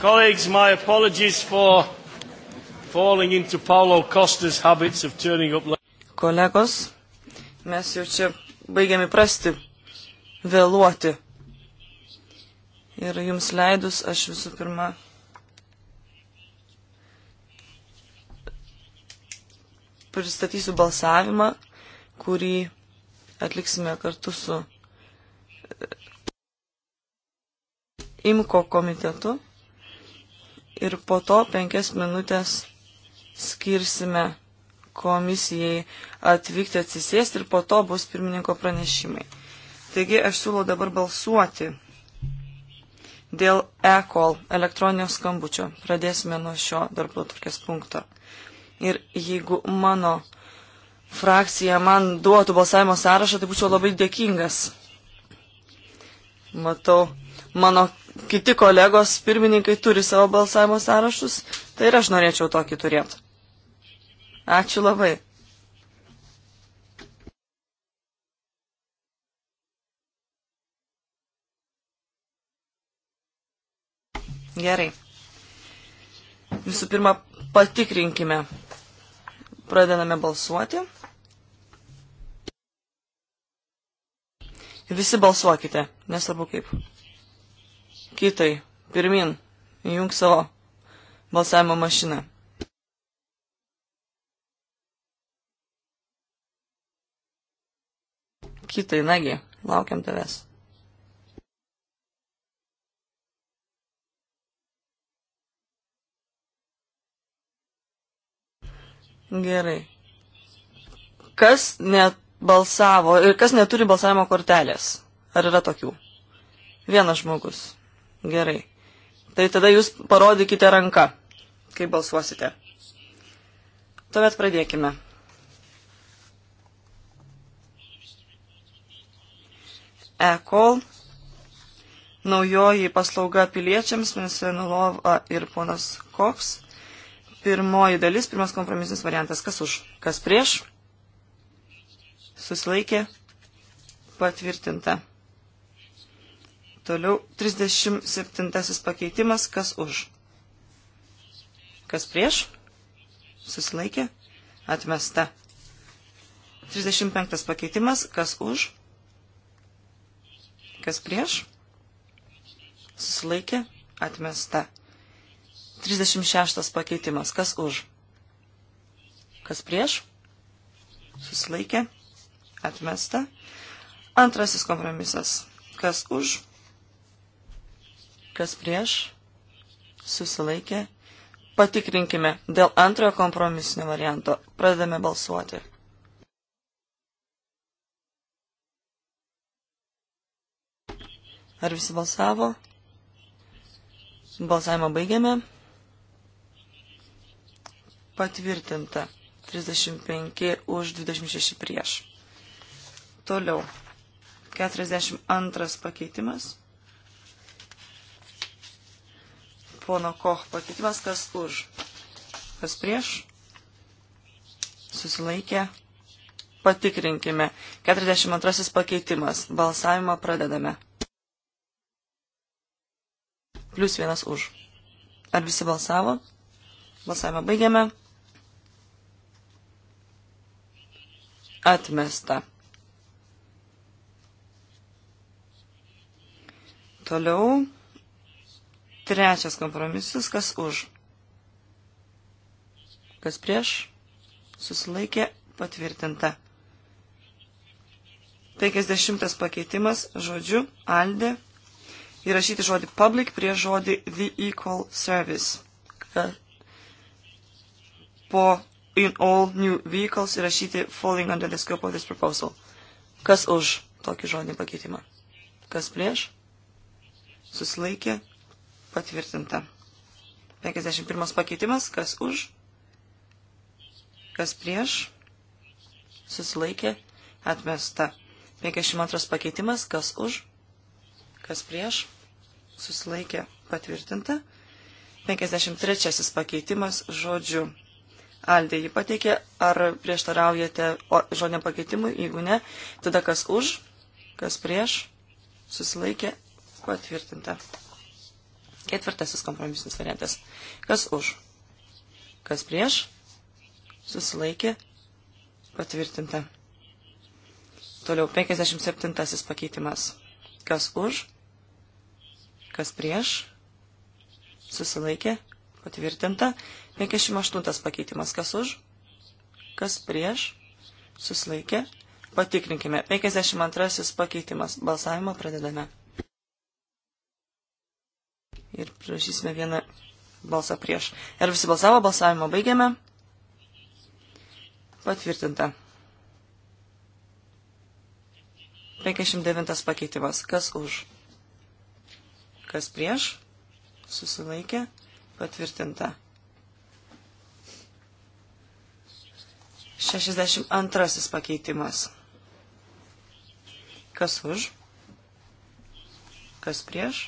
Colleagues, my apologies for falling into Paulo Costa's habits of turning up late. Kolegos, mes jau čia baigiam įprasti vėluoti. Ir jums leidus, aš visų pirma pristatysiu balsavimą, kurį atliksime kartu su e, IMKO komitetu ir po to penkias minutės skirsime komisijai atvykti atsisėsti ir po to bus pirmininko pranešimai. Taigi aš siūlau dabar balsuoti dėl e-call elektroninio skambučio. Pradėsime nuo šio darbo turkės punkto. Ir jeigu mano frakcija man duotų balsavimo sąrašą, tai būčiau labai dėkingas. Matau, mano kiti kolegos pirmininkai turi savo balsavimo sąrašus, tai ir aš norėčiau tokį turėti. Ačiū labai. Gerai. Visų pirma, patikrinkime. Pradedame balsuoti. Visi balsuokite, nesvarbu kaip. Kitai, pirmin, įjung savo balsavimo mašiną. Kitai, nagi, laukiam tavęs. Gerai. Kas nebalsavo ir kas neturi balsavimo kortelės? Ar yra tokių? Vienas žmogus. Gerai. Tai tada jūs parodykite ranką, kai balsuosite. Tuomet pradėkime. E-call, naujoji paslauga piliečiams, Minsenulova ir ponas Koks. Pirmoji dalis, pirmas kompromisinis variantas, kas už, kas prieš, susilaikė, patvirtinta. Toliau 37 pakeitimas, kas už. Kas prieš? Susilaikė? Atmesta. 35 pakeitimas, kas už. Kas prieš? Susilaikė? Atmesta. 36 pakeitimas, kas už. Kas prieš? Susilaikė? Atmesta. Antrasis kompromisas, kas už kas prieš, susilaikė. Patikrinkime dėl antrojo kompromisinio varianto. Pradedame balsuoti. Ar visi balsavo? Balsavimą baigiame. Patvirtinta. 35 už 26 prieš. Toliau. 42 pakeitimas. pono Koch pakeitimas, kas už, kas prieš, susilaikė, patikrinkime. 42 pakeitimas, balsavimą pradedame. Plius vienas už. Ar visi balsavo? Balsavimą baigiame. Atmesta. Toliau Trečias kompromisas, kas už. Kas prieš, susilaikė patvirtinta. 50 pakeitimas žodžiu Alde įrašyti žodį public prie žodį the equal service. Po in all new vehicles įrašyti falling under the scope of this proposal. Kas už tokį žodį pakeitimą? Kas prieš? Susilaikė Patvirtinta. 51 pakeitimas, kas už, kas prieš, susilaikė, atmesta. 52 pakeitimas, kas už, kas prieš, susilaikė, patvirtinta. 53 pakeitimas, žodžiu, Aldė jį pateikė, ar prieštaraujate žodiniam pakeitimui, jeigu ne, tada kas už, kas prieš, susilaikė, patvirtinta. Ketvirtasis kompromisinis variantas. Kas už? Kas prieš? Susilaikė. Patvirtinta. Toliau 57 pakeitimas. Kas už? Kas prieš? Susilaikė. Patvirtinta. 58 pakeitimas. Kas už? Kas prieš? Susilaikė. Patikrinkime. 52 pakeitimas. Balsavimą pradedame ir prašysime vieną balsą prieš. Ar visi balsavo, balsavimą baigiame. Patvirtinta. 59 pakeitimas. Kas už? Kas prieš? Susilaikė. Patvirtinta. 62 pakeitimas. Kas už? Kas prieš?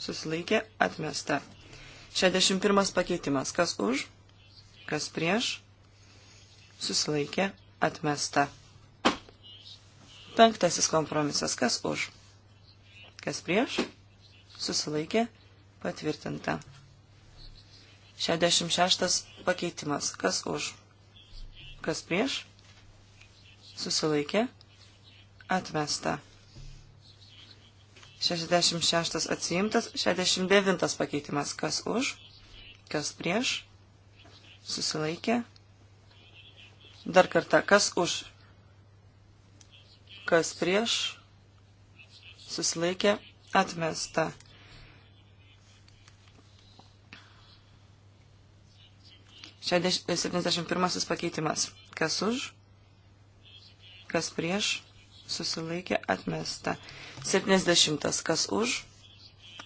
susilaikė, atmesta. 61 pakeitimas, kas už, kas prieš, susilaikė, atmesta. Penktasis kompromisas, kas už, kas prieš, susilaikė, patvirtinta. 66 pakeitimas, kas už, kas prieš, susilaikė, atmesta. 66 atsiimtas, 69 pakeitimas. Kas už, kas prieš, susilaikė. Dar kartą, kas už, kas prieš, susilaikė, atmesta. Šedes, e, 71 pakeitimas. Kas už, kas prieš, susilaikė atmesta. 70. Kas už,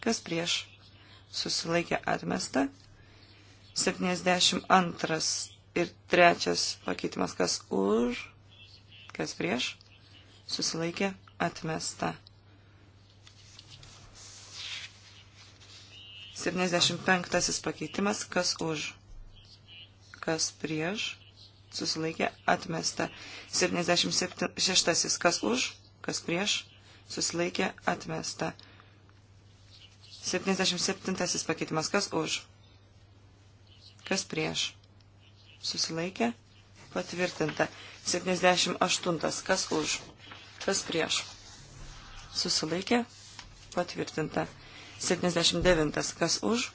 kas prieš, susilaikė atmesta. 72. Ir trečias pakeitimas, kas už, kas prieš, susilaikė atmesta. 75. pakeitimas, kas už, kas prieš, susilaikė atmesta. 76. Kas už, kas prieš, susilaikė atmesta. 77. Pakeitimas. Kas už, kas prieš, susilaikė patvirtinta. 78. Kas už, kas prieš, susilaikė patvirtinta. 79. Kas už,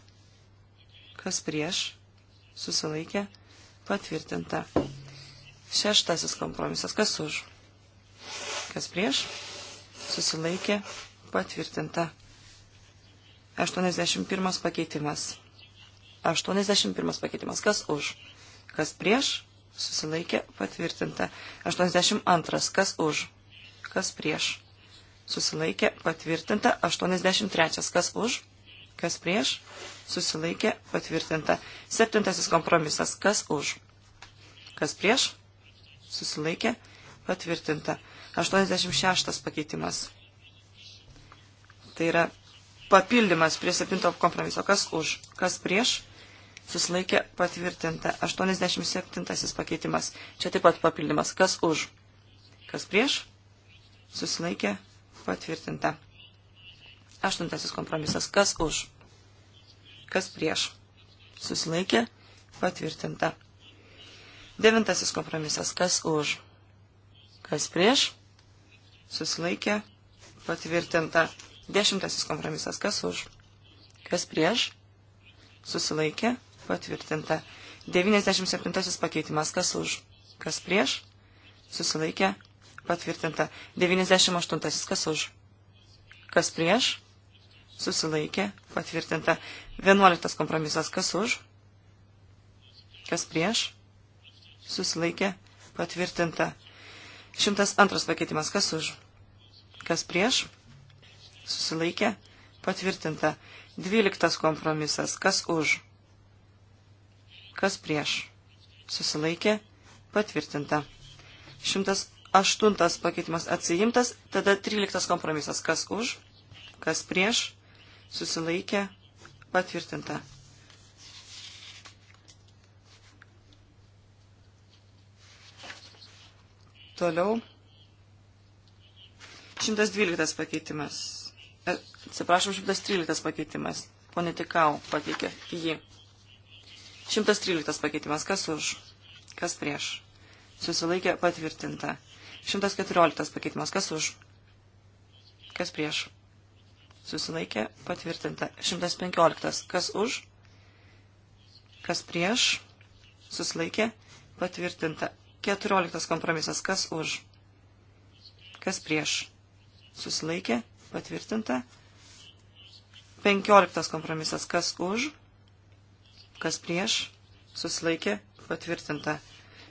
kas prieš, susilaikė patvirtinta Patvirtinta. Šeštasis kompromisas. Kas už? Kas prieš? Susilaikė. Patvirtinta. 81 pakeitimas. 81 pakeitimas. Kas už? Kas prieš? Susilaikė. Patvirtinta. 82. Kas už? Kas prieš? Susilaikė. Patvirtinta. 83. Kas už? Kas prieš? Susilaikė patvirtinta. Septintasis kompromisas. Kas už? Kas prieš? Susilaikė patvirtinta. 86 pakeitimas. Tai yra papildymas prie septinto kompromiso. Kas už? Kas prieš? Susilaikė patvirtinta. 87 pakeitimas. Čia taip pat papildymas. Kas už? Kas prieš? Susilaikė patvirtinta. Aštuntasis kompromisas. Kas už? Kas prieš? Susilaikė? Patvirtinta. Devintasis kompromisas. Kas už? Kas prieš? Susilaikė? Patvirtinta. Dešimtasis kompromisas. Kas už? Kas prieš? Susilaikė? Patvirtinta. 97 pakeitimas. Kas už? Kas prieš? Susilaikė? Patvirtinta. 98 kas už? Kas prieš? susilaikė, patvirtinta. 11 kompromisas, kas už, kas prieš, susilaikė, patvirtinta. 102 pakeitimas, kas už, kas prieš, susilaikė, patvirtinta. 12 kompromisas, kas už, kas prieš, susilaikė, patvirtinta. 108 pakeitimas atsijimtas, tada 13 kompromisas, kas už, kas prieš, susilaikė, patvirtinta. Toliau. 112 pakeitimas. E, Atsiprašau, 113 pakeitimas. Pone Tikau pateikė jį. 113 pakeitimas. Kas už? Kas prieš? Susilaikė patvirtinta. 114 pakeitimas. Kas už? Kas prieš? susilaikė patvirtinta. 115. Kas už, kas prieš, susilaikė patvirtinta. 14. Kompromisas. Kas už, kas prieš, susilaikė patvirtinta. 15. Kompromisas. Kas už, kas prieš, susilaikė patvirtinta.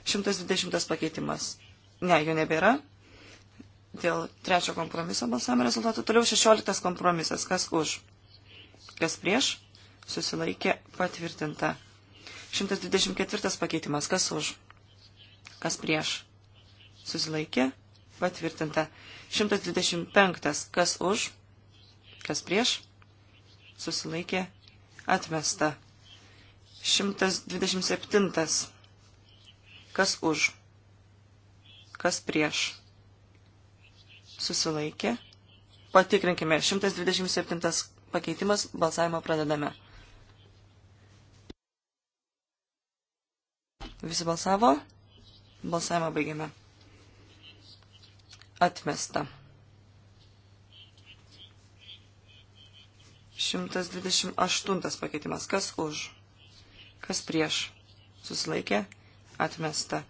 120 pakeitimas. Ne, jo nebėra dėl trečio kompromiso balsavimo rezultatų. Toliau 16 kompromisas. Kas už? Kas prieš? Susilaikė patvirtinta. 124 pakeitimas. Kas už? Kas prieš? Susilaikė patvirtinta. 125. Kas už? Kas prieš? Susilaikė atmesta. 127. Kas už? Kas prieš? susilaikė. Patikrinkime, 127 pakeitimas, balsavimą pradedame. Visi balsavo, balsavimą baigėme. Atmesta. 128 pakeitimas, kas už, kas prieš, susilaikė, atmesta.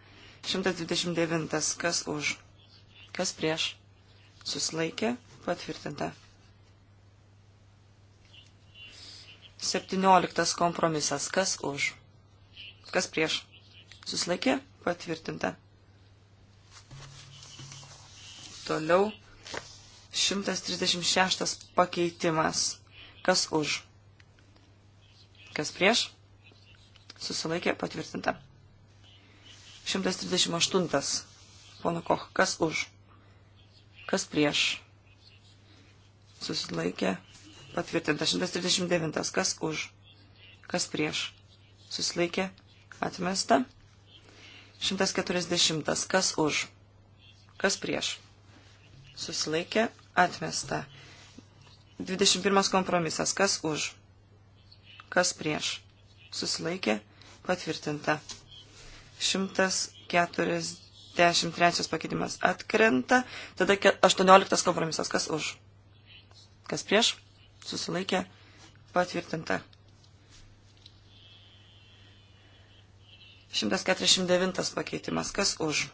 129, kas už, kas prieš, susilaikė, patvirtinta. 17 kompromisas. Kas už? Kas prieš? Susilaikė? Patvirtinta. Toliau 136 pakeitimas. Kas už? Kas prieš? Susilaikė? Patvirtinta. 138. Pono Koch, kas už? Kas prieš? Susilaikė. Patvirtinta 139. Kas už? Kas prieš? Susilaikė. Atmesta. 140. Kas už? Kas prieš? Susilaikė. Atmesta. 21 kompromisas. Kas už? Kas prieš? Susilaikė. Patvirtinta. 140. 63 pakeitimas atkrenta, tada 18 kompromisas, kas už, kas prieš, susilaikė, patvirtinta. 149 pakeitimas, kas už,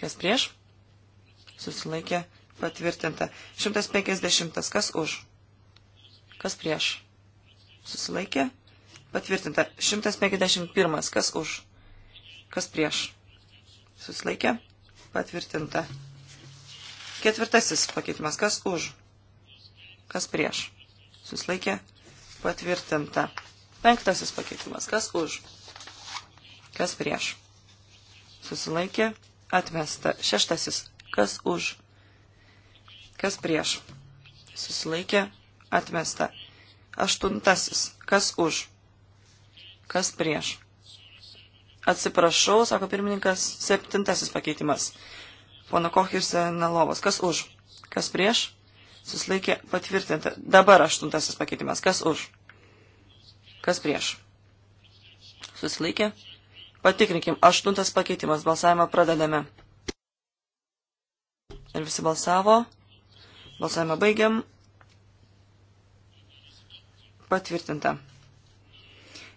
kas prieš, susilaikė, patvirtinta. 150, kas už, kas prieš, susilaikė, patvirtinta. 151, kas už, kas prieš Susilaikė. Patvirtinta. Ketvirtasis pakeitimas. Kas už? Kas prieš? Susilaikė. Patvirtinta. Penktasis pakeitimas. Kas už? Kas prieš? Susilaikė. Atmesta. Šeštasis. Kas už? Kas prieš? Susilaikė. Atmesta. Aštuntasis. Kas už? Kas prieš? Atsiprašau, sako pirmininkas, septintasis pakeitimas. Pono Kochis Nalovas. Kas už? Kas prieš? Suslaikė patvirtinti. Dabar aštuntasis pakeitimas. Kas už? Kas prieš? Susilaikė? Patikrinkim. Aštuntas pakeitimas. Balsavimą pradedame. Ir visi balsavo. Balsavimą baigiam. Patvirtinta.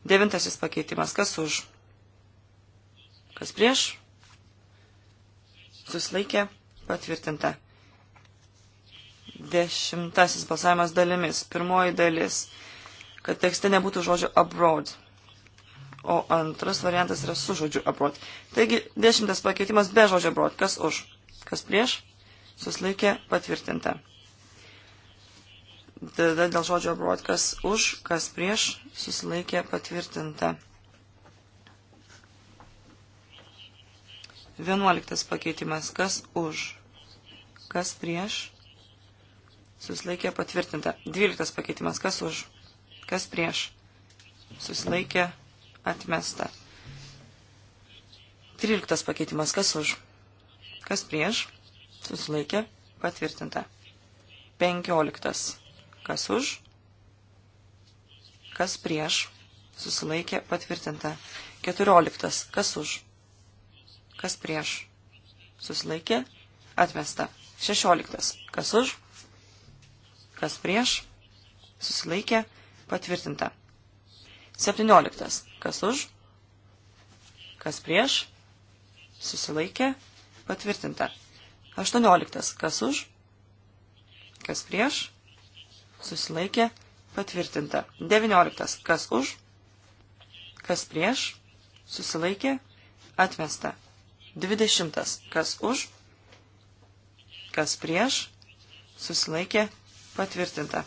Devintasis pakeitimas. Kas už? Kas prieš? Susilaikė. Patvirtinta. Dešimtasis balsavimas dalimis. Pirmoji dalis. Kad tekste nebūtų žodžio abroad. O antras variantas yra su žodžiu abroad. Taigi, dešimtas pakeitimas be žodžio abroad. Kas už? Kas prieš? Susilaikė. Patvirtinta. Tada dėl žodžio abroad. Kas už? Kas prieš? Susilaikė. Patvirtinta. Vienuoliktas pakeitimas. Kas už? Kas prieš? Susilaikė patvirtinta. Dvyliktas pakeitimas. Kas už? Kas prieš? Susilaikė atmesta. Tryliktas pakeitimas. Kas už? Kas prieš? Susilaikė patvirtinta. Penkioliktas. Kas už? Kas prieš? Susilaikė patvirtinta. Keturioliktas. Kas už? Kas prieš? Susilaikė. Atmesta. 16. Kas už? Kas prieš? Susilaikė. Patvirtinta. 17. Kas už? Kas prieš? Susilaikė. Patvirtinta. 18. Kas už? Kas prieš? Susilaikė. Patvirtinta. 19. Kas už? Kas prieš? Susilaikė. Atmesta. 20. Kas už, kas prieš, susilaikė, patvirtinta.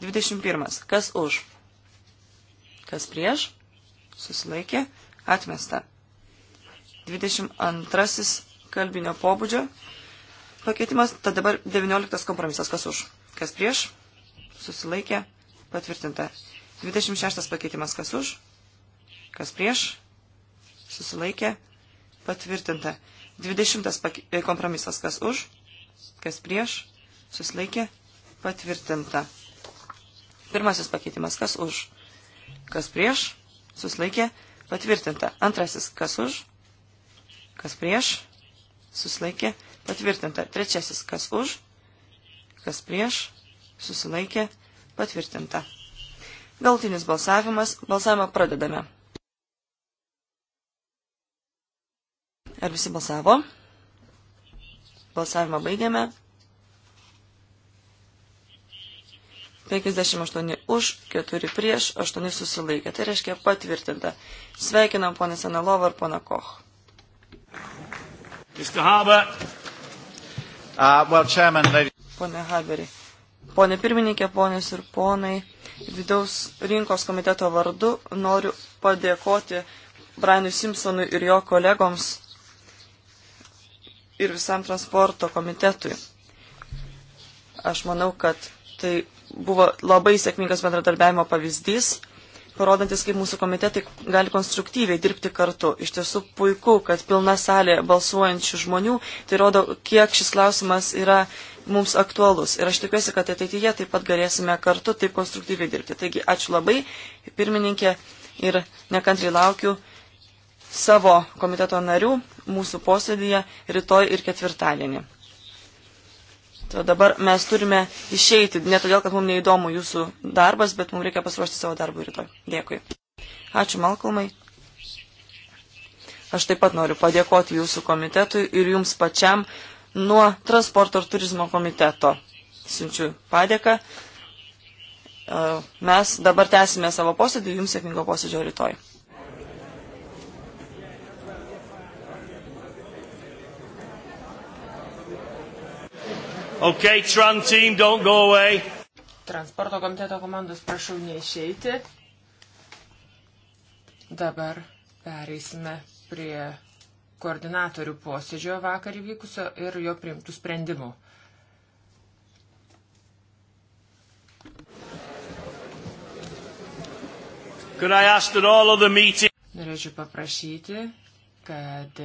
21. Kas už, kas prieš, susilaikė, atmesta. 22. Kalbinio pobūdžio pakeitimas, tad dabar 19. kompromisas. Kas už, kas prieš, susilaikė, patvirtinta. 26. pakeitimas. Kas už, kas prieš, susilaikė, patvirtinta. 20 e, kompromisas, kas už, kas prieš, susilaikė, patvirtinta. Pirmasis pakeitimas, kas už, kas prieš, susilaikė, patvirtinta. Antrasis, kas už, kas prieš, susilaikė, patvirtinta. Trečiasis, kas už, kas prieš, susilaikė, patvirtinta. Galtinis balsavimas, balsavimą pradedame. Ar visi balsavo? Balsavimą baigiame. 58 už, 4 prieš, 8 susilaikė. Tai reiškia patvirtinta. Sveikinam ponę Senalovą ir poną Koch. Uh, pone Haberi, pone pirmininkė, ponės ir ponai, vidaus rinkos komiteto vardu noriu padėkoti Brianui Simpsonui ir jo kolegoms ir visam transporto komitetui. Aš manau, kad tai buvo labai sėkmingas bendradarbiavimo pavyzdys, parodantis, kaip mūsų komitetai gali konstruktyviai dirbti kartu. Iš tiesų puiku, kad pilna salė balsuojančių žmonių, tai rodo, kiek šis klausimas yra mums aktualus. Ir aš tikiuosi, kad ateityje taip pat galėsime kartu taip konstruktyviai dirbti. Taigi, ačiū labai, pirmininkė, ir nekantriai laukiu savo komiteto narių mūsų posėdėje rytoj ir ketvirtadienį. Tai dabar mes turime išeiti, ne todėl, kad mums neįdomu jūsų darbas, bet mums reikia pasiruošti savo darbui rytoj. Dėkui. Ačiū Malkolmai. Aš taip pat noriu padėkoti jūsų komitetui ir jums pačiam nuo transporto ir turizmo komiteto. Siunčiu padėką. Mes dabar tęsime savo posėdį, jums sėkmingo posėdžio rytoj. Okay, Tran team, don't go away. Transporto komiteto komandos prašau neišeiti. Dabar pereisime prie koordinatorių posėdžio vakar įvykusio ir jo priimtų sprendimų. Norėčiau paprašyti, kad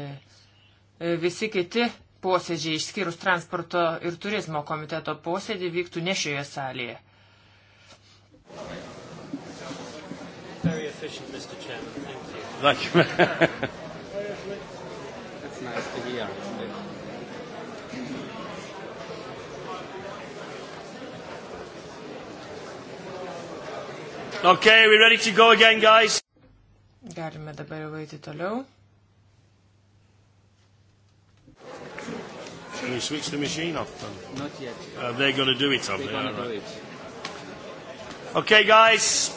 visi kiti posėdžiai, išskyrus transporto ir turizmo komiteto posėdį, vyktų ne šioje salėje. Very efficient, Mr. Chairman. Thank you. Thank you. That's nice to hear. Okay, we ready to go again, guys? Galime dabar jau eiti toliau. Should we switch the machine off then? Not yet. Uh, they're going to do it, are they? They're going to do it. Okay, guys.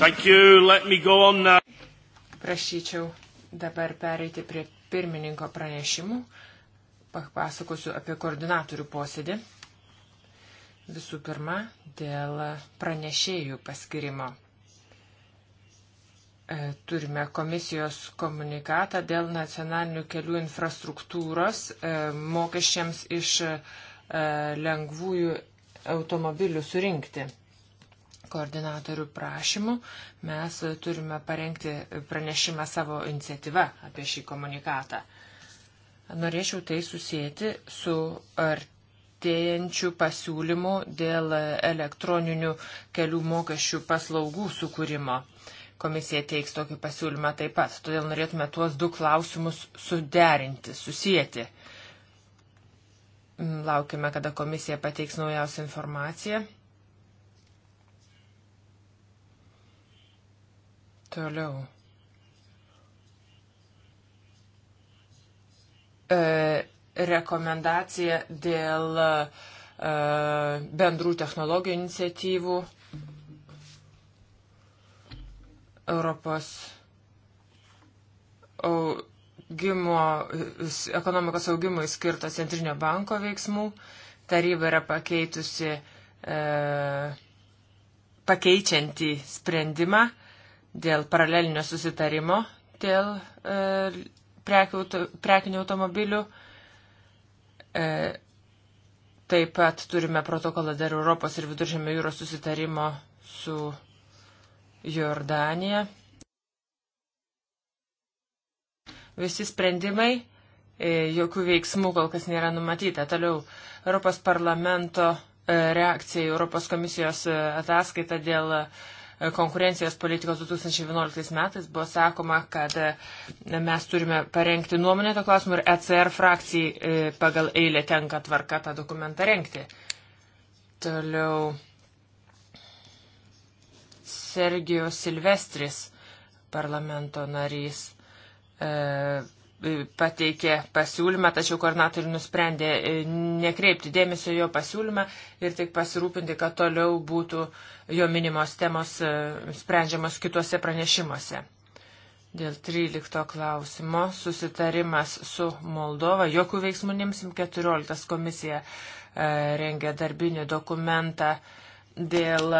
Thank you. Let me go on now. Prašyčiau dabar pereiti prie pirmininko pranešimų. Papasakosiu apie koordinatorių posėdį. Visų pirma, dėl pranešėjų paskirimo. E, turime komisijos komunikatą dėl nacionalinių kelių infrastruktūros e, mokesčiams iš e, lengvųjų automobilių surinkti. Koordinatorių prašymų mes turime parengti pranešimą savo iniciatyvą apie šį komunikatą. Norėčiau tai susijęti su artėjančių pasiūlymų dėl elektroninių kelių mokesčių paslaugų sukūrimo. Komisija teiks tokį pasiūlymą taip pat. Todėl norėtume tuos du klausimus suderinti, susijęti. Mm, laukime, kada komisija pateiks naujausią informaciją. Toliau. E, rekomendacija dėl e, bendrų technologijų iniciatyvų. E, Europos augimo, ekonomikos augimui skirto Centrinio banko veiksmų. Taryba yra pakeitusi, e, pakeičianti sprendimą dėl paralelinio susitarimo dėl e, prekių, prekinių automobilių. E, taip pat turime protokolą dėl Europos ir Viduržėmio jūros susitarimo su Jordanija. Visi sprendimai, e, jokių veiksmų kol kas nėra numatyta. Toliau Europos parlamento e, reakcija į Europos komisijos e, ataskaitą dėl konkurencijos politikos 2011 metais buvo sakoma, kad mes turime parengti nuomonę to klausimu ir ECR frakcijai pagal eilę tenka tvarka tą dokumentą rengti. Toliau Sergijos Silvestris, parlamento narys, e, pateikė pasiūlymą, tačiau koordinatoriai nusprendė e, nekreipti dėmesio jo pasiūlymą ir tik pasirūpinti, kad toliau būtų jo minimos temos e, sprendžiamos kituose pranešimuose. Dėl 13 klausimo susitarimas su Moldova, jokių veiksmų nimsim, 14 komisija rengia darbinį dokumentą dėl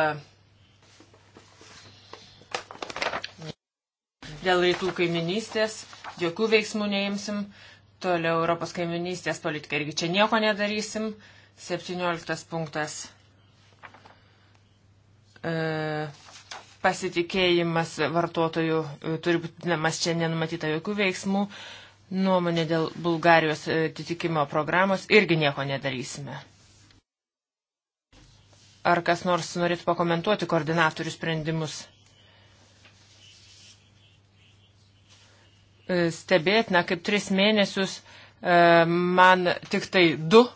Dėl rytų kaiminystės jokių veiksmų neimsim. Toliau Europos kaiminystės politika irgi čia nieko nedarysim. 17 punktas. E, pasitikėjimas vartotojų e, turi būti namas čia nenumatyta jokių veiksmų. Nuomonė dėl Bulgarijos atitikimo programos irgi nieko nedarysime. Ar kas nors norėtų pakomentuoti koordinatorių sprendimus? E, stebėtina, kaip tris mėnesius e, man tik tai du e,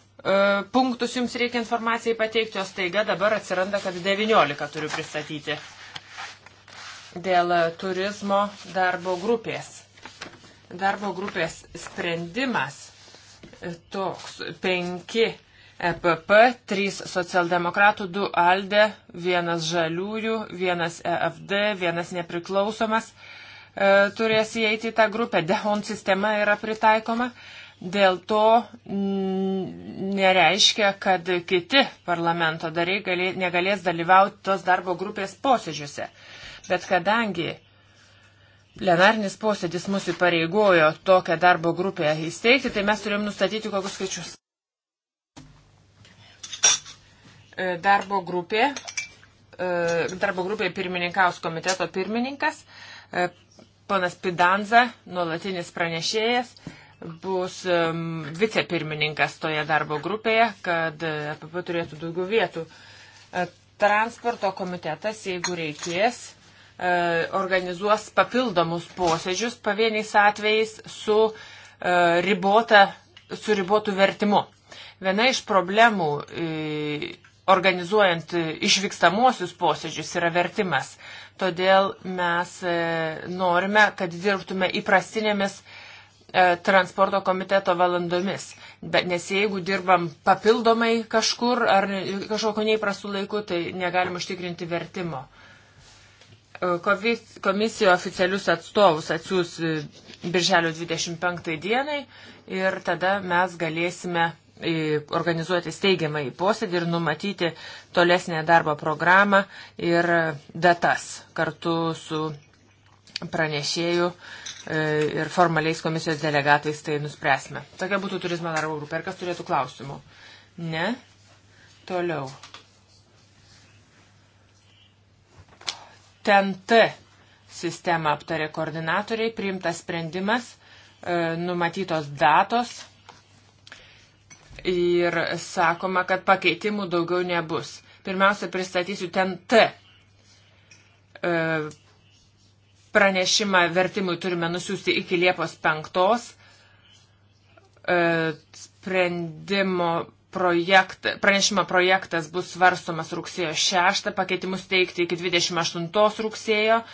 punktus jums reikia informacijai pateikti, o staiga dabar atsiranda, kad 19 turiu pristatyti dėl turizmo darbo grupės. Darbo grupės sprendimas toks - penki EPP, trys socialdemokratų, du ALDE, vienas žaliųjų, vienas EFD, vienas nepriklausomas E, turės įeiti į tą grupę. Dehon sistema yra pritaikoma. Dėl to nereiškia, kad kiti parlamento dariai galė, negalės dalyvauti tos darbo grupės posėdžiuose. Bet kadangi plenarnis posėdis mus įpareigojo tokią darbo grupę įsteigti, tai mes turėjom nustatyti kokius skaičius. E, darbo grupė, e, darbo grupė pirmininkaus komiteto pirmininkas, Ponas Pidanza, nuolatinis pranešėjas, bus um, vicepirmininkas toje darbo grupėje, kad e, APP turėtų daugiau vietų. E, transporto komitetas, jeigu reikės, e, organizuos papildomus posėdžius pavieniais atvejais su, ribota, su ribotu vertimu. Viena iš problemų organizuojant išvykstamosius posėdžius yra vertimas. Todėl mes e, norime, kad dirbtume įprastinėmis e, transporto komiteto valandomis. Bet nes jeigu dirbam papildomai kažkur ar kažkokio neįprastų laikų, tai negalim užtikrinti vertimo. E, komisija oficialius atstovus atsiūs Birželio 25 dienai ir tada mes galėsime organizuoti steigiamą į posėdį ir numatyti tolesnę darbo programą ir datas kartu su pranešėjų e, ir formaliais komisijos delegatais tai nuspręsime. Tokia būtų turizmo darbo grupė. Ar kas turėtų klausimų? Ne. Toliau. Ten T sistemą aptarė koordinatoriai, priimtas sprendimas, e, numatytos datos ir sakoma, kad pakeitimų daugiau nebus. Pirmiausia, pristatysiu ten T. E, pranešimą vertimui turime nusiųsti iki Liepos 5. E, sprendimo projekt, pranešimo projektas bus svarstomas rugsėjo 6, pakeitimus teikti iki 28 rugsėjo.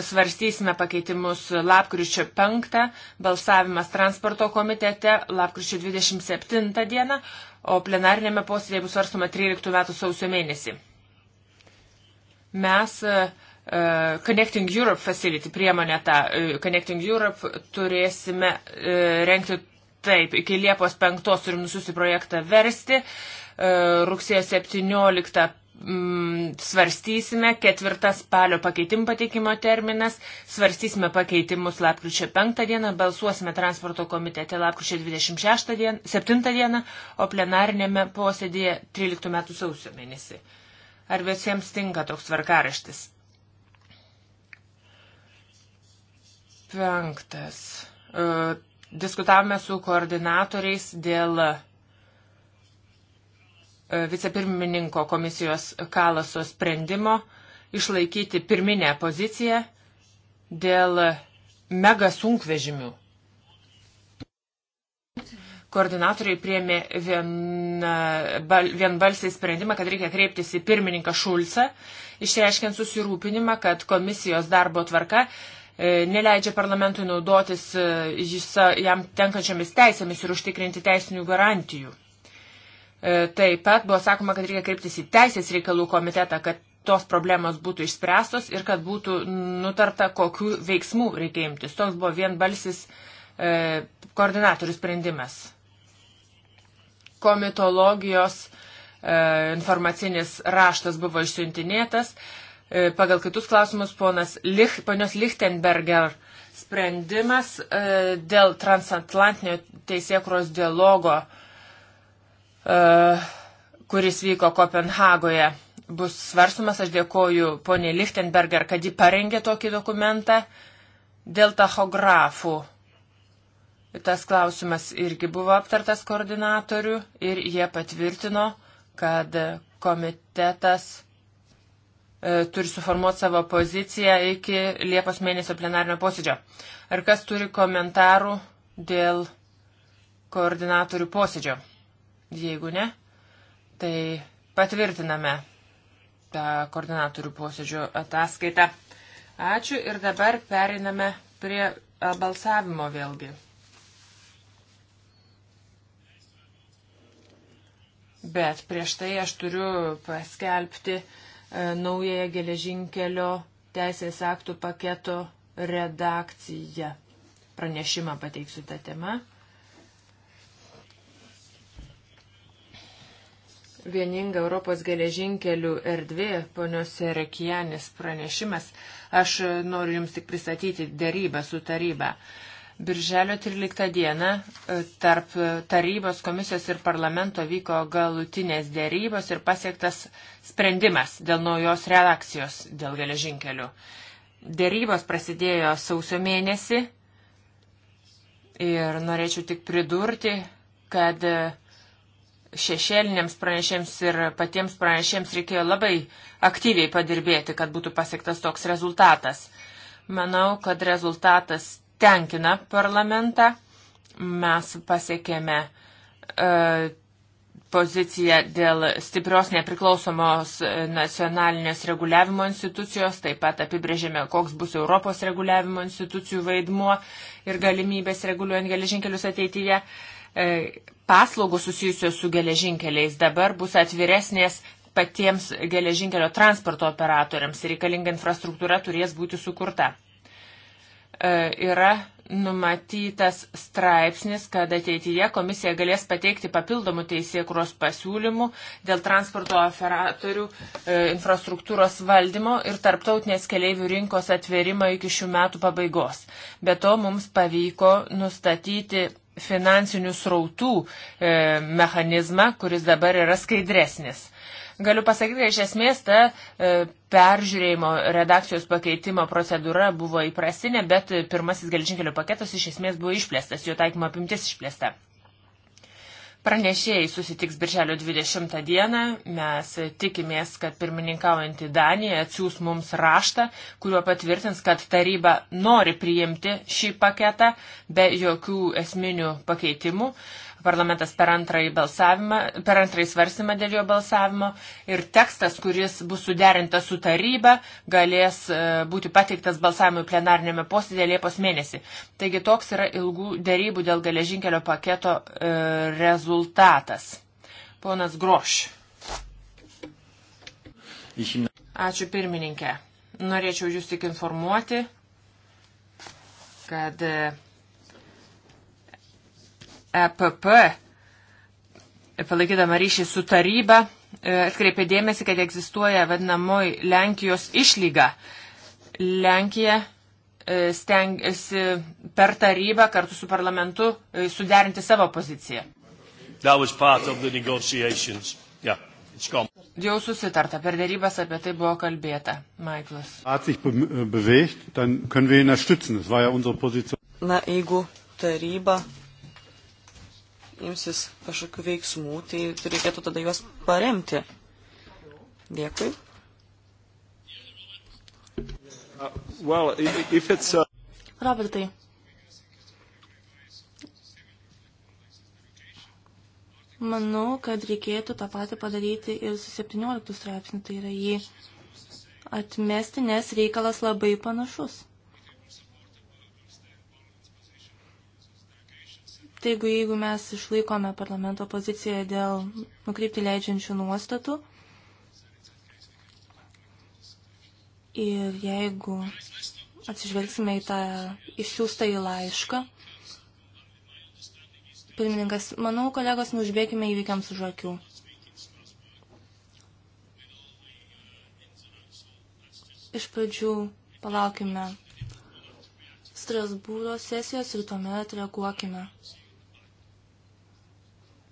Svarstysime pakeitimus lapkričio 5, balsavimas transporto komitete lapkričio 27 dieną, o plenarinėme posėdėje bus svarstoma 13 metų sausio mėnesį. Mes e, e, Connecting Europe facility priemonę tą e, Connecting Europe turėsime renkti taip, iki Liepos 5 turim nusiųsti projektą versti, rugsėjo 17 mm, svarstysime, ketvirtas spalio pakeitimų pateikimo terminas, svarstysime pakeitimus lapkričio 5 dieną, balsuosime transporto komitete lapkričio 26 dieną, 7 dieną, o plenarinėme posėdėje 13 metų sausio mėnesį. Ar visiems tinka toks tvarkaraštis? Penktas. E, diskutavome su koordinatoriais dėl E, vicepirmininko komisijos Kalaso sprendimo išlaikyti pirminę poziciją dėl mega sunkvežimių. Koordinatoriai priemė vienbalsiai sprendimą, kad reikia kreiptis į pirmininką Šulcą, išreiškiant susirūpinimą, kad komisijos darbo tvarka e, neleidžia parlamentui naudotis e, jis, jam tenkančiamis teisėmis ir užtikrinti teisinių garantijų. E, taip pat buvo sakoma, kad reikia kreiptis į Teisės reikalų komitetą, kad tos problemos būtų išspręstos ir kad būtų nutarta, kokiu veiksmu reikia imtis. Toks buvo vienbalsis e, koordinatorių sprendimas. Komitologijos e, informacinis raštas buvo išsiuntinėtas. E, pagal kitus klausimus ponas Lich, ponios Lichtenberger sprendimas e, dėl transatlantinio teisėkuros dialogo e, E, kuris vyko Kopenhagoje, bus svarstumas. Aš dėkoju poniai Lichtenberger, kad ji parengė tokį dokumentą dėl tachografų. Tas klausimas irgi buvo aptartas koordinatorių ir jie patvirtino, kad komitetas e, turi suformuoti savo poziciją iki Liepos mėnesio plenarnio posėdžio. Ar kas turi komentarų dėl koordinatorių posėdžio? Jeigu ne, tai patvirtiname tą koordinatorių posėdžio ataskaitą. Ačiū ir dabar periname prie balsavimo vėlgi. Bet prieš tai aš turiu paskelbti naująją geležinkelio teisės aktų paketo redakciją. Pranešimą pateiksiu tą temą. vieninga Europos geležinkelių erdvė, ponios Rekijanis pranešimas. Aš noriu Jums tik pristatyti dėrybą su taryba. Birželio 13 dieną e, tarp tarybos komisijos ir parlamento vyko galutinės dėrybos ir pasiektas sprendimas dėl naujos redakcijos dėl geležinkelių. Dėrybos prasidėjo sausio mėnesį ir norėčiau tik pridurti, kad e, šešėliniams pranešėms ir patiems pranešėms reikėjo labai aktyviai padirbėti, kad būtų pasiektas toks rezultatas. Manau, kad rezultatas tenkina parlamentą. Mes pasiekėme e, poziciją dėl stiprios nepriklausomos e, nacionalinės reguliavimo institucijos, taip pat apibrėžėme, koks bus Europos reguliavimo institucijų vaidmuo ir galimybės reguliuojant geležinkelius ateityje. E, paslaugų susijusios su geležinkeliais dabar bus atviresnės patiems geležinkelio transporto operatoriams ir reikalinga infrastruktūra turės būti sukurta. E, yra numatytas straipsnis, kad ateityje komisija galės pateikti papildomų teisėkros pasiūlymų dėl transporto operatorių e, infrastruktūros valdymo ir tarptautinės keleivių rinkos atverimo iki šių metų pabaigos. Be to mums pavyko nustatyti finansinių srautų e, mechanizmą, kuris dabar yra skaidresnis. Galiu pasakyti, kad iš esmės ta e, peržiūrėjimo redakcijos pakeitimo procedūra buvo įprastinė, bet pirmasis gelžinkelio paketas iš esmės buvo išplėstas, jo taikymo apimtis išplėsta. Pranešėjai susitiks birželio 20 dieną. Mes tikimės, kad pirmininkaujantį Daniją atsiūs mums raštą, kuriuo patvirtins, kad taryba nori priimti šį paketą be jokių esminių pakeitimų. Uh, parlamentas per antrąjį, balsavimą, per antrąjį svarstymą dėl jo balsavimo ir tekstas, kuris bus suderintas su taryba, galės e, būti pateiktas balsavimui plenarnėme posėdėje Liepos mėnesį. Taigi toks yra ilgų dėrybų dėl geležinkelio paketo e, rezultatas. Ponas Groš. Ačiū pirmininkė. Norėčiau jūs tik informuoti, kad e, EPP, palaikydama ryšį su taryba, e, atkreipė dėmesį, kad egzistuoja vadinamoji Lenkijos išlyga. Lenkija e, stengiasi per tarybą kartu su parlamentu e, suderinti savo poziciją. Yeah, Jau susitarta, per dėrybas apie tai buvo kalbėta, Maiklas. Na, jeigu taryba imsis kažkokių veiksmų, tai reikėtų tada juos paremti. Dėkui. Uh, well, if it's, uh... Robertai. Manau, kad reikėtų tą patį padaryti ir su 17 straipsniu, tai yra jį atmesti, nes reikalas labai panašus. Net jeigu, jeigu mes išlaikome parlamento poziciją dėl nukrypti leidžiančių nuostatų ir jeigu atsižvelgsime į tą išsiųstą į laišką, pirmininkas, manau, kolegos, nužbėgime įvykiams už akių. Iš pradžių palaukime Strasbūro sesijos ir tuomet reaguokime.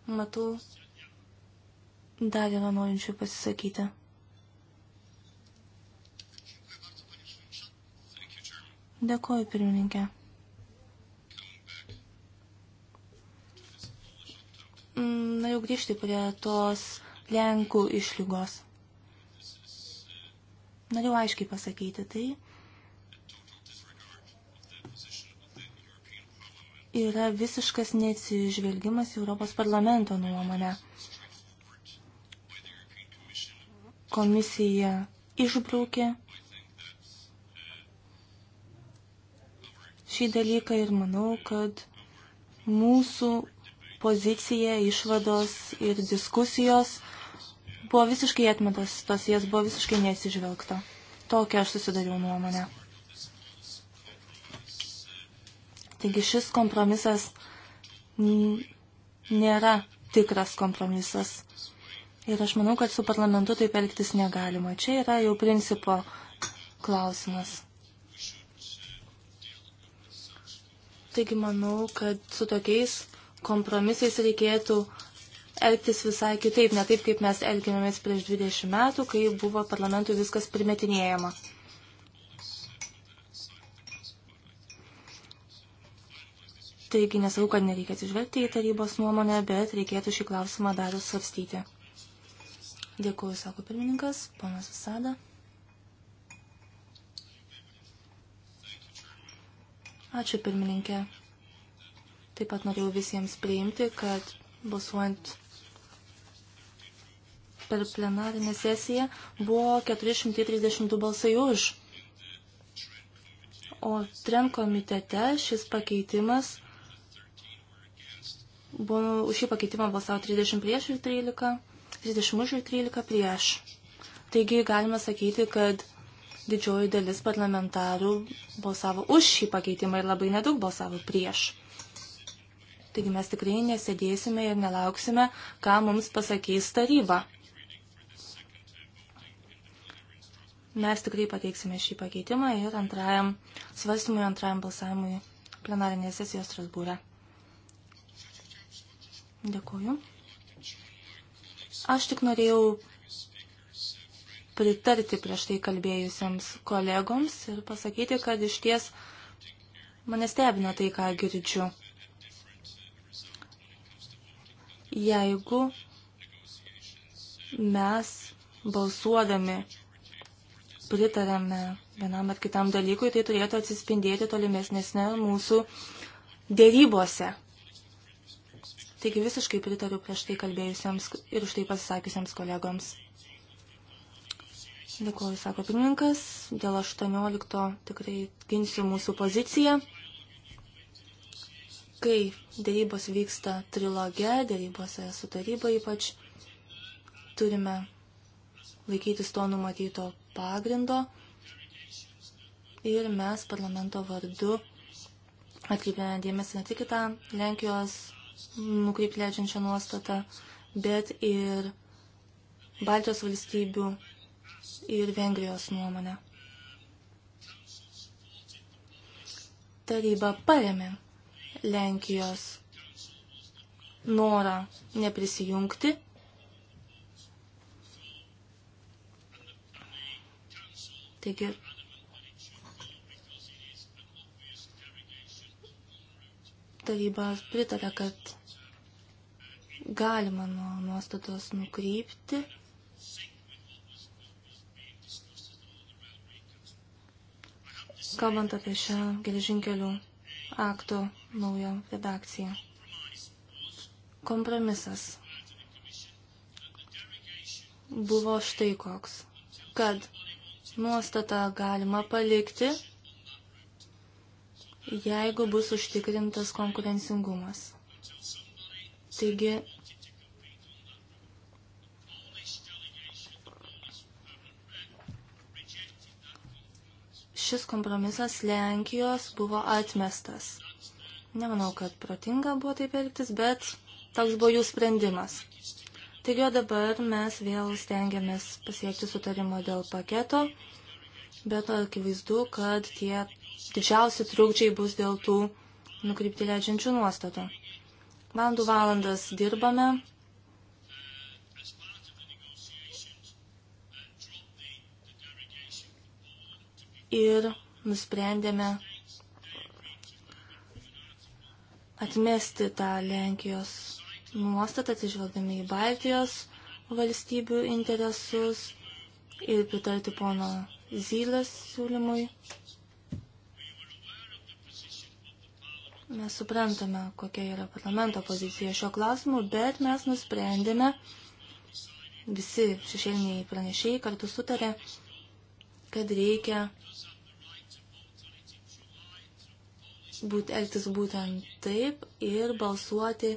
Matau dar yra norinčių pasisakyti. Dėkoju, pirmininkė. Na jau grįžti prie tos Lenkų išlygos. Noriu aiškiai pasakyti tai, yra visiškas neatsižvelgimas į Europos parlamento nuomonę. Komisija išbraukė šį dalyką ir manau, kad mūsų pozicija, išvados ir diskusijos buvo visiškai atmetas, tos jas buvo visiškai neatsižvelgta. Tokią aš susidariau nuomonę. Taigi šis kompromisas nėra tikras kompromisas. Ir aš manau, kad su parlamentu taip elgtis negalima. Čia yra jau principo klausimas. Taigi manau, kad su tokiais kompromisais reikėtų elgtis visai kitaip, ne taip, kaip mes elgėmės prieš 20 metų, kai buvo parlamentui viskas primetinėjama. Taigi nesakau, kad nereikia atsižvelgti į tarybos nuomonę, bet reikėtų šį klausimą dar svarstyti. Dėkuoju, sako pirmininkas, ponas Sada. Ačiū pirmininkė. Taip pat norėjau visiems priimti, kad balsuojant per plenarinę sesiją buvo 432 balsai už. O tren komitete šis pakeitimas Buvo už šį pakeitimą balsavo 30 prieš ir 13, 30 už ir 13 prieš. Taigi galime sakyti, kad didžioji dalis parlamentarų balsavo už šį pakeitimą ir labai nedaug balsavo prieš. Taigi mes tikrai nesėdėsime ir nelauksime, ką mums pasakys taryba. Mes tikrai pateiksime šį pakeitimą ir antrajam svarstymui, antrajam balsavimui plenarinėje sesijoje Strasbūre. Dėkuoju. Aš tik norėjau pritarti prieš tai kalbėjusiems kolegoms ir pasakyti, kad iš ties mane stebina tai, ką girdžiu. Jeigu mes balsuodami pritarėme vienam ar kitam dalykui, tai turėtų atsispindėti tolimesnėse mūsų dėrybose. Taigi visiškai pritariu prieš tai kalbėjusiems ir už tai pasisakiusiems kolegoms. Dėkuoju, sako pirmininkas. Dėl 18 tikrai ginsiu mūsų poziciją. Kai dėrybos vyksta triloge, dėrybose su taryba ypač, turime laikytis to numatyto pagrindo ir mes parlamento vardu atkreipėme dėmesį ne tik į tą Lenkijos nukreipti leidžiančią nuostatą, bet ir Baltijos valstybių ir Vengrijos nuomonę. Taryba paremė Lenkijos norą neprisijungti Taigi taryba pritarė, kad galima nuo nuostatos nukrypti. Kalbant apie šią geležinkelių akto naują redakciją. Kompromisas buvo štai koks, kad nuostatą galima palikti jeigu bus užtikrintas konkurencingumas. Taigi, šis kompromisas Lenkijos buvo atmestas. Nemanau, kad protinga buvo taip elgtis, bet toks buvo jų sprendimas. Taigi, o dabar mes vėl stengiamės pasiekti sutarimo dėl paketo, bet akivaizdu, kad tie didžiausi trukdžiai bus dėl tų nukrypti leidžiančių nuostatų. Valandų valandas dirbame. Ir nusprendėme atmesti tą Lenkijos nuostatą, atsižvelgdami į Baltijos valstybių interesus ir pritarti pono Zylės siūlymui. Mes suprantame, kokia yra parlamento pozicija šio klausimu, bet mes nusprendėme, visi šešėliniai pranešėjai kartu sutarė, kad reikia būt, elgtis būtent taip ir balsuoti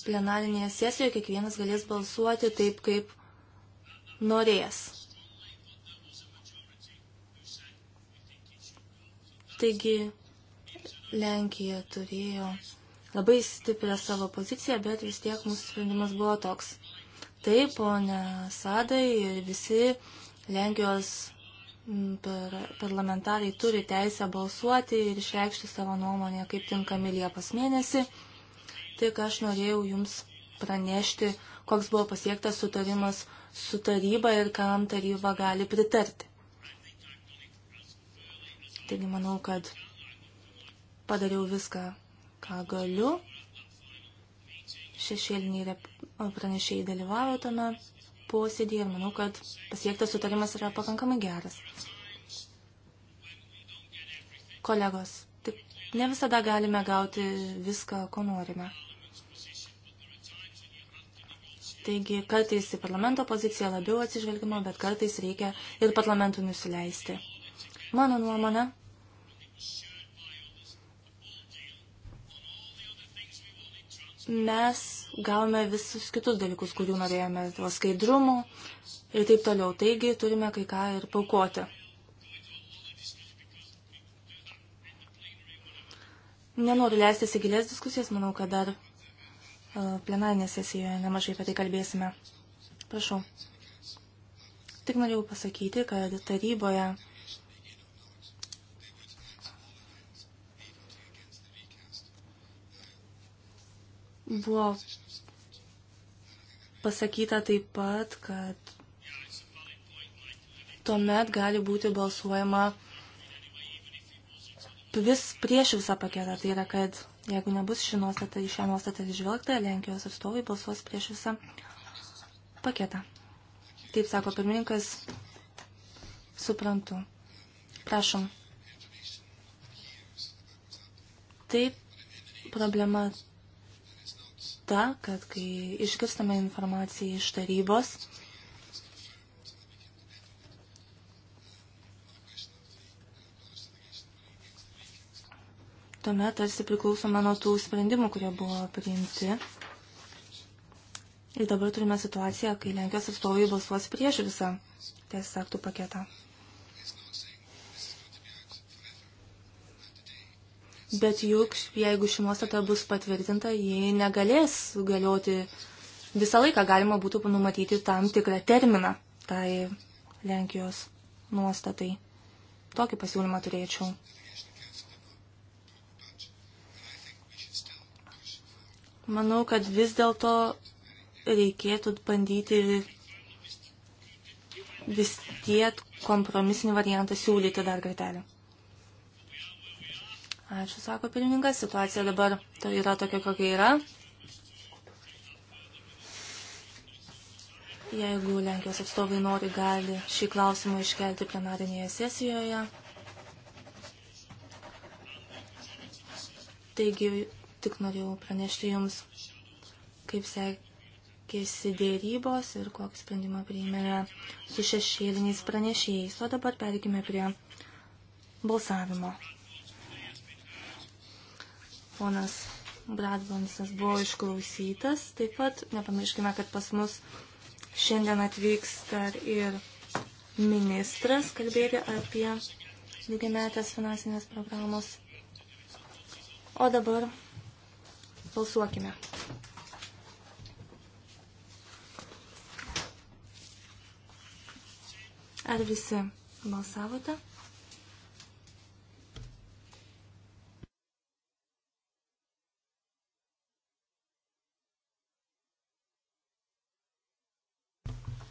plenarinėje sesijoje, kiekvienas galės balsuoti taip, kaip norės. Taigi Lenkija turėjo labai stiprią savo poziciją, bet vis tiek mūsų sprendimas buvo toks. Taip, ponė Sadai ir visi Lenkijos per, parlamentarai turi teisę balsuoti ir išreikšti savo nuomonę, kaip tinkami Liepos mėnesį. Tik aš norėjau Jums pranešti, koks buvo pasiektas sutarimas su taryba ir kam taryba gali pritarti. Taigi manau, kad Padariau viską, ką galiu. Šešėliniai pranešėjai dalyvavo tame posėdėje ir manau, kad pasiektas sutarimas yra pakankamai geras. Kolegos, tik ne visada galime gauti viską, ko norime. Taigi kartais į parlamento poziciją labiau atsižvelgimo, bet kartais reikia ir parlamentui nusileisti. Mano nuomonė, mes gavome visus kitus dalykus, kurių norėjome, to tai skaidrumo ir taip toliau. Taigi turime kai ką ir paukoti. Nenoriu leistis į gilės diskusijas, manau, kad dar e, plenarinė sesijoje nemažai apie tai kalbėsime. Prašau. Tik norėjau pasakyti, kad taryboje Buvo pasakyta taip pat, kad tuomet gali būti balsuojama vis prieš visą paketą. Tai yra, kad jeigu nebus ši nuostata, šią nuostatą išvelgta, Lenkijos atstovai balsuos prieš visą paketą. Taip sako pirmininkas, suprantu. Prašom. Taip, problema ta, kad kai išgirstame informaciją iš tarybos, tuomet tarsi priklausome nuo tų sprendimų, kurie buvo priimti. Ir dabar turime situaciją, kai Lenkijos atstovai balsuos prieš visą teisės aktų paketą. bet juk jeigu ši nuostata bus patvirtinta, ji negalės galioti visą laiką galima būtų numatyti tam tikrą terminą tai Lenkijos nuostatai. Tokį pasiūlymą turėčiau. Manau, kad vis dėlto reikėtų bandyti vis tiek kompromisinį variantą siūlyti dar kartelį. Ačiū, sako pirmininkas. Situacija dabar tai yra tokia, kokia yra. Jeigu Lenkijos atstovai nori, gali šį klausimą iškelti plenarinėje sesijoje. Taigi, tik norėjau pranešti Jums, kaip sekėsi dėrybos ir kokį sprendimą priėmėme su šešėliniais pranešėjais. O dabar perikime prie balsavimo. Ponas Bradbonsas buvo išklausytas. Taip pat nepamirškime, kad pas mus šiandien atvyks dar ir ministras kalbėti apie lygiametės finansinės programos. O dabar balsuokime. Ar visi balsavote?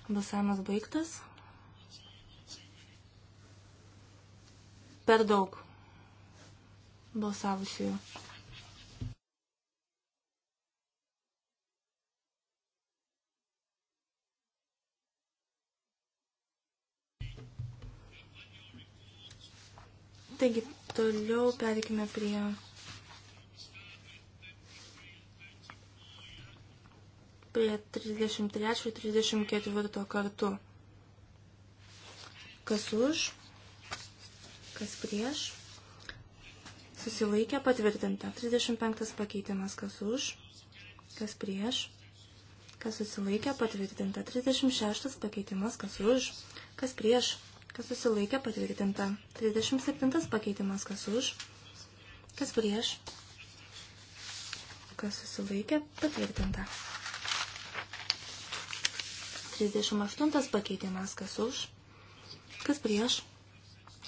Balsavimas baigtas. Per daug balsavusių. Taigi, toliau perikime prie apie 33 ir 34 kartu. Kas už, kas prieš, susilaikė patvirtinta. 35 pakeitimas, kas už, kas prieš, kas susilaikė patvirtinta. 36 pakeitimas, kas už, kas prieš, kas susilaikė patvirtinta. 37 pakeitimas, kas už, kas prieš, kas susilaikė patvirtinta. 38 pakeitimas, kas už, kas prieš,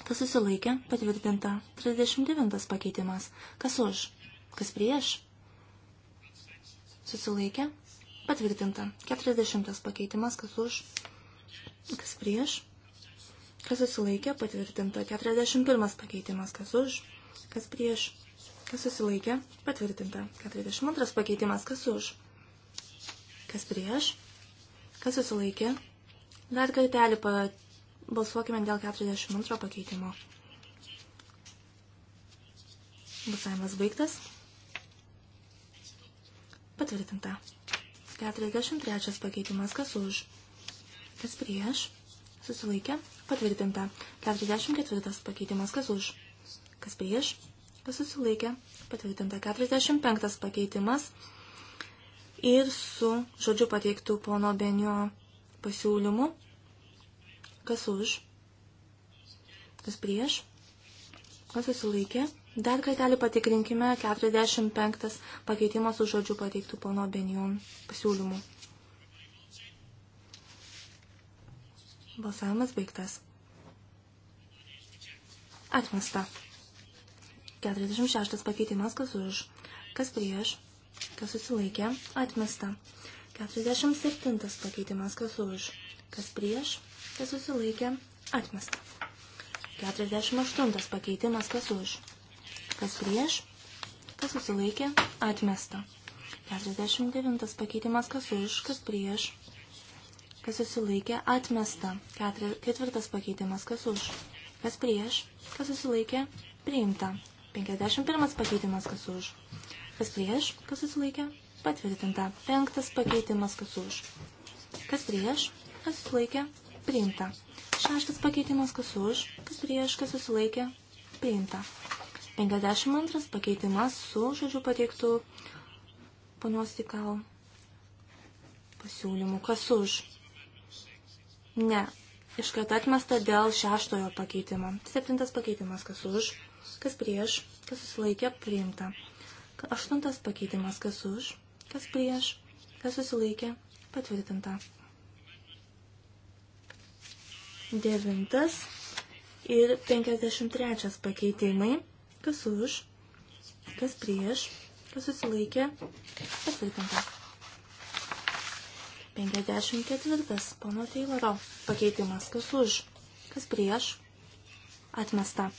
kas susilaikė, patvirtinta. 39 pakeitimas, kas už, kas prieš, susilaikė, patvirtinta. 40 pakeitimas, kas už, kas prieš, kas susilaikė, patvirtinta. 41 pakeitimas, kas už, kas prieš, kas susilaikė, patvirtinta. 42 pakeitimas, kas už, kas prieš, Kas susilaikė? Dar kartelį balsuokime dėl 42 pakeitimo. Balsavimas baigtas. Patvirtinta. 43 pakeitimas. Kas už? Kas prieš? Susilaikė. Patvirtinta. 44 pakeitimas. Kas už? Kas prieš? Kas susilaikė? Patvirtinta. 45 pakeitimas ir su žodžiu pateiktų pono Benio pasiūlymu. Kas už? Kas prieš? Kas susilaikė? Dar kartelį patikrinkime 45 pakeitimą su žodžiu pateiktų pono Benjon pasiūlymu. Balsavimas baigtas. Atmesta. 46 pakeitimas kas už, kas prieš, kas susilaikė, atmesta. 47 pakeitimas, kas už, kas prieš, kas susilaikė, atmesta. 48 pakeitimas, kas už, kas prieš, kas susilaikė, atmesta. 49 pakeitimas, kas už, kas prieš, kas susilaikė, atmesta. Ketvirtas pakeitimas, kas už, kas prieš, kas susilaikė, priimta. 51 pakeitimas, kas už, kas prieš, kas susilaikė, patvirtinta. Penktas pakeitimas, kas už, kas prieš, kas susilaikė, priimta. Šeštas pakeitimas, kas už, kas prieš, kas susilaikė, priimta. 52 pakeitimas su žodžiu pateiktų ponios tikal pasiūlymų. Kas už? Ne. Iškart atmesta dėl šeštojo pakeitimo. Septintas pakeitimas. Kas už? Kas prieš? Kas susilaikė? Priimta. Aštuntas pakeitimas, kas už, kas prieš, kas susilaikė, patvirtinta. Devintas ir 53 pakeitimai, kas už, kas prieš, kas susilaikė, patvirtinta. 54. Pono Tayloro pakeitimas, kas už, kas prieš, atmesta.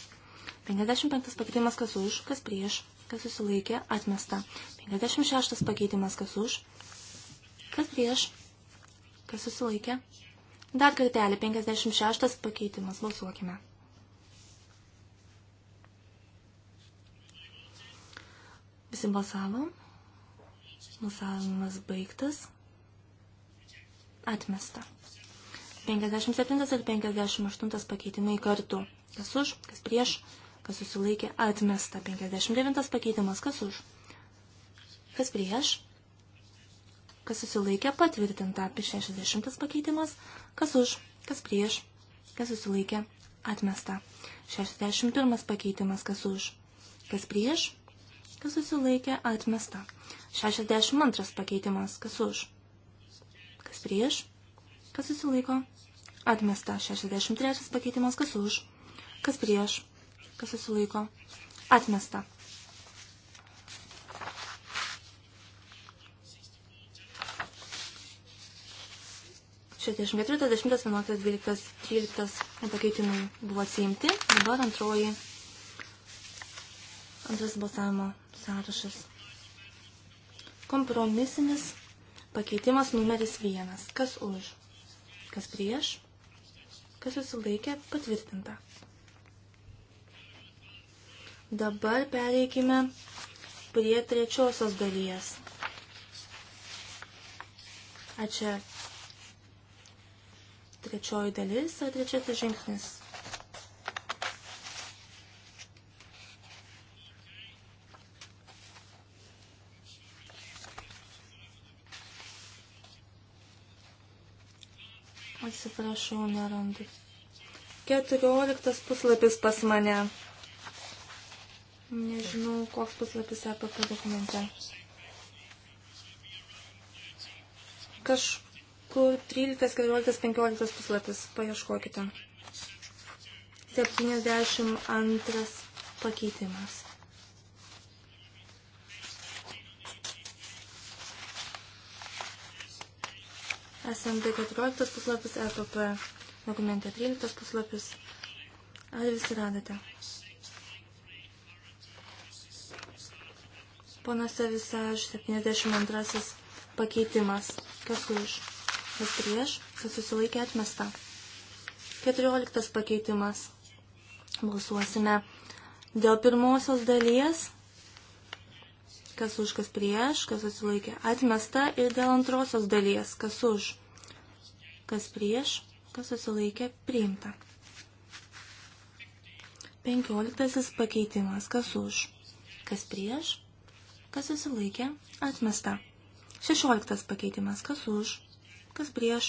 55. pakeitimas, kas už, kas prieš, kas susilaikė, atmesta. 56 pakeitimas, kas už, kas prieš, kas susilaikė. Dar kartelį, 56 pakeitimas, balsuokime. Visi balsavo. Balsavimas baigtas. Atmesta. 57 ir 58 pakeitimai kartu. Kas už, kas prieš, kas susilaikė, atmesta. 59 pakeitimas, kas už, kas prieš, kas susilaikė, patvirtinta. 60 pakeitimas, kas už, kas prieš, kas susilaikė, atmesta. 61 pakeitimas, kas už, kas prieš, kas susilaikė, atmesta. 62 pakeitimas, kas už, kas prieš, kas susilaiko, atmesta. 63 pakeitimas, kas už, kas prieš, kas susilaiko, atmesta. 64, 10, 11, 12, 13 pakeitimai buvo atsiimti. Dabar antroji, antras balsavimo sąrašas. Kompromisinis pakeitimas numeris 1. Kas už? Kas prieš? Kas susilaikė? Patvirtinta. Dabar pereikime prie trečiosios dalies. A čia trečioji dalis ar trečiasis žingsnis? Atsiprašau, nerandu. Keturioliktas puslapis pas mane. Nežinau, koks puslapis EPP dokumente. Kažkur 13, 14, 15 puslapis. Paieškokite. 72 pakeitimas. SMD 14 puslapis, EPP dokumente 13 puslapis. Ar visi radote? Ponas Avisaž, 72 pakeitimas. Kas už? Kas prieš? Kas susilaikė atmesta? 14 pakeitimas. Balsuosime dėl pirmosios dalies. Kas už, kas prieš, kas susilaikė atmesta. Ir dėl antrosios dalies. Kas už, kas prieš, kas susilaikė priimta. 15 pakeitimas. Kas už, kas prieš, kas susilaikė, atmesta. 16 pakeitimas, kas už, kas prieš,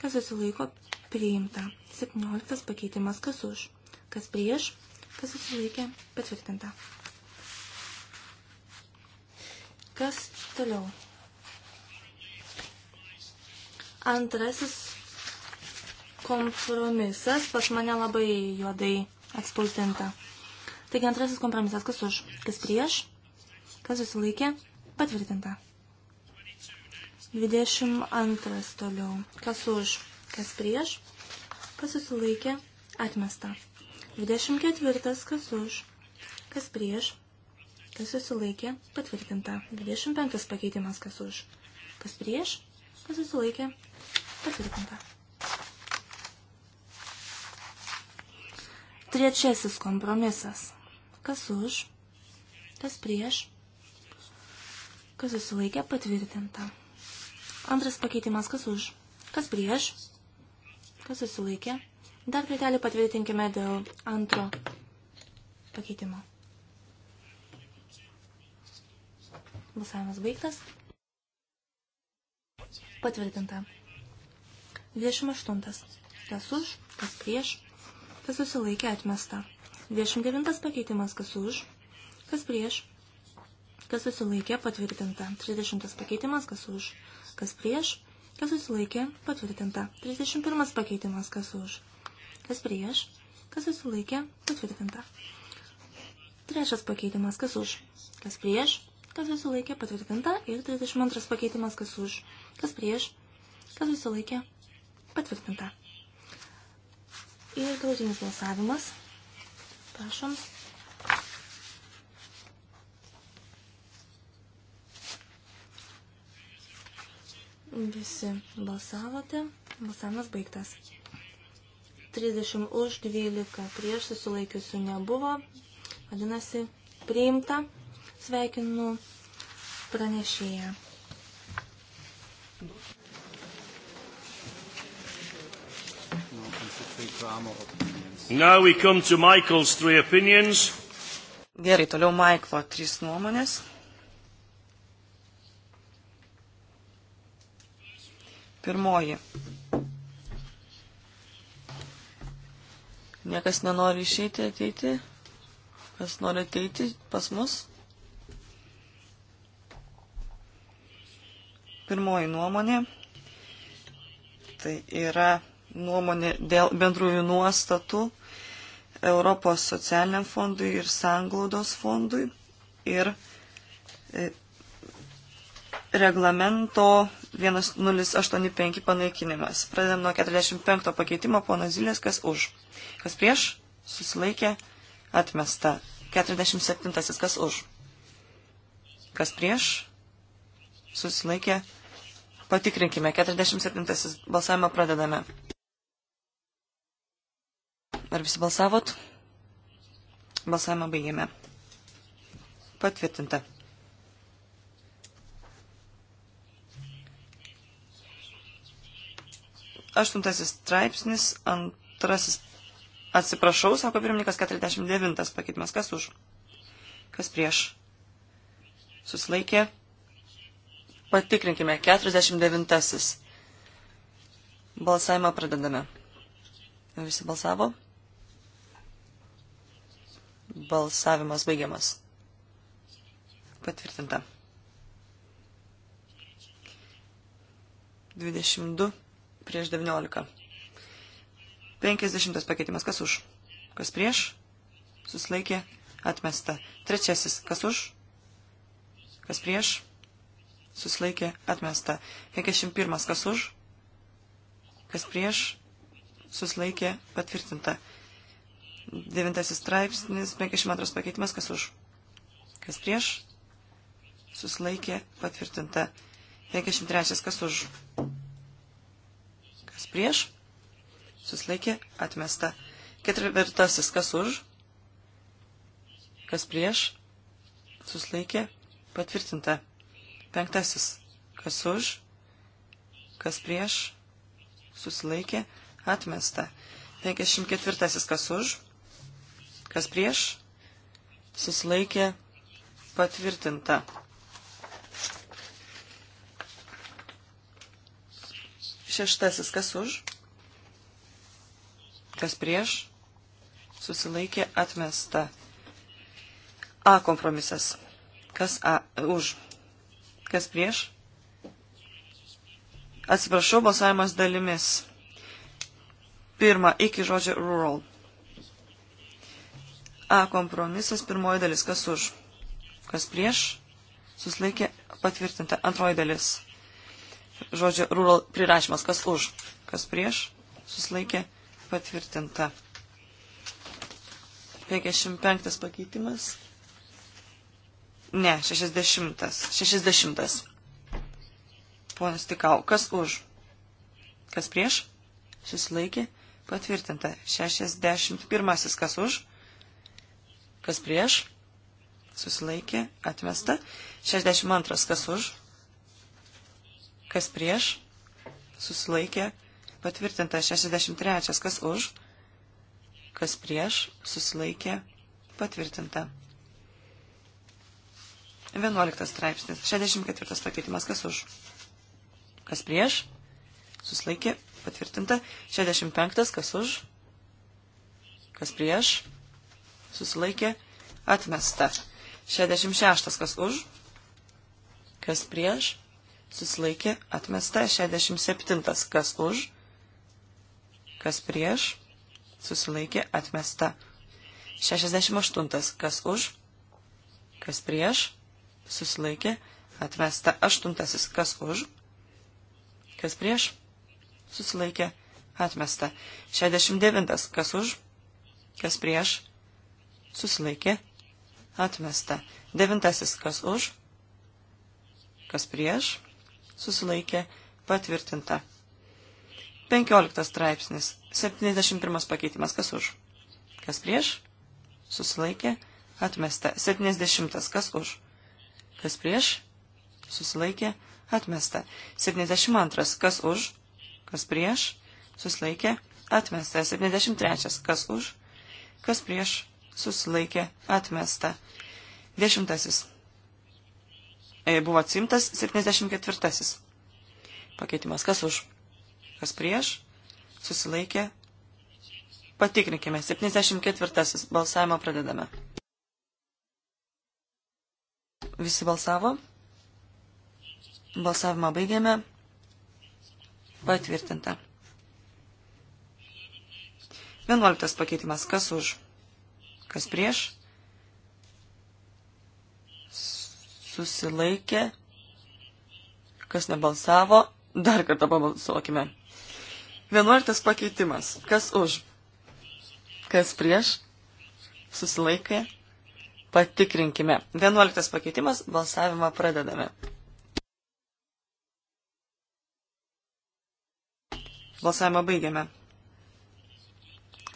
kas susilaiko, priimta. 17 pakeitimas, kas už, kas prieš, kas susilaikė, patvirtinta. Kas toliau? Antrasis kompromisas pas mane labai juodai atspausdinta. Taigi antrasis kompromisas, kas už, kas prieš, Kas susilaikė? Patvirtinta. 22 toliau. Kas už? Kas prieš? Kas susilaikė? Atmesta. 24. Kas už? Kas prieš? Kas susilaikė? Patvirtinta. 25 pakeitimas. Kas už? Kas prieš? Kas susilaikė? Patvirtinta. Trečiasis kompromisas. Kas už? Kas prieš? kas susilaikė patvirtinta. Antras pakeitimas, kas už, kas prieš, kas susilaikė. Dar kartelį patvirtinkime dėl antro pakeitimo. Balsavimas baigtas. Patvirtinta. 28. Kas už, kas prieš, kas susilaikė atmesta. 29 pakeitimas, kas už, kas prieš, kas susilaikė patvirtinta. 30 pakeitimas, kas už, kas prieš, kas susilaikė patvirtinta. 31 pakeitimas, kas už, kas prieš, kas susilaikė patvirtinta. Trečias pakeitimas, kas už, kas prieš, kas susilaikė patvirtinta. Ir 32 pakeitimas, kas už, kas prieš, kas susilaikė patvirtinta. Ir galutinis balsavimas. Prašom. Visi balsavote. Balsavimas baigtas. 30 už, 12 prieš, susilaikiusių nebuvo. Vadinasi, priimta. Sveikinu pranešėją. Now we come to Michael's three opinions. Gerai, toliau Michaelo trys nuomonės. Pirmoji. Niekas nenori išeiti, ateiti. Kas nori ateiti pas mus? Pirmoji nuomonė. Tai yra nuomonė dėl bendrųjų nuostatų Europos socialiniam fondui ir sanglaudos fondui ir e, reglamento 1085 panaikinimas. Pradedam nuo 45 pakeitimo, ponas Zilės, kas už. Kas prieš, susilaikė, atmesta. 47, kas už. Kas prieš, susilaikė, patikrinkime. 47 balsavimą pradedame. Ar visi balsavot? Balsavimą baigėme. Patvirtinta. 48 straipsnis, antrasis, atsiprašau, sako pirmininkas 49 pakeitimas, kas už, kas prieš. Susilaikė. Patikrinkime, 49. Balsavimą pradedame. Visi balsavo. Balsavimas baigiamas. Patvirtinta. 22 prieš 19. 50 pakeitimas, kas už, kas prieš, susilaikė, atmesta. Trečiasis, kas už, kas prieš, susilaikė, atmesta. 51, kas už, kas prieš, susilaikė, patvirtinta. Devintasis straipsnis, 52 pakeitimas, kas už, kas prieš, susilaikė, patvirtinta. 53, kas už, kas prieš, susilaikė atmesta. Ketvirtasis, kas už, kas prieš, susilaikė patvirtinta. Penktasis, kas už, kas prieš, susilaikė atmesta. 54. Kas už, kas prieš, susilaikė patvirtinta. Šeštasis, kas už, kas prieš, susilaikė atmesta. A kompromisas, kas A, už, kas prieš. Atsiprašau, balsavimas dalimis. Pirma, iki žodžio rural. A kompromisas, pirmoji dalis, kas už, kas prieš, susilaikė patvirtinta. Antroji dalis, žodžio rural prirašymas. Kas už, kas prieš, susilaikė patvirtinta. 55 pakeitimas. Ne, 60. 60. Ponas Tikau, kas už, kas prieš, susilaikė patvirtinta. 61. Kas už, kas prieš, susilaikė atmesta. 62. Kas už, kas prieš, susilaikė, patvirtinta 63, kas už, kas prieš, susilaikė, patvirtinta. 11 straipsnis, 64 pakeitimas, kas už, kas prieš, susilaikė, patvirtinta, 65, kas už, kas prieš, susilaikė, atmesta. 66, kas už, kas prieš, susilaikė atmesta 67, kas už, kas prieš, susilaikė atmesta 68, kas už, kas prieš, susilaikė atmesta 8, kas už, kas prieš, susilaikė atmesta 69, kas už, kas prieš, susilaikė atmesta 9, kas už, kas prieš, susilaikė, patvirtinta. 15 straipsnis, 71 pakeitimas, kas už, kas prieš, susilaikė, atmesta. 70, kas už, kas prieš, susilaikė, atmesta. 72, kas už, kas prieš, susilaikė, atmesta. 73, kas už, kas prieš, susilaikė, atmesta. Dešimtasis E, buvo atsimtas 74 pakeitimas. Kas už? Kas prieš? Susilaikė. Patikrinkime. 74 balsavimą pradedame. Visi balsavo. Balsavimą baigėme. Patvirtinta. 11 pakeitimas. Kas už? Kas prieš? susilaikė, kas nebalsavo, dar kartą pabalsuokime. Vienuoliktas pakeitimas. Kas už? Kas prieš? Susilaikė? Patikrinkime. Vienuoliktas pakeitimas. Balsavimą pradedame. Balsavimą baigiame.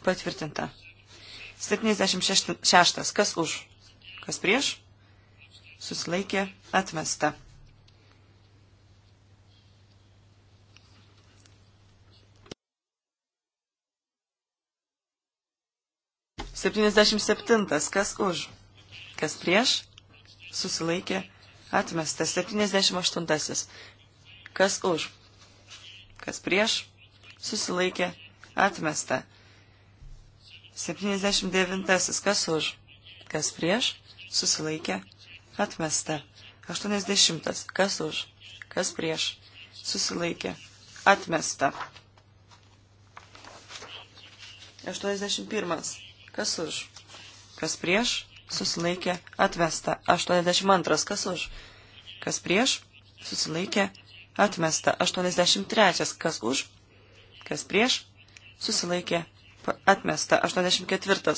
Patvirtinta. 76. Kas už? Kas prieš? susilaikė, atmesta. Septyniasdešimt septintas, kas už, kas prieš, susilaikė, atmestas. Septyniasdešimt aštuntasis, kas už, kas prieš, susilaikė, atmesta. Septyniasdešimt devintasis, kas už, kas prieš, susilaikė, atmesta Atmesta. 80. Kas už? Kas prieš? Susilaikė. Atmesta. 81. Kas už? Kas prieš? Susilaikė. Atvesta. 82. Kas už? Kas prieš? Susilaikė. Atmesta. 83. Kas už? Kas prieš? Susilaikė. Atmesta. 84.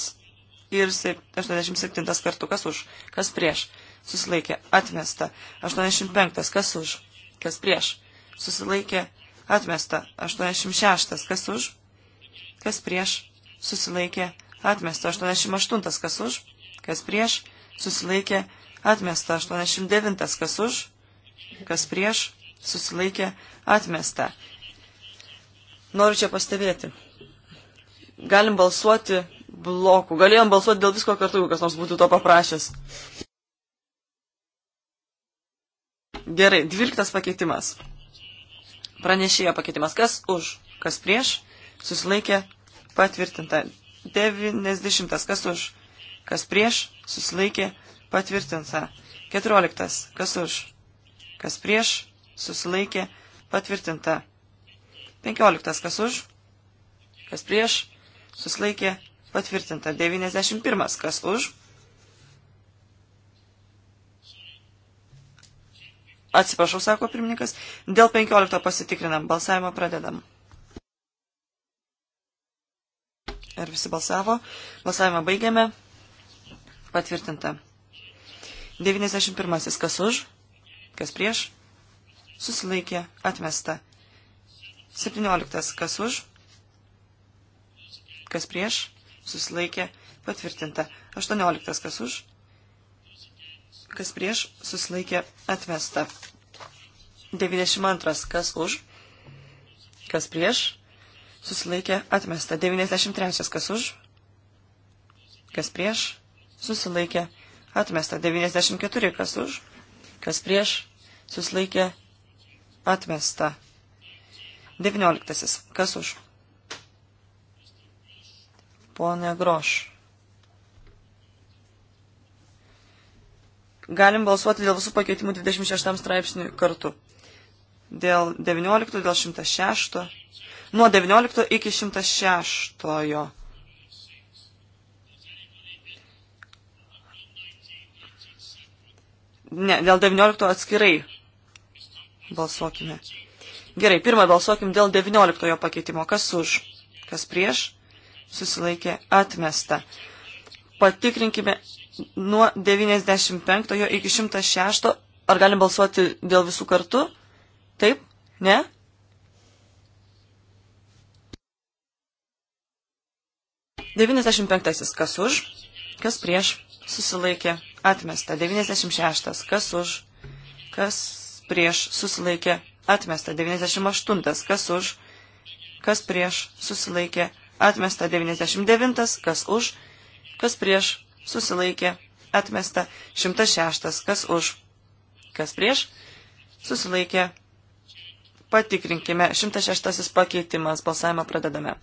Ir 87 kartų. Kas už? Kas prieš? susilaikė, atmesta. 85, kas už, kas prieš, susilaikė, atmesta. 86, kas už, kas prieš, susilaikė, atmesta. 88, kas už, kas prieš, susilaikė, atmesta. 89, kas už, kas prieš, susilaikė, atmesta. Noriu čia pastebėti. Galim balsuoti blokų. Galėjom balsuoti dėl visko kartu, jeigu kas nors būtų to paprašęs. Gerai, dvyliktas pakeitimas. Pranešėjo pakeitimas. Kas už, kas prieš, susilaikė patvirtinta. 90. Kas už, kas prieš, susilaikė patvirtinta. 14. Kas už, kas prieš, susilaikė patvirtinta. 15. Kas už, kas prieš, susilaikė patvirtinta. 91. Kas už, Atsiprašau, sako pirmininkas, dėl 15 pasitikrinam, balsavimą pradedam. Ar visi balsavo? Balsavimą baigiame. Patvirtinta. 91. Kas už? Kas prieš? Susilaikė. Atmesta. 17. Kas už? Kas prieš? Susilaikė. Patvirtinta. 18. Kas už? kas prieš, susilaikė atvesta. 92, kas už, kas prieš, susilaikė atmesta. 93, kas už, kas prieš, susilaikė atmesta. 94, kas už, kas prieš, susilaikė atmesta. 19, kas už. Pone Groš. Galim balsuoti dėl visų pakeitimų 26 straipsnių kartu. Dėl 19, dėl 106. Nuo 19 iki 106. -ojo. Ne, dėl 19 atskirai balsuokime. Gerai, pirmą balsuokim dėl 19 pakeitimo. Kas už? Kas prieš? Susilaikė atmesta. Patikrinkime nuo 95 iki 106. Ar galim balsuoti dėl visų kartų? Taip? Ne? Devyniasdešimt penktasis, kas už, kas prieš, susilaikė, atmesta. Devyniasdešimt šeštas, kas už, kas prieš, susilaikė, atmesta. Devyniasdešimt aštuntas, kas už, kas prieš, susilaikė, atmesta. Devyniasdešimt devintas, kas už, kas prieš, susilaikė, atmesta. 106. Kas už, kas prieš, susilaikė. Patikrinkime. 106. pakeitimas. Balsavimą pradedame.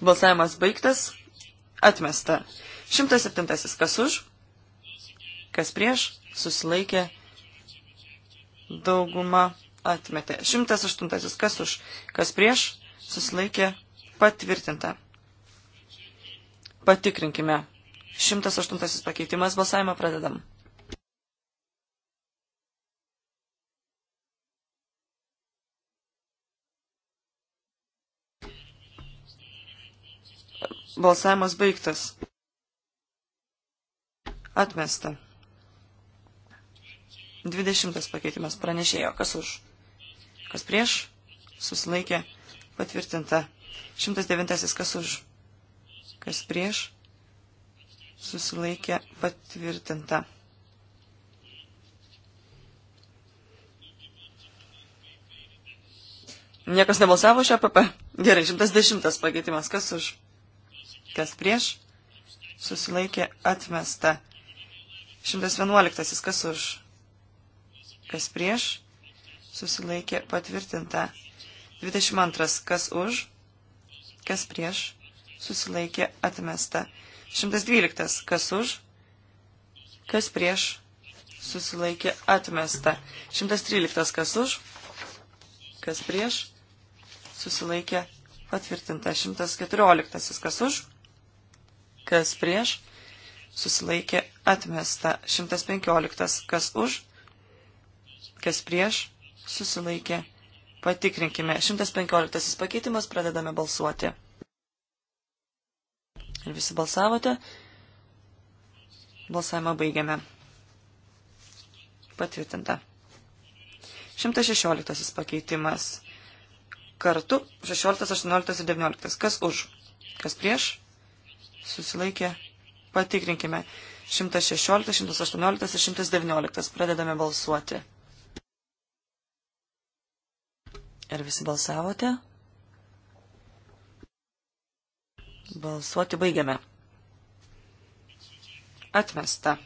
Balsavimas baigtas. Atmesta. 107. Kas už, kas prieš, susilaikė. Dauguma atmetė. 108. Kas už, kas prieš, susilaikė. Patvirtinta. Patikrinkime. 108 pakeitimas balsavimą pradedam. Balsavimas baigtas. Atmesta. 20 pakeitimas pranešėjo. Kas už? Kas prieš? Susilaikė. Patvirtinta. 109 kas už? kas prieš, susilaikė patvirtinta. Niekas nebalsavo šią e PP. Gerai, 110 pakeitimas. Kas už? Kas prieš? Susilaikė atmesta. 111. Kas už? Kas prieš? Susilaikė patvirtinta. 22. Kas už? Kas prieš? susilaikė atmesta. 112. Kas už, kas prieš, susilaikė atmesta. 113. Kas už, kas prieš, susilaikė patvirtinta. 114. Kas už, kas prieš, susilaikė atmesta. 115. Kas už, kas prieš, susilaikė. Patikrinkime. 115 pakeitimas, pradedame balsuoti. Ar visi balsavote? Balsavimą baigiame. Patvirtinta. 116 pakeitimas. Kartu 16, 18 ir 19. Kas už? Kas prieš? Susilaikė. Patikrinkime. 116, 118 ir 119. Pradedame balsuoti. Ar visi balsavote? Balsuoti baigiame. Atmesta.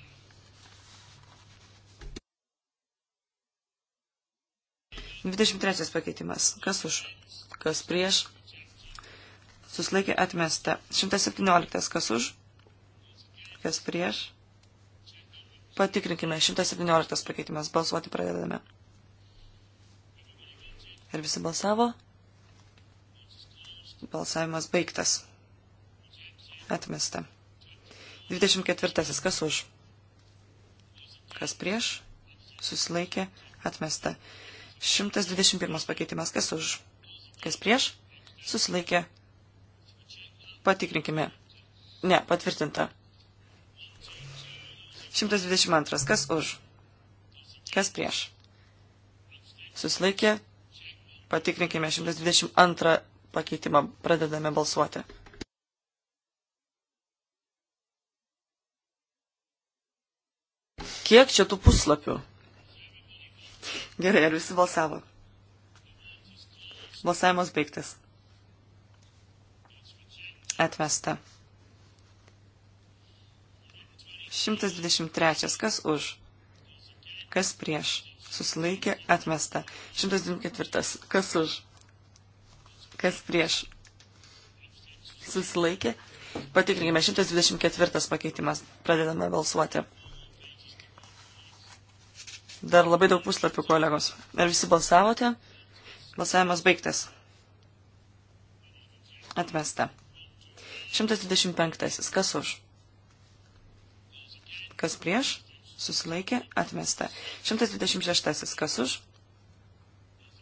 Dvidešimt trečias pakeitimas. Kas už? Kas prieš? Suslaikė atmesta. Šimtas septynioliktas. Kas už? Kas prieš? Patikrinkime. Šimtas septynioliktas pakeitimas. Balsuoti pradedame. Ir visi balsavo? Balsavimas baigtas. Atmesta. 24. Kas už? Kas prieš? Susilaikė. Atmesta. 121 pakeitimas. Kas už? Kas prieš? Susilaikė. Patikrinkime. Ne, patvirtinta. 122. Kas už? Kas prieš? Susilaikė. Patikrinkime 122 pakeitimą. Pradedame balsuoti. Kiek čia tų puslapių? Gerai, ar visi balsavo? Balsavimas baigtas. Atvesta. 123. Kas už? Kas prieš? Susilaikė, atmesta. 124. Kas už? Kas prieš? Susilaikė. Patikrinkime, 124 pakeitimas. Pradedame balsuoti. Dar labai daug puslapių, kolegos. Ar visi balsavote? Balsavimas baigtas. Atmesta. 125. Kas už? Kas prieš? Susilaikė. Atmesta. 126. Kas už?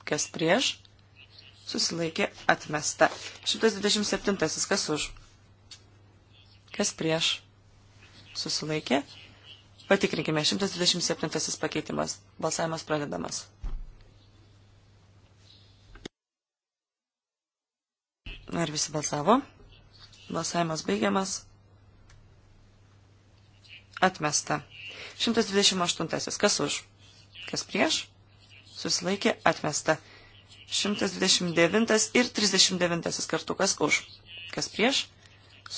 Kas prieš? Susilaikė. Atmesta. 127. Kas už? Kas prieš? Susilaikė. Patikrinkime, 127 pakeitimas. Balsavimas pradedamas. Ar visi balsavo? Balsavimas baigiamas. Atmesta. 128. Kas už? Kas prieš? Susilaikė atmesta. 129 ir 39 kartu. Kas už? Kas prieš?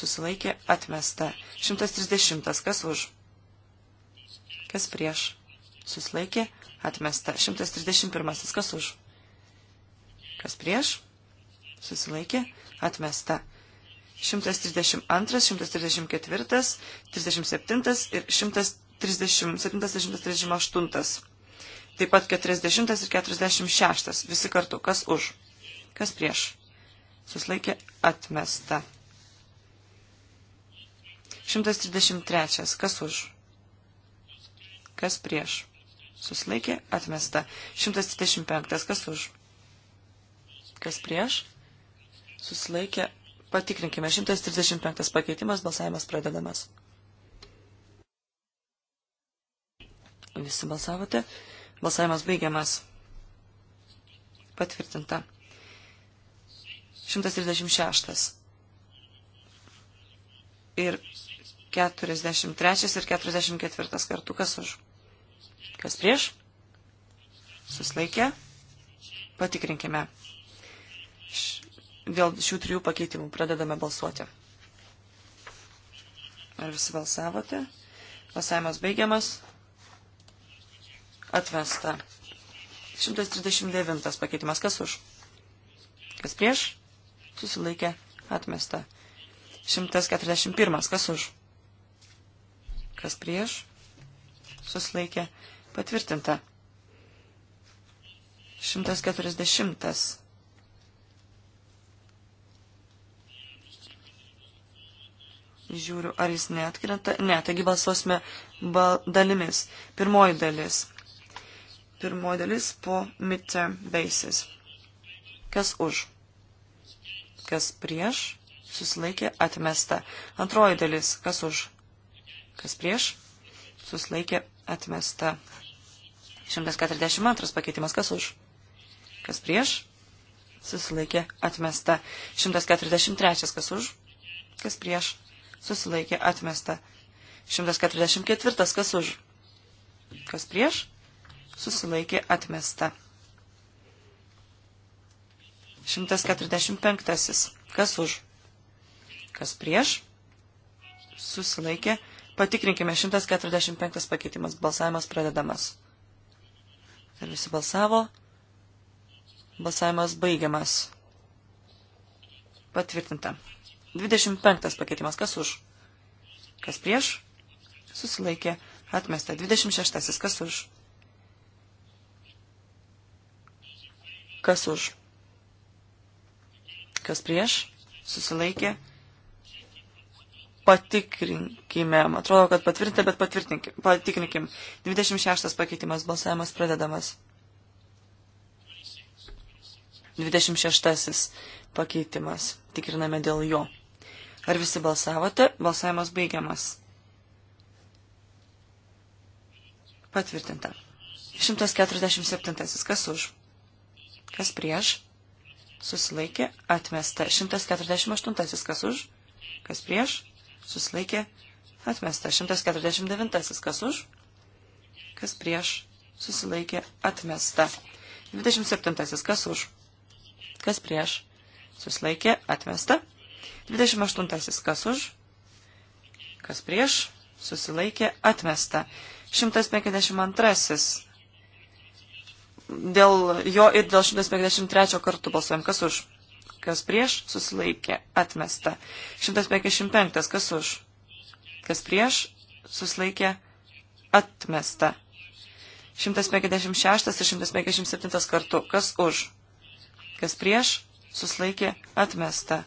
Susilaikė atmesta. 130. Kas už? kas prieš, susilaikė, atmesta. 131. Kas už? Kas prieš, susilaikė, atmesta. 132, 134, 37 ir 137, 138. Taip pat 40 ir 46. Visi kartu. Kas už? Kas prieš? Suslaikė atmesta. 133. Kas už? Kas prieš? Susilaikė atmesta. 125. Kas už? Kas prieš? Susilaikė. Patikrinkime. 135 pakeitimas. Balsavimas pradedamas. Visi balsavote. Balsavimas baigiamas. Patvirtinta. 136. Ir 43 ir 44 kartu. Kas už? Kas prieš? Suslaikė. Patikrinkime. Dėl šių trijų pakeitimų pradedame balsuoti. Ar visi balsavote? Balsavimas baigiamas. Atvesta. 139 pakeitimas. Kas už? Kas prieš? Susilaikė. Atmesta. 141. Kas už? Kas prieš? Susilaikė. Patvirtinta. 140. Žiūriu, ar jis neatkrenta. Ne, taigi balsuosime bal dalimis. Pirmoji dalis. Pirmoji dalis po midterm basis. Kas už? Kas prieš? Susilaikė atmesta. Antroji dalis. Kas už? Kas prieš? Susilaikė atmesta. 142 pakeitimas kas už? Kas prieš? Susilaikė atmesta. 143 kas už? Kas prieš? Susilaikė atmesta. 144 kas už? Kas prieš? Susilaikė atmesta. 145 kas už? Kas prieš? Susilaikė. Patikrinkime 145 pakeitimas. Balsavimas pradedamas. Ar visi balsavo? Balsavimas baigiamas. Patvirtinta. 25 pakeitimas. Kas už? Kas prieš? Susilaikė. Atmesta. 26. Kas už? Kas už? Kas prieš? Susilaikė patikrinkime. Man atrodo, kad patvirtinta, bet patikrinkim. 26 pakeitimas balsavimas pradedamas. 26 pakeitimas. Tikriname dėl jo. Ar visi balsavote? Balsavimas baigiamas. Patvirtinta. 147. Kas už? Kas prieš? Susilaikė. Atmesta. 148. Kas už? Kas prieš? susilaikė, atmesta. 149. Kas už, kas prieš, susilaikė, atmesta. 27. Kas už, kas prieš, susilaikė, atmesta. 28. Kas už, kas prieš, susilaikė, atmesta. 152. Dėl jo ir dėl 153 kartų balsuojam. Kas už? kas prieš, susilaikė, atmesta. 155, kas už, kas prieš, susilaikė, atmesta. 156 ir 157 kartu, kas už, kas prieš, susilaikė, atmesta.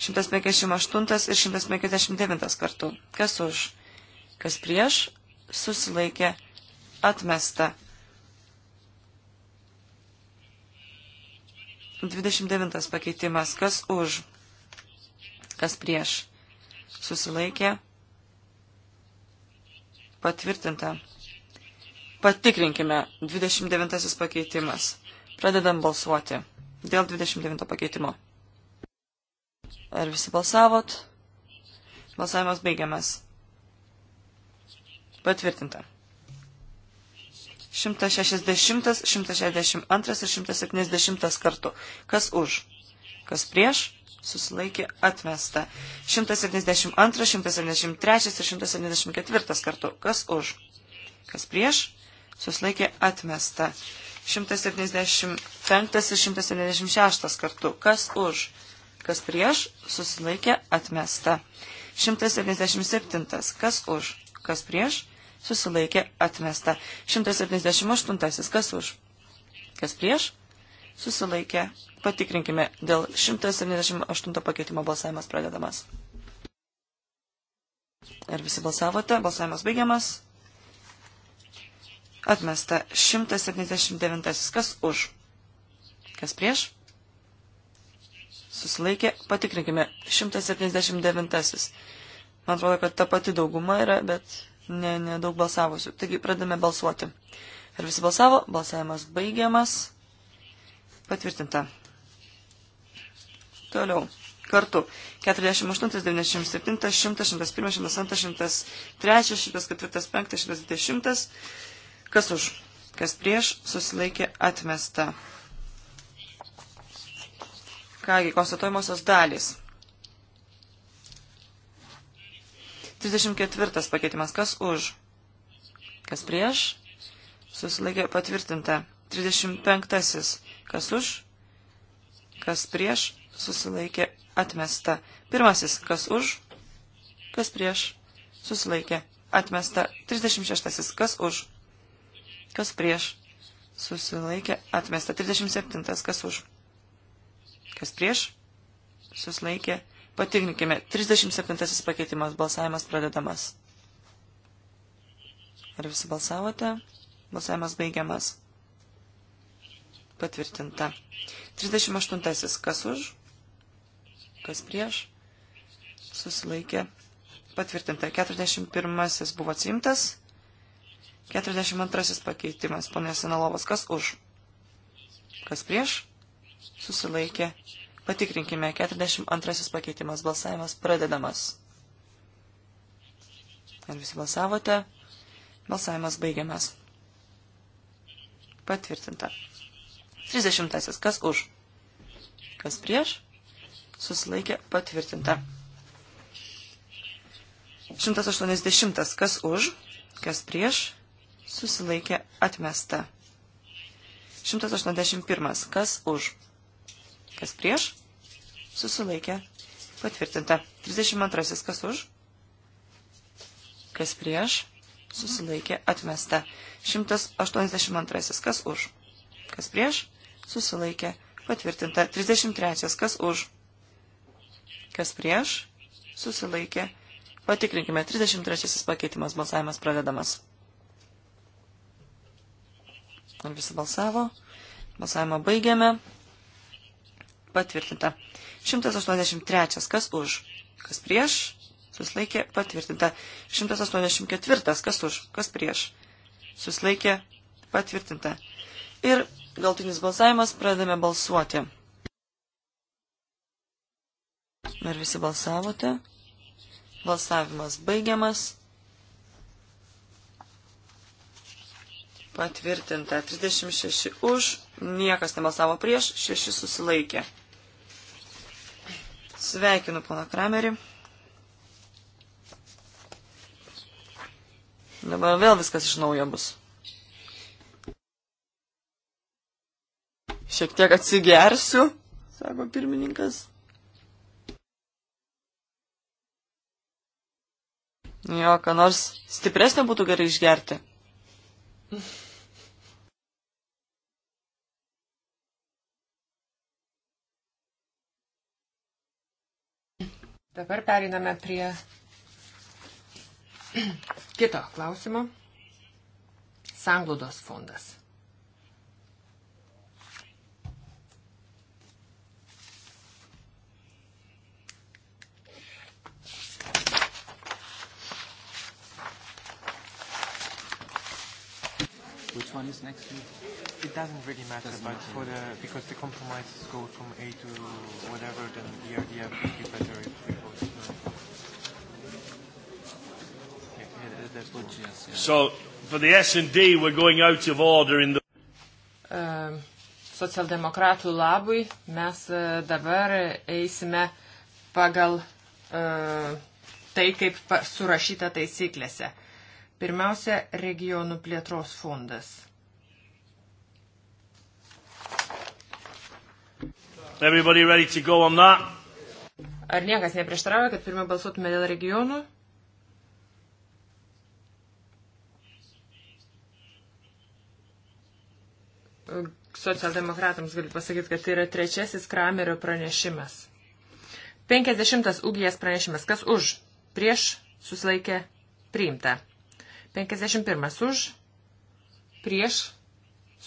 158 ir 159 kartų. Kas už? Kas prieš? Susilaikė. Atmesta. 29 pakeitimas. Kas už? Kas prieš? Susilaikė. Patvirtinta. Patikrinkime 29 pakeitimas. Pradedam balsuoti dėl 29 pakeitimo. Ar visi balsavot? Balsavimas baigiamas. Patvirtinta. 160, 162 ir 170 kartų. Kas už? Kas prieš? Susilaikė atmesta. 172, 173 ir 174 kartų. Kas už? Kas prieš? Susilaikė atmesta. 175 ir 176 kartų. Kas už? Kas prieš? Susilaikė atmesta. 177. Kas už? Kas prieš? susilaikė atmesta. 178. Kas už? Kas prieš? Susilaikė. Patikrinkime dėl 178 pakeitimo balsavimas pradedamas. Ar visi balsavote? Balsavimas baigiamas. Atmesta 179. Kas už? Kas prieš? Susilaikė. Patikrinkime. 179. Man atrodo, kad ta pati dauguma yra, bet nedaug ne, ne balsavusių. Taigi pradame balsuoti. Ar visi balsavo? Balsavimas baigiamas. Patvirtinta. Toliau. Kartu. 48, 97, 100, 101, 102, 103, 104, 5, 120. Kas už? Kas prieš? Susilaikė atmesta. Kągi, konstatuojamosios dalys. 34 pakeitimas. Kas už? Kas prieš? Susilaikė patvirtinta. 35. Kas už? Kas prieš? Susilaikė atmesta. Pirmasis. Kas už? Kas prieš? Susilaikė atmesta. 36. Kas už? Kas prieš? Susilaikė atmesta. 37. Kas už? Kas prieš? Susilaikė Patikrinkime. 37 pakeitimas. Balsavimas pradedamas. Ar visi balsavote? Balsavimas baigiamas. Patvirtinta. 38. Kas už? Kas prieš? Susilaikė. Patvirtinta. 41. Buvo atsimtas. 42. Pakeitimas. Pone Senalovas. Kas už? Kas prieš? Susilaikė. Patikrinkime. 42 pakeitimas. Balsavimas pradedamas. Ar visi balsavote? Balsavimas baigiamas. Patvirtinta. 30. Kas už? Kas prieš? Susilaikė patvirtinta. 180. Kas už? Kas prieš? Susilaikė atmesta. 181. Kas už? Kas prieš? Susilaikė. Patvirtinta. 32. Kas už? Kas prieš? Susilaikė. Atmesta. 182. Kas už? Kas prieš? Susilaikė. Patvirtinta. 33. Kas už? Kas prieš? Susilaikė. Patikrinkime. 33. pakeitimas balsavimas pradedamas. Ar visi balsavo? Balsavimą baigiame patvirtinta. 183. Kas už? Kas prieš? Suslaikė patvirtinta. 184. Kas už? Kas prieš? Suslaikė patvirtinta. Ir galtinis balsavimas pradame balsuoti. Ar visi balsavote? Balsavimas baigiamas. Patvirtinta 36 už, niekas nebalsavo prieš, 6 susilaikė. Sveikinu, pana Kramerį. Dabar vėl viskas iš naujo bus. Šiek tiek atsigersiu, sako pirmininkas. Jo, ką nors stipresnio būtų gerai išgerti. Dabar periname prie kito klausimo. Sanglaudos fondas. Which one is next? Week? it doesn't really matter, doesn't but matter. for the because the compromises go from A to whatever, then the idea e would be better if we vote. Uh, yeah, yeah, that's good. Yes, yeah. So for the S and D, we're going out of order in the. Uh, socialdemokratų labui mes uh, dabar eisime pagal uh, tai, kaip pa, surašyta taisyklėse. Pirmiausia, regionų plėtros fondas. Everybody ready to go on that? Ar niekas neprieštarauja, kad pirmą balsuotume dėl regionų? Socialdemokratams galiu pasakyti, kad tai yra trečiasis Kramerio pranešimas. 50 ūgijas pranešimas. Kas už? Prieš susilaikė priimta. 51 už? Prieš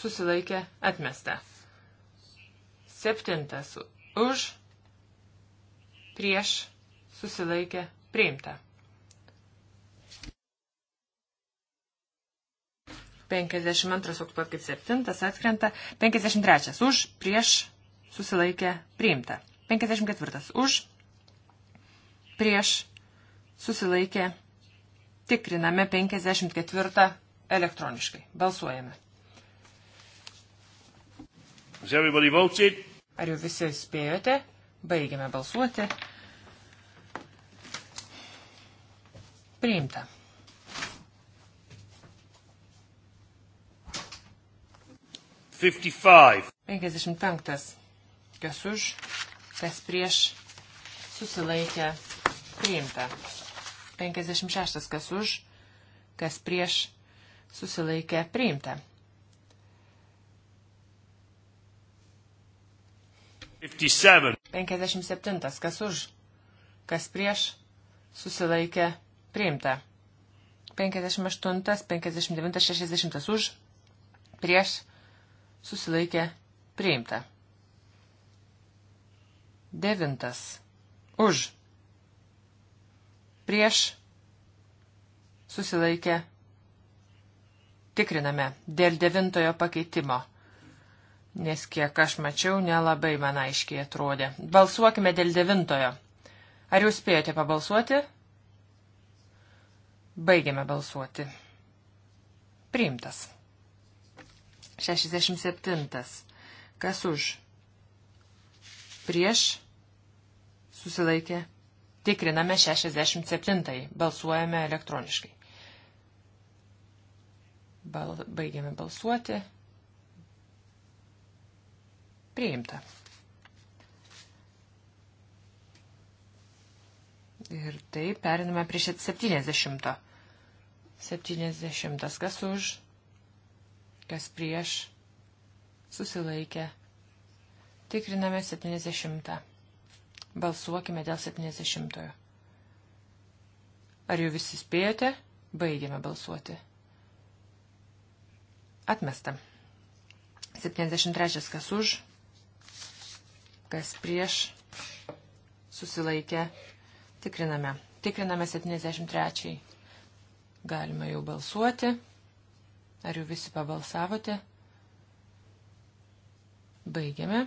susilaikė atmesta. Septintas. Už, prieš, susilaikė, priimta. 52 toks pat kaip 7 atkrenta. 53 už, prieš, susilaikė, priimta. 54 už, prieš, susilaikė, tikriname 54 elektroniškai. Balsuojame. Has everybody voted? Ar jau visi spėjote? Baigiame balsuoti. Priimta. Penkiasdešimt penktas. Kas už, kas prieš, susilaikė, priimta. Penkiasdešimt šeštas. Kas už, kas prieš, susilaikė, priimta. 57. 57. Kas už? Kas prieš? Susilaikė. Priimta. 58, 59, 60 už. Prieš. Susilaikė. Priimta. 9. Už. Prieš. Susilaikė. Tikriname dėl devintojo pakeitimo nes kiek aš mačiau, nelabai man aiškiai atrodė. Balsuokime dėl devintojo. Ar jūs spėjote pabalsuoti? Baigiame balsuoti. Priimtas. 67. Kas už? Prieš? Susilaikė. Tikriname 67. Balsuojame elektroniškai. Bal, baigiame balsuoti. Priimta. Ir taip, periname prie 70. 70. Kas už, kas prieš, susilaikė. Tikriname 70. Balsuokime dėl 70. Ar jau visi spėjote? Baigėme balsuoti. Atmesta. 73. Kas už, kas prieš, susilaikė, tikriname. Tikriname 73. Galima jau balsuoti. Ar jau visi pabalsavote? Baigiame.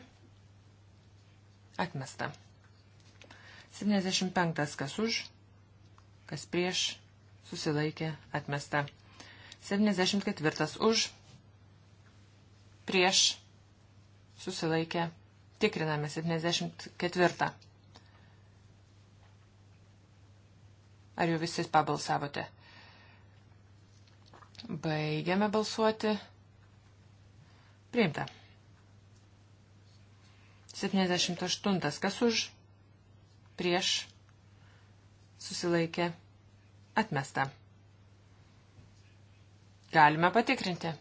Atmesta. 75. Kas už, kas prieš, susilaikė, atmesta. 74. Už, prieš, susilaikė, atmesta Tikriname 74. Ar jau visi pabalsavote? Baigiame balsuoti. Priimta. 78. Kas už? Prieš. Susilaikė. Atmesta. Galime patikrinti.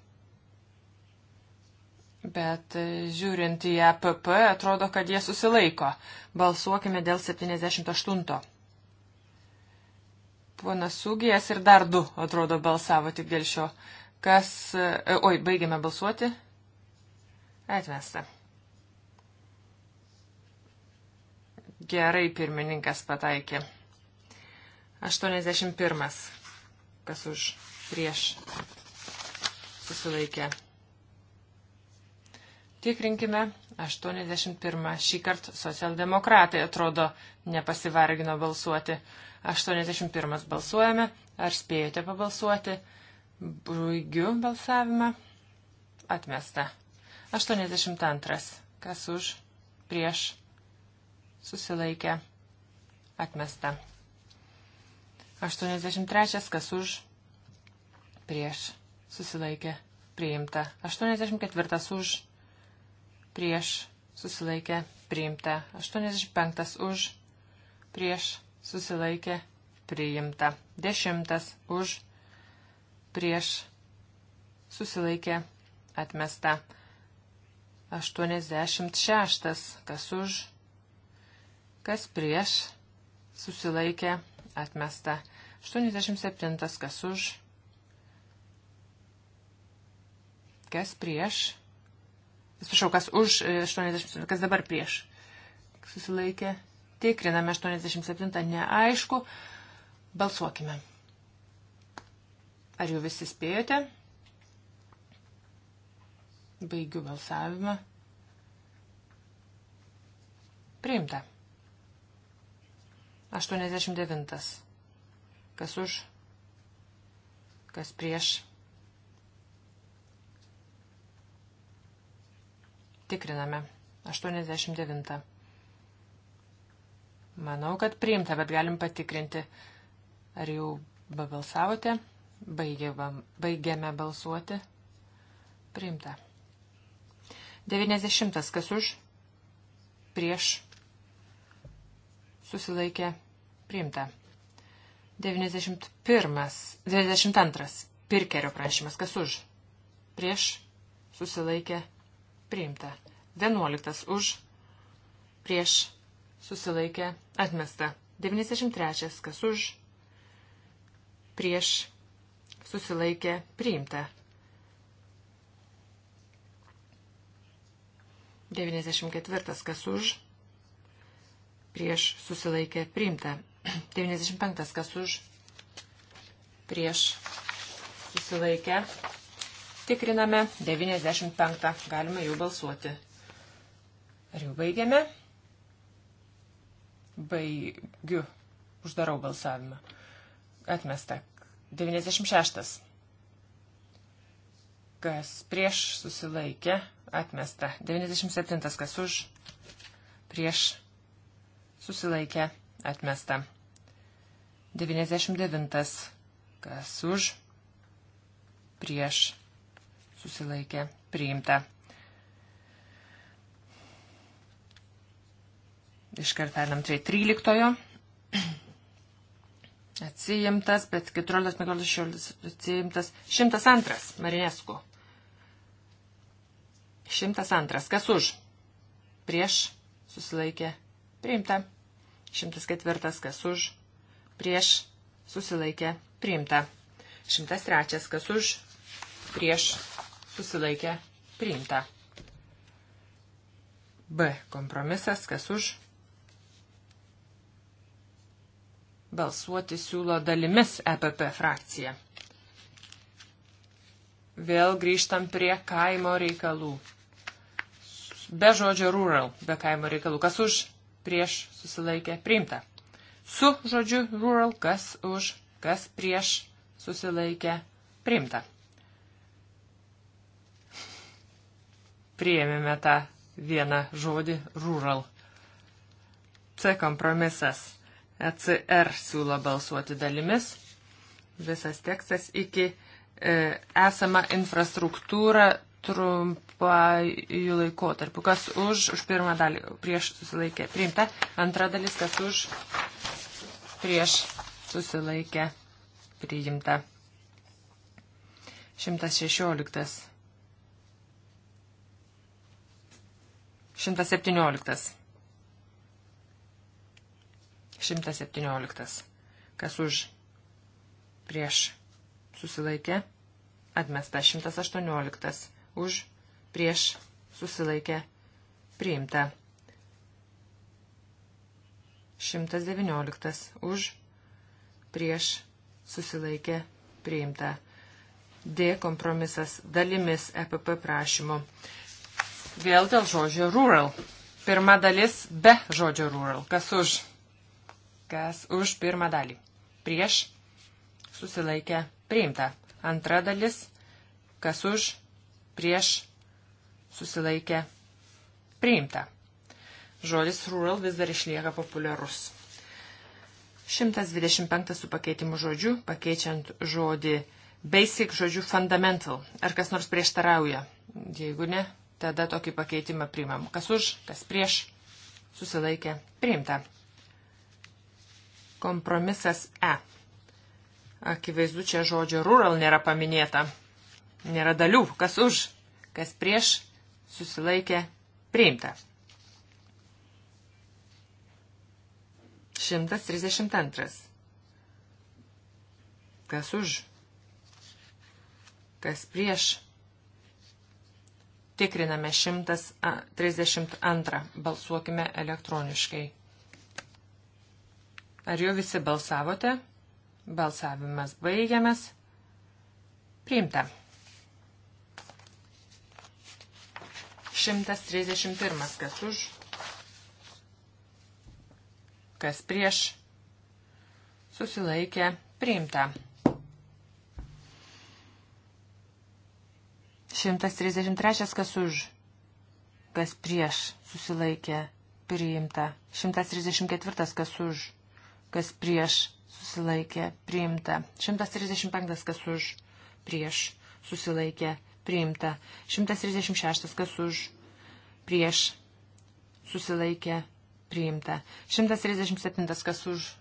Bet e, žiūrint į APP, atrodo, kad jie susilaiko. Balsuokime dėl 78. Ponas Sūgijas ir dar du, atrodo, balsavo tik dėl šio. Kas. E, oi, baigiame balsuoti. Atmesta. Gerai, pirmininkas pataikė. 81. Kas už prieš susilaikė Tikrinkime 81. Šį kartą socialdemokratai atrodo nepasivargino balsuoti. 81. Balsuojame. Ar spėjote pabalsuoti? Baigiu balsavimą. Atmesta. 82. Kas už? Prieš. Susilaikė. Atmesta. 83. Kas už? Prieš. Susilaikė. Priimta. 84. Už prieš susilaikė priimta. 85 už prieš susilaikė priimta. 10 už prieš susilaikė atmesta. 86 kas už kas prieš susilaikė atmesta. 87 kas už kas prieš Atsiprašau, kas už 87, e, kas dabar prieš. Susilaikė. Tikriname 87, neaišku. Balsuokime. Ar jau visi spėjote? Baigiu balsavimą. Priimta. 89. Kas už? Kas prieš? Tikriname. 89. Manau, kad priimta, bet galim patikrinti. Ar jau babalsavote? Baigėme balsuoti. Priimta. 90. Kas už? Prieš. Susilaikė. Priimta. 91. 92. Pirkerio prašymas. Kas už? Prieš. Susilaikė. Priimta priimta. 11 už, prieš, susilaikė, atmesta. 93 kas už, prieš, susilaikė, priimta. 94 kas už, prieš, susilaikė, priimta. 95 kas už, prieš, susilaikė, priimta Tikriname 95. Galime jau balsuoti. Ar jau baigiame? Baigiu. Uždarau balsavimą. Atmesta. 96. Kas prieš susilaikė? Atmesta. 97. Kas už? Prieš susilaikė? Atmesta. 99. Kas už? Prieš susilaikė priimta. Iškart perinam prie 13. Atsijimtas, bet 14, 15, 16 atsijimtas. 102. Marinesku. 102. Kas už? Prieš susilaikė priimta. 104. Kas už? Prieš susilaikė priimta. 103. Kas už? Prieš susilaikė priimta. B. Kompromisas, kas už. Balsuoti siūlo dalimis EPP frakcija. Vėl grįžtam prie kaimo reikalų. Be žodžio rural, be kaimo reikalų. Kas už, prieš, susilaikė, priimta. Su žodžiu rural, kas už, kas prieš, susilaikė, priimta. priėmėme tą vieną žodį rural. C kompromisas. ECR siūlo balsuoti dalimis. Visas tekstas iki e, esama infrastruktūra trumpajų laikotarpių. Kas už, už pirmą dalį prieš susilaikė priimta, antra dalis, kas už prieš susilaikė priimta. 116. 117. 117. Kas už prieš susilaikė, atmesta 118. Už prieš susilaikė, priimta. 119. Už prieš susilaikė, priimta. D kompromisas dalimis EPP prašymu. Vėl dėl žodžio rural. Pirma dalis be žodžio rural. Kas už? Kas už pirmą dalį? Prieš susilaikę priimta. Antra dalis. Kas už? Prieš susilaikę priimta. Žodis rural vis dar išlieka populiarus. 125 su pakeitimu žodžiu, pakeičiant žodį basic žodžiu fundamental. Ar kas nors prieštarauja? Jeigu ne, Tada tokį pakeitimą priimam. Kas už, kas prieš, susilaikė, priimta. Kompromisas E. Akivaizdu, čia žodžio rural nėra paminėta. Nėra dalių. Kas už, kas prieš, susilaikė, priimta. 132. Kas už, kas prieš, Tikriname 132. Balsuokime elektroniškai. Ar jau visi balsavote? Balsavimas baigiamas. Priimta. 131. Kas už? Kas prieš? Susilaikė. Priimta. 133 kas už, kas prieš susilaikė priimta. 134 kas už, kas prieš susilaikė priimta. 135 kas už, prieš susilaikė priimta. 136 kas už, prieš susilaikė priimta. 137 kas už,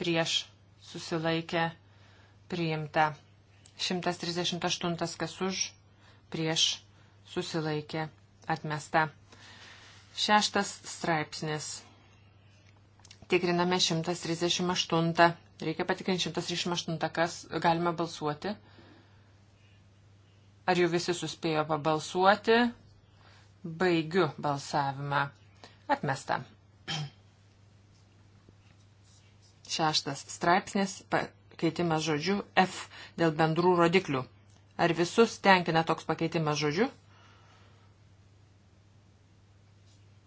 prieš susilaikė priimta. 138 kas už, prieš susilaikė atmesta. Šeštas straipsnis. Tikriname 138. Reikia patikrinti 138, kas galima balsuoti. Ar jau visi suspėjo pabalsuoti? Baigiu balsavimą. Atmesta. Šeštas straipsnis, pakeitimas žodžiu F dėl bendrų rodiklių. Ar visus tenkina toks pakeitimas žodžiu?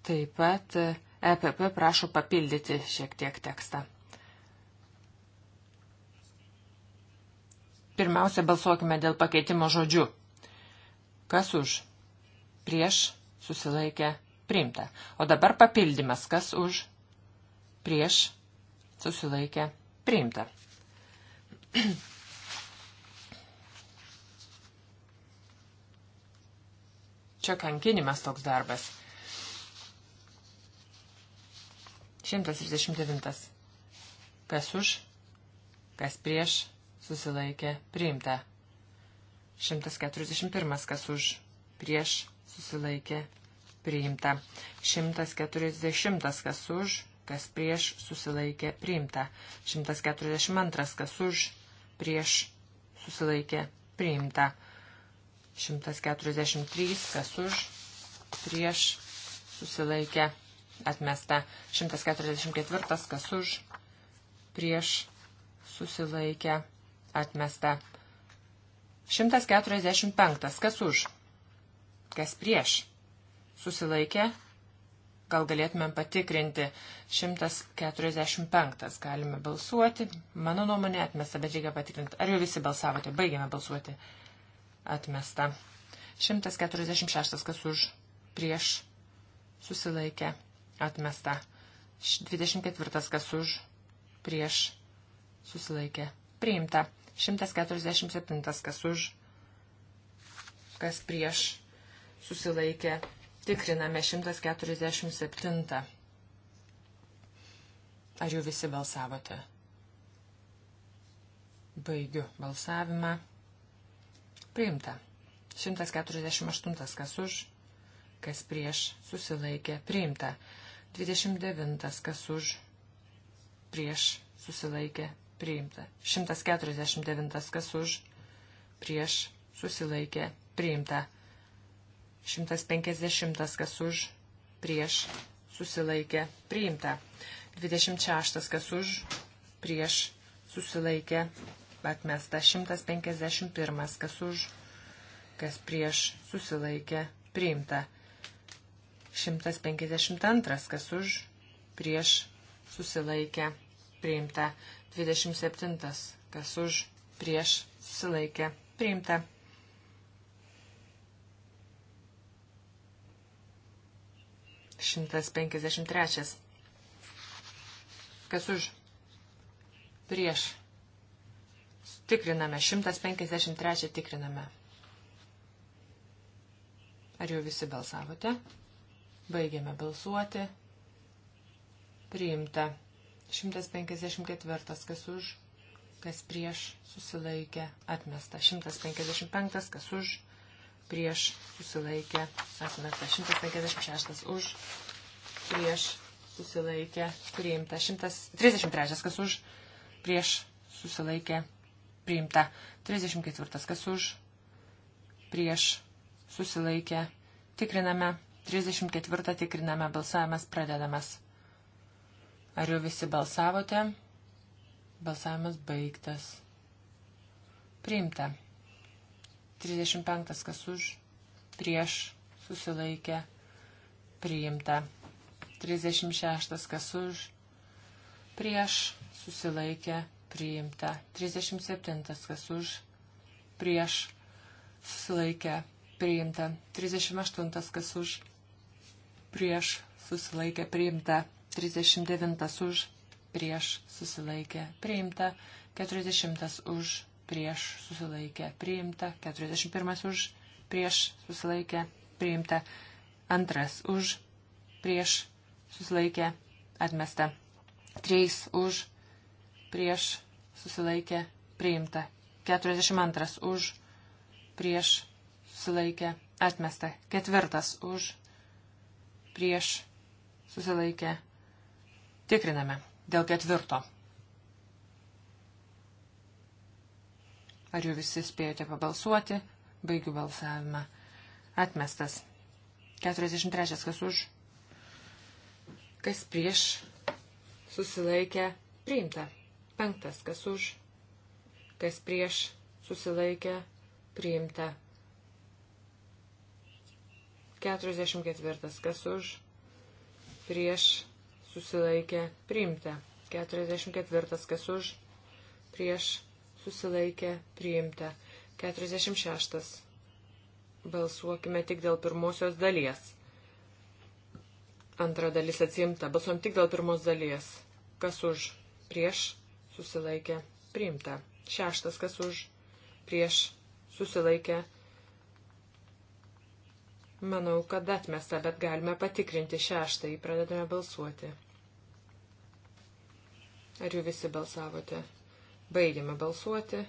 Taip pat EPP e prašo papildyti šiek tiek tekstą. Pirmiausia, balsuokime dėl pakeitimo žodžių. Kas už? Prieš susilaikė priimta. O dabar papildymas. Kas už? Prieš susilaikė priimta. Čia kankinimas toks darbas. 139. Kas už, kas prieš, susilaikė, priimta. 141. Kas už, prieš, susilaikė, priimta. 140. Kas už, kas prieš, susilaikė, priimta. 142. Kas už, prieš, susilaikė, priimta. 143, kas už, prieš, susilaikė, atmesta. 144, kas už, prieš, susilaikė, atmesta. 145, kas už, kas prieš, susilaikė, gal galėtumėm patikrinti 145. Galime balsuoti. Mano nuomonė atmesta, bet reikia patikrinti. Ar jau visi balsavote? Baigėme balsuoti atmesta. 146 kas už prieš susilaikė atmesta. 24 kas už prieš susilaikė priimta. 147 kas už kas prieš susilaikė. Tikriname 147. Ar jau visi balsavote? Baigiu balsavimą. Priimta. 148 kas už, kas prieš, susilaikė. Priimta. 29 kas už, prieš, susilaikė. Priimta. 149 kas už, prieš, susilaikė. Priimta. 150 kas už, prieš, susilaikė. Priimta. 26 kas už, prieš, susilaikė. Priimta atmesta 151, kas už, kas prieš susilaikė priimta. 152, kas už, prieš susilaikė priimta. 27, kas už, prieš susilaikė priimta. Šimtas penkiasdešimt trečias. Kas už? Prieš Tikriname, 153 tikriname. Ar jau visi balsavote? Baigiame balsuoti. Priimta. 154, kas už, kas prieš, susilaikė, atmesta. 155, kas už, prieš, susilaikė, atmesta. 156, už, prieš, susilaikė, priimta. 133, kas už, prieš, susilaikė, priimta. 34. Kas už? Prieš. Susilaikė. Tikriname. 34. Tikriname. Balsavimas pradedamas. Ar jau visi balsavote? Balsavimas baigtas. Priimta. 35. Kas už? Prieš. Susilaikė. Priimta. 36. Kas už? Prieš. Susilaikė priimta. 37. Kas už prieš susilaikę priimta. 38. Kas už prieš susilaikę priimta. 39. Už prieš susilaikę priimta. 40. Už prieš susilaikę priimta. 41. Už prieš susilaikę priimta. Antras už prieš susilaikę atmesta. 3 už prieš susilaikė priimta. 42 už prieš susilaikė atmesta. Ketvirtas už prieš susilaikė. Tikriname dėl ketvirto. Ar jau visi spėjote pabalsuoti? Baigiu balsavimą. Atmestas. 43. Kas už? Kas prieš? Susilaikė. Priimta. Penktas, kas už, kas prieš, susilaikė, priimta. 44, kas už, prieš, susilaikė, priimta. 44, kas už, prieš, susilaikė, priimta. 46. Balsuokime tik dėl pirmosios dalies. Antra dalis atsimta. Balsuom tik dėl pirmos dalies. Kas už? Prieš? susilaikė priimta. Šeštas, kas už prieš susilaikė. Manau, kad atmesta, bet galime patikrinti šeštąjį, pradedame balsuoti. Ar jų visi balsavote? Baigiame balsuoti.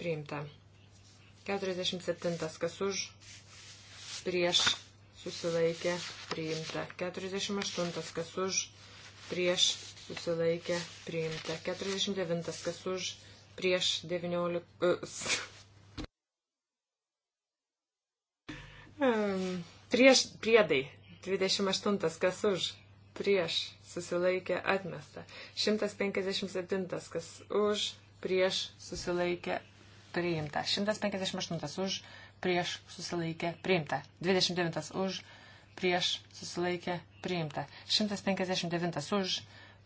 Priimta. 47. Kas už? Prieš susilaikė. Priimta. 48. Kas už? Prieš susilaikė priimta. 49 kas už prieš 19. E, prieš priedai. 28 kas už prieš susilaikė atmesta. 157 kas už prieš susilaikė priimta. 158 už prieš susilaikė priimta. 29 už prieš susilaikė priimta. 159 už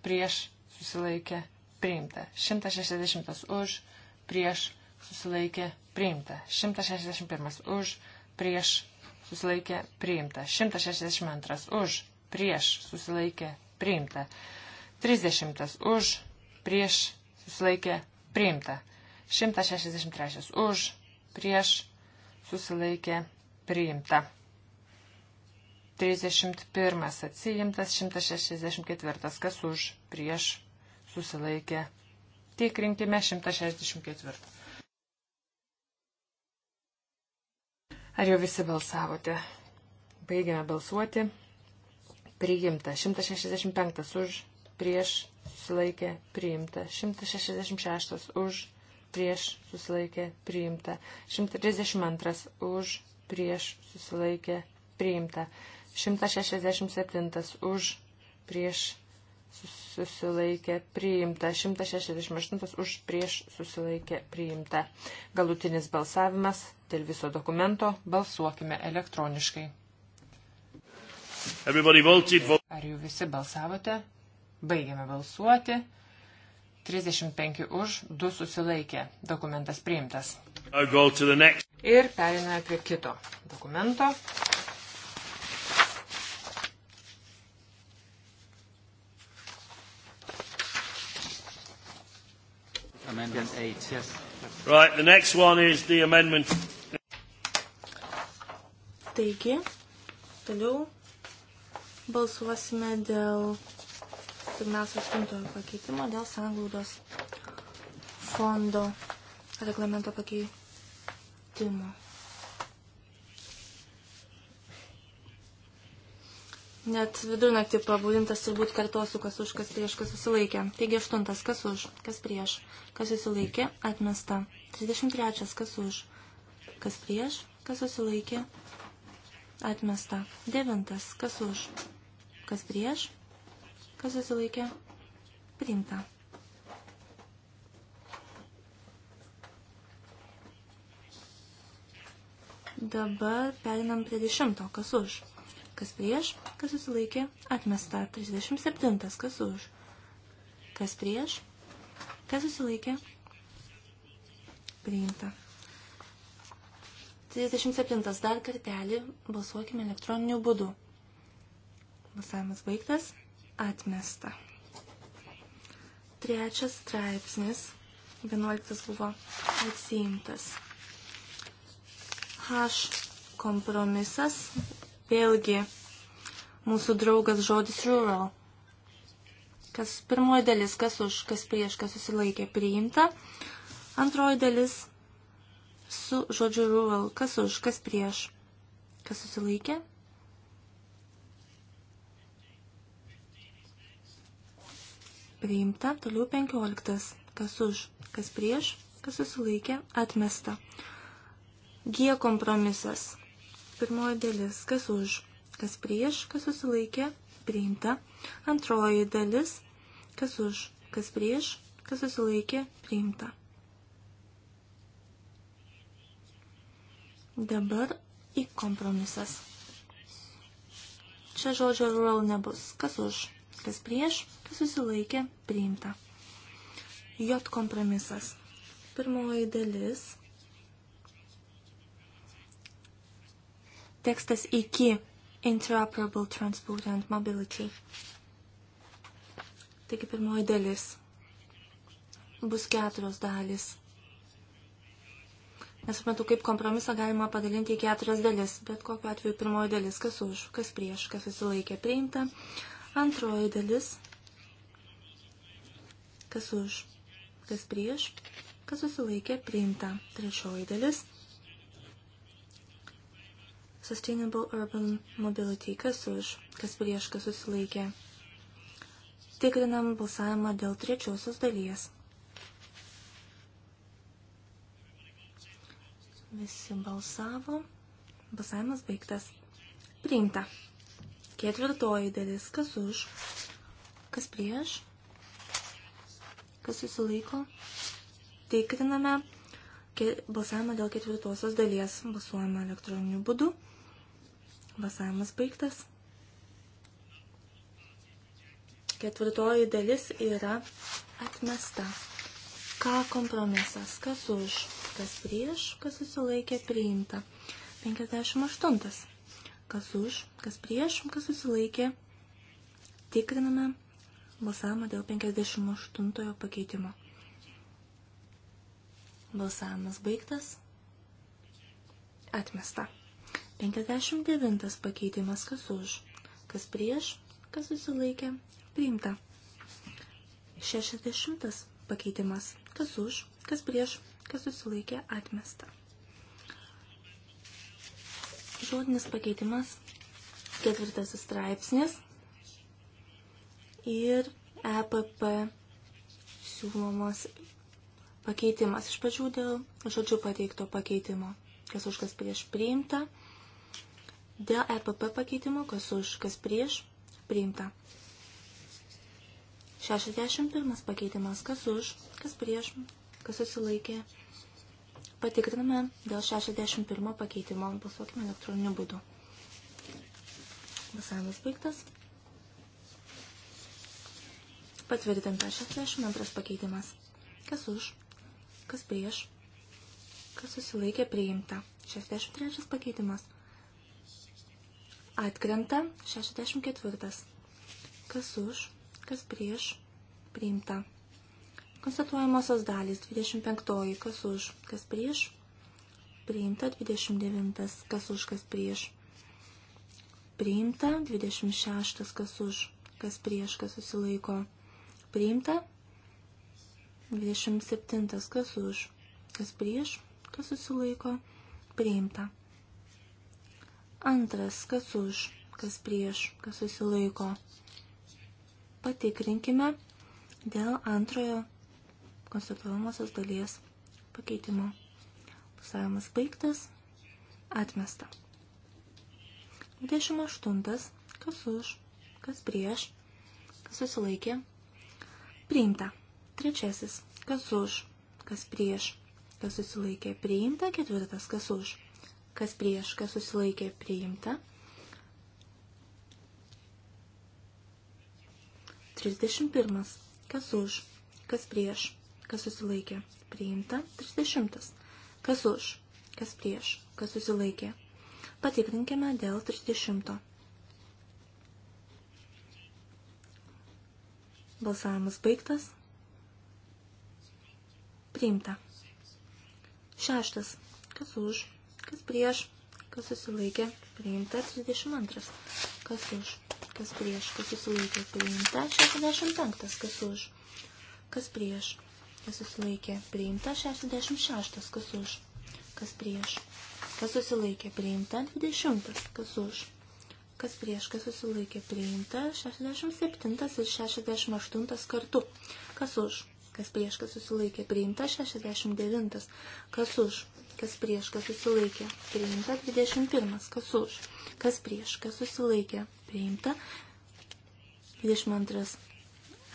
prieš susilaikė priimta. 160 už, prieš susilaikė priimta. 161 už, prieš susilaikė priimta. 162 už, prieš susilaikė priimta. 30 už, prieš susilaikė priimta. 163 už, prieš susilaikė priimta. 31 atsijimtas, 164 kas už, prieš susilaikė. Tikrinkime 164. Ar jau visi balsavote? Baigiame balsuoti. Priimta 165 už, prieš susilaikė, priimta 166 už, prieš susilaikė, priimta 132 už, prieš susilaikė, priimta 167 už prieš susilaikė priimta, 168 už prieš susilaikė priimta. Galutinis balsavimas dėl viso dokumento balsuokime elektroniškai. Ar jau visi balsavote? Baigiame balsuoti. 35 už, 2 susilaikė. Dokumentas priimtas. Ir periname prie kito dokumento. Amendment yes. 8, yes. Right, the next one is the amendment. Taigi, toliau balsuosime dėl pirmiausia aštuntojo pakeitimo, dėl sanglaudos fondo reglamento pakeitimo. Net vidurnaktį pabudintas turbūt kartosiu, kas už, kas prieš, kas susilaikė. Taigi aštuntas, kas už, kas prieš, kas susilaikė, atmesta. 33, kas už, kas prieš, kas susilaikė, atmesta. 9, kas už, kas prieš, kas susilaikė, priimta. Dabar perinam prie dešimto, kas už kas prieš, kas susilaikė, atmesta. 37, kas už, kas prieš, kas susilaikė, priimta. 37, dar kartelį balsuokime elektroniniu būdu. Balsavimas baigtas, atmesta. Trečias straipsnis, 11 buvo atsiimtas. H kompromisas, Vėlgi, mūsų draugas žodis rural. Kas pirmoji dalis, kas už, kas prieš, kas susilaikė priimta. Antroji dalis su žodžiu rural, kas už, kas prieš, kas susilaikė. Priimta, toliau penkioliktas, kas už, kas prieš, kas susilaikė, atmesta. G kompromisas. Pirmoji dalis, kas už, kas prieš, kas susilaikė, priimta. Antroji dalis, kas už, kas prieš, kas susilaikė, priimta. Dabar į kompromisas. Čia žodžio rural nebus. Kas už, kas prieš, kas susilaikė, priimta. J kompromisas. Pirmoji dalis, Tekstas iki interoperable transport and mobility. Taigi pirmoji dalis. Bus keturios dalis. Nesuprantu, kaip kompromisą galima padalinti į keturias dalis, bet kokiu atveju pirmoji dalis, kas už, kas prieš, kas susilaikė priimta. Antroji dalis, kas už, kas prieš, kas susilaikė priimta. Trečioji dalis, Sustainable Urban Mobility. Kas už, kas prieš, kas susilaikė. Tikrinam balsavimą dėl trečiosios dalies. Visi balsavo. Balsavimas baigtas. Priimta. Ketvirtoji dalis. Kas už? Kas prieš? Kas susilaiko? Tikriname balsavimą dėl ketvirtosios dalies. Balsuojame elektroniniu būdu. Balsavimas baigtas. Ketvirtoji dalis yra atmesta. Ką kompromisas? Kas už? Kas prieš? Kas susilaikė? Priimta. 58. Kas už? Kas prieš? Kas susilaikė? Tikriname balsavimą dėl 58 pakeitimo. Balsavimas baigtas. Atmesta. 59 pakeitimas kas už, kas prieš, kas susilaikė, priimta. 60 pakeitimas kas už, kas prieš, kas susilaikė, atmesta. Žodinis pakeitimas, ketvirtasis straipsnis ir EPP siūlomas pakeitimas iš pačių dėl žodžių pateikto pakeitimo. Kas už kas prieš priimta, Dėl EPP pakeitimo, kas už, kas prieš, priimta. 61 pakeitimas, kas už, kas prieš, kas susilaikė. Patikriname dėl 61 pakeitimo, balsuokime elektroniniu būdu. Balsavimas baigtas. Patvirtinta 62 pakeitimas. Kas už, kas prieš, kas susilaikė priimta. 63 pakeitimas Atkrenta 64. Kas už, kas prieš, priimta. Konstatuojamosios dalys 25. Kas už, kas prieš, priimta 29. Kas už, kas prieš, priimta 26. Kas už, kas prieš, kas susilaiko, priimta 27. Kas už, kas prieš, kas susilaiko, priimta. Antras, kas už, kas prieš, kas susilaiko. Patikrinkime dėl antrojo konstatuojamosios dalies pakeitimo. Pasavimas baigtas, atmesta. 28. Kas už, kas prieš, kas susilaikė. Priimta. Trečiasis. Kas už, kas prieš, kas susilaikė. Priimta. Ketvirtas. Kas už, kas prieš, kas susilaikė priimta. 31. Kas už, kas prieš, kas susilaikė priimta. 30. Kas už, kas prieš, kas susilaikė. Patikrinkime dėl 30. Balsavimas baigtas. Priimta. Šeštas. Kas už, kas prieš, kas susilaikė, priimta 32, kas už, kas prieš, kas susilaikė, priimta 65, kas už, kas prieš, kas susilaikė, priimta 66, kas už, kas prieš, kas susilaikė, priimta 20, kas už kas prieš, kas susilaikė priimta, 67 ir 68 kartu. Kas už, kas prieš, kas susilaikė priimta, 69. Kas už, kas prieš, kas susilaikė, priimta 21, kas už, kas prieš, kas susilaikė, priimta 22,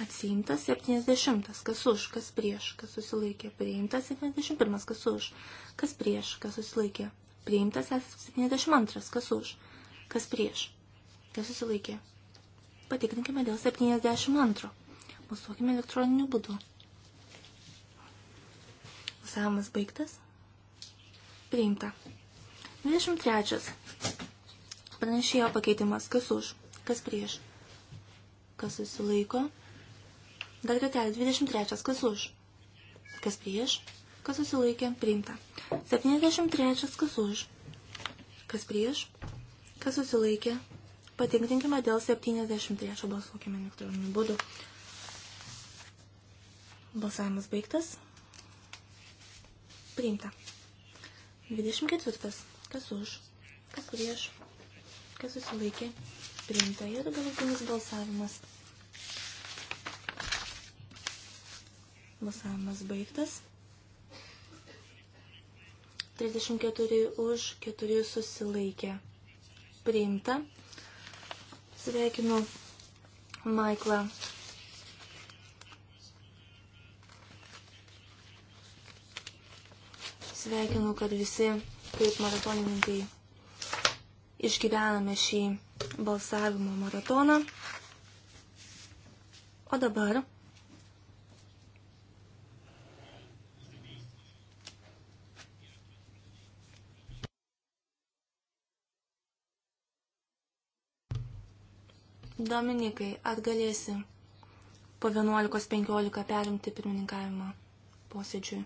atsiimtas 70, kas už, kas prieš, kas susilaikė, priimta 71, kas už, kas prieš, kas susilaikė, priimtas 72, kas už, kas prieš, kas susilaikė. Patikrinkime dėl 72. Balsuokime elektroniniu būdu. Balsavimas baigtas. Priimta. 23. Pranešėjo pakeitimas. Kas už? Kas prieš? Kas susilaiko? Dar kartelį. 23. Kas už? Kas prieš? Kas susilaikė? Priimta. 73. Kas už? Kas prieš? Kas susilaikė? Patikrinkime dėl 73. Balsuokime elektroniniu būdu. Balsavimas baigtas. Priimta. 24. Kas už? Kas prieš? Kas susilaikė? Priimta ir galutinis balsavimas. Balsavimas baigtas. 34 už, 4 susilaikė. Priimta. Sveikinu Maiklą Sveikinu, kad visi, kaip maratonininkai, išgyvename šį balsavimo maratoną. O dabar Dominikai, ar galėsi po 11.15 perimti pirmininkavimą posėdžiui?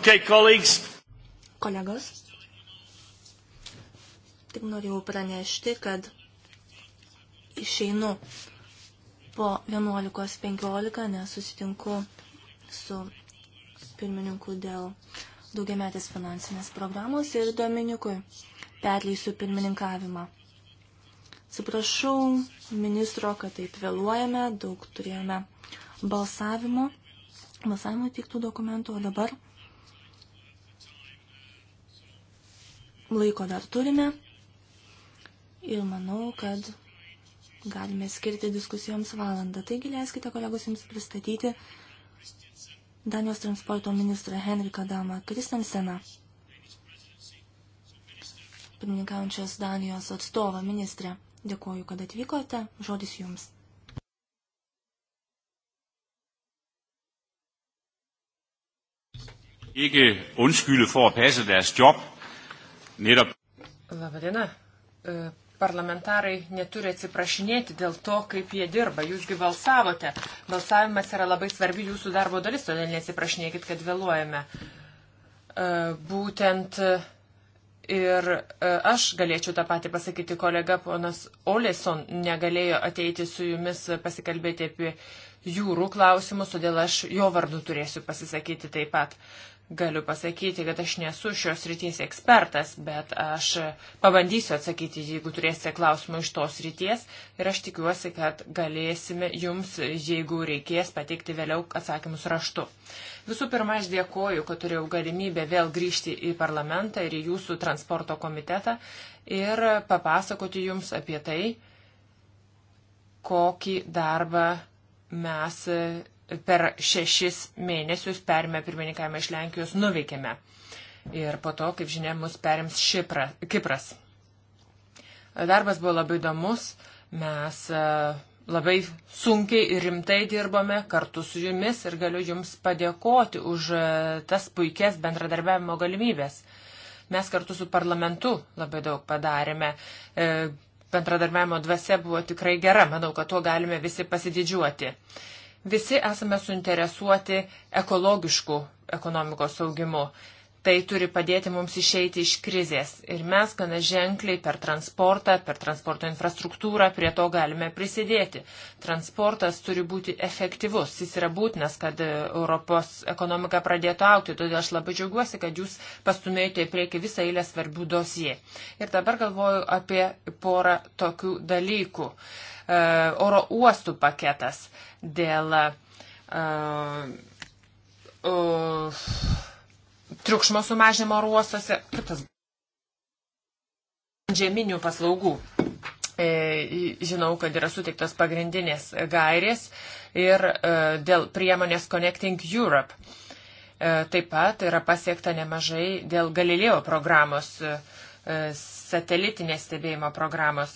Okay, colleagues. Kolegos, tik norėjau pranešti, kad išeinu po 11.15, nes susitinku su pirmininku dėl daugiametės finansinės programos ir Dominikui perleisiu pirmininkavimą. Atsiprašau ministro, kad taip vėluojame, daug turėjome balsavimo balsavimo teiktų dokumentų, o dabar laiko dar turime ir manau, kad galime skirti diskusijoms valandą. Taigi leiskite kolegos jums pristatyti Danijos transporto ministrą Henriką Damą Kristenseną, pirmininkaujančios Danijos atstovą ministrę. Dėkuoju, kad atvykote. Žodis jums. ikke undskylde for at passe deres job, Labadiena. E, parlamentarai neturi atsiprašinėti dėl to, kaip jie dirba. Jūsgi balsavote. Balsavimas yra labai svarbi jūsų darbo dalis, todėl nesiprašinėkit, kad vėluojame. E, būtent e, Ir aš galėčiau tą patį pasakyti, kolega ponas Oleson negalėjo ateiti su jumis pasikalbėti apie jūrų klausimus, todėl aš jo vardu turėsiu pasisakyti taip pat. Galiu pasakyti, kad aš nesu šios ryties ekspertas, bet aš pabandysiu atsakyti, jeigu turėsite klausimų iš tos ryties ir aš tikiuosi, kad galėsime jums, jeigu reikės, pateikti vėliau atsakymus raštu. Visų pirma, aš dėkoju, kad turėjau galimybę vėl grįžti į parlamentą ir į jūsų transporto komitetą ir papasakoti jums apie tai, kokį darbą mes per šešis mėnesius perėmę pirmininkavimą iš Lenkijos nuveikėme. Ir po to, kaip žinia, mus perims Šipra, Kipras. Darbas buvo labai įdomus. Mes e, labai sunkiai ir rimtai dirbome kartu su jumis ir galiu jums padėkoti už e, tas puikias bendradarbiavimo galimybės. Mes kartu su parlamentu labai daug padarėme. E, bendradarbiavimo dvasia buvo tikrai gera, manau, kad tuo galime visi pasididžiuoti. Visi esame suinteresuoti ekologišku ekonomikos augimu. Tai turi padėti mums išeiti iš krizės. Ir mes gana ženkliai per transportą, per transporto infrastruktūrą prie to galime prisidėti. Transportas turi būti efektyvus. Jis yra būtinas, kad e, Europos ekonomika pradėtų aukti. Todėl aš labai džiaugiuosi, kad jūs pastumėjote į priekį visą eilę svarbių dosijų. Ir dabar galvoju apie porą tokių dalykų. Uh, E, oro uostų paketas dėl e, triukšmo sumažinimo oro uostuose, kaip tas žeminių paslaugų. E, žinau, kad yra suteiktos pagrindinės gairės ir dėl priemonės Connecting Europe. Taip pat yra pasiekta nemažai dėl Galilėjo programos, satelitinės stebėjimo programos.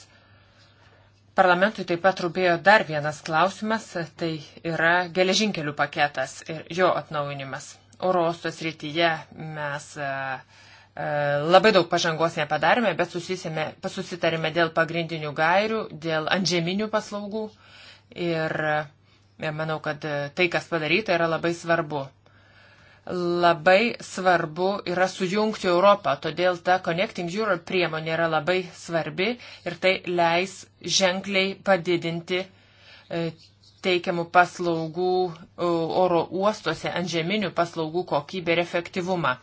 Parlamentui taip pat rūpėjo dar vienas klausimas, tai yra geležinkelių paketas ir jo atnaujinimas. Orostos rytyje mes e, e, labai daug pažangos nepadarėme, bet susitarėme dėl pagrindinių gairių, dėl antžeminių paslaugų ir e, manau, kad tai, kas padaryta, yra labai svarbu labai svarbu yra sujungti Europą, todėl ta Connecting Europe priemonė yra labai svarbi ir tai leis ženkliai padidinti e, teikiamų paslaugų e, oro uostuose ant žeminių paslaugų kokybę ir efektyvumą.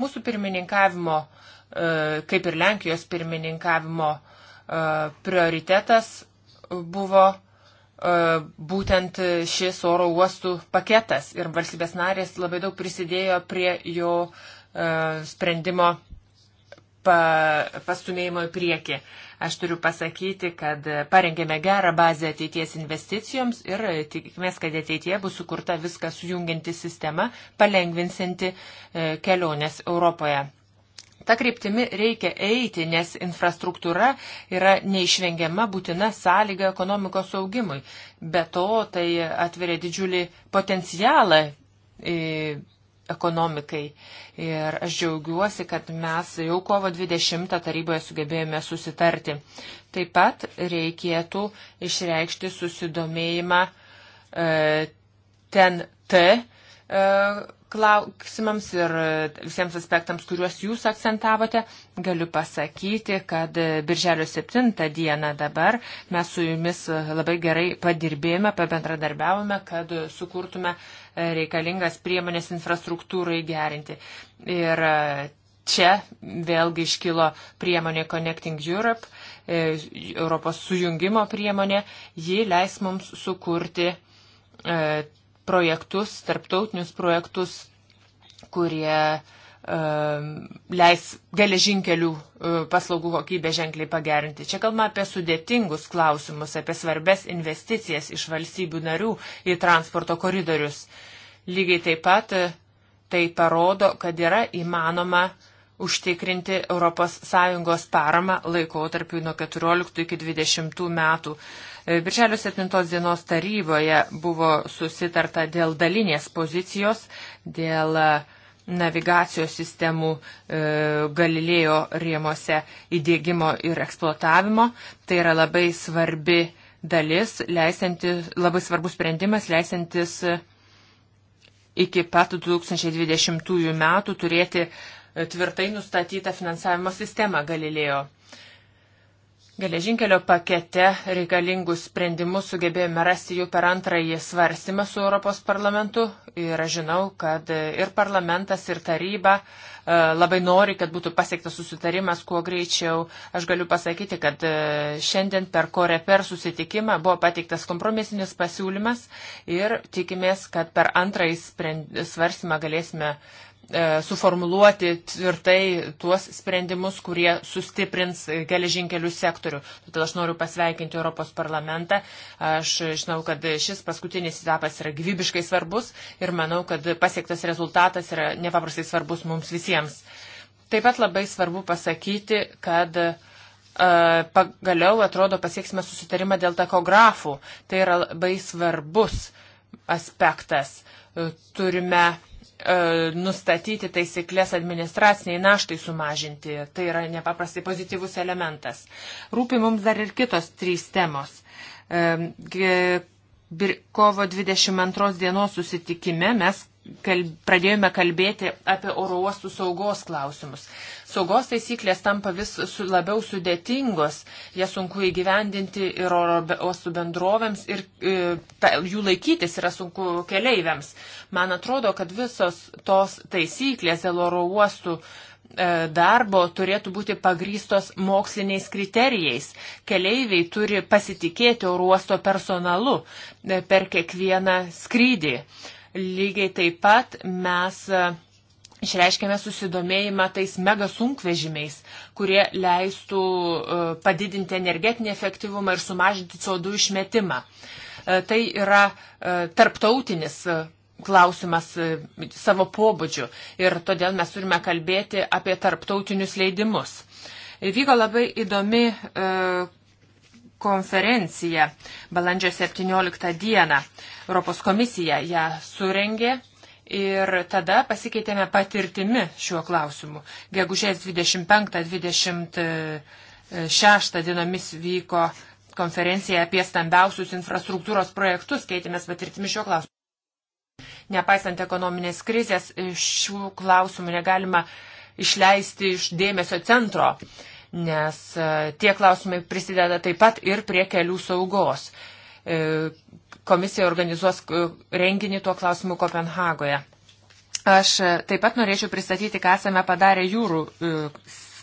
Mūsų pirmininkavimo, e, kaip ir Lenkijos pirmininkavimo prioritetas buvo E, būtent šis oro uostų paketas ir valstybės narės labai daug prisidėjo prie jo e, sprendimo pa, pastumėjimo į priekį. Aš turiu pasakyti, kad parengėme gerą bazę ateities investicijoms ir tikimės, kad ateitie bus sukurta viską sujungianti sistema, palengvinsinti e, keliones Europoje. Ta kryptimi reikia eiti, nes infrastruktūra yra neišvengiama būtina sąlyga ekonomikos augimui. Be to, tai atveria didžiulį potencialą e, ekonomikai. Ir aš džiaugiuosi, kad mes jau kovo 20 taryboje sugebėjome susitarti. Taip pat reikėtų išreikšti susidomėjimą e, ten T. Te, e, klausimams ir visiems aspektams, kuriuos jūs akcentavote, galiu pasakyti, kad birželio 7 dieną dabar mes su jumis labai gerai padirbėjome, pabendradarbiavome, kad sukurtume reikalingas priemonės infrastruktūrai gerinti. Ir čia vėlgi iškilo priemonė Connecting Europe, e, Europos sujungimo priemonė, ji leis mums sukurti e, projektus, tarptautinius projektus, kurie e, leis geležinkelių e, paslaugų kokybę ženkliai pagerinti. Čia kalbama apie sudėtingus klausimus, apie svarbes investicijas iš valstybių narių į transporto koridorius. Lygiai taip pat e, tai parodo, kad yra įmanoma užtikrinti ES paramą laikotarpiu nuo 14 iki 20 metų E, Birželio 7 dienos taryboje buvo susitarta dėl dalinės pozicijos, dėl e, navigacijos sistemų e, Galilėjo rėmose įdėgymo ir eksploatavimo. Tai yra labai svarbi dalis, leisanti, labai svarbus sprendimas, leisantis e, iki pat 2020 metų turėti tvirtai nustatytą finansavimo sistemą Galilėjo. E, Geležinkelio pakete reikalingus sprendimus sugebėjome rasti jau per antrąjį svarstymą su Europos parlamentu ir aš žinau, kad ir parlamentas, ir taryba e, labai nori, kad būtų pasiektas susitarimas kuo greičiau. Aš galiu pasakyti, kad e, šiandien per Koreper susitikimą buvo pateiktas kompromisinis pasiūlymas ir tikimės, kad per antrąjį svarstymą galėsime uh, E, suformuluoti tvirtai tuos sprendimus, kurie sustiprins geležinkelių sektorių. Todėl aš noriu pasveikinti Europos parlamentą. Aš žinau, kad šis paskutinis etapas yra gyvybiškai svarbus ir manau, kad pasiektas rezultatas yra nepaprastai svarbus mums visiems. Taip pat labai svarbu pasakyti, kad e, pagaliau atrodo pasieksime susitarimą dėl takografų. Tai yra labai svarbus aspektas. E, turime E, nustatyti taisyklės administraciniai naštai sumažinti. Tai yra nepaprastai pozityvus elementas. Rūpi mums dar ir kitos trys temos. E, kovo 22 dienos susitikime mes kalb, pradėjome kalbėti apie oro uostų saugos klausimus. Saugos taisyklės tampa vis su, labiau sudėtingos, jie sunku įgyvendinti ir oro uostų bendrovėms ir e, ta, jų laikytis yra sunku keleiviams. Man atrodo, kad visos tos taisyklės dėl oro uostų e, darbo turėtų būti pagrystos moksliniais kriterijais. Keleiviai turi pasitikėti oruosto personalu e, per kiekvieną skrydį. Lygiai taip pat mes e, išreiškėme susidomėjimą tais mega sunkvežimiais, kurie leistų e, padidinti energetinį efektyvumą ir sumažinti CO2 išmetimą. E, tai yra tarptautinis klausimas savo pobūdžiu ir todėl mes turime kalbėti apie tarptautinius leidimus. Vyko labai įdomi konferenciją balandžio 17 dieną. Europos komisija ją surengė ir tada pasikeitėme patirtimi šiuo klausimu. Gegužės 25-26 dienomis vyko konferencija apie stambiausius infrastruktūros projektus, keitėmės patirtimi šiuo klausimu. Nepaisant ekonominės krizės, šių klausimų negalima išleisti iš dėmesio centro. Uh, nes e, tie klausimai prisideda taip pat ir prie kelių saugos. E, komisija organizuos e, renginį tuo klausimu Kopenhagoje. Aš taip pat norėčiau pristatyti, ką esame padarę jūrų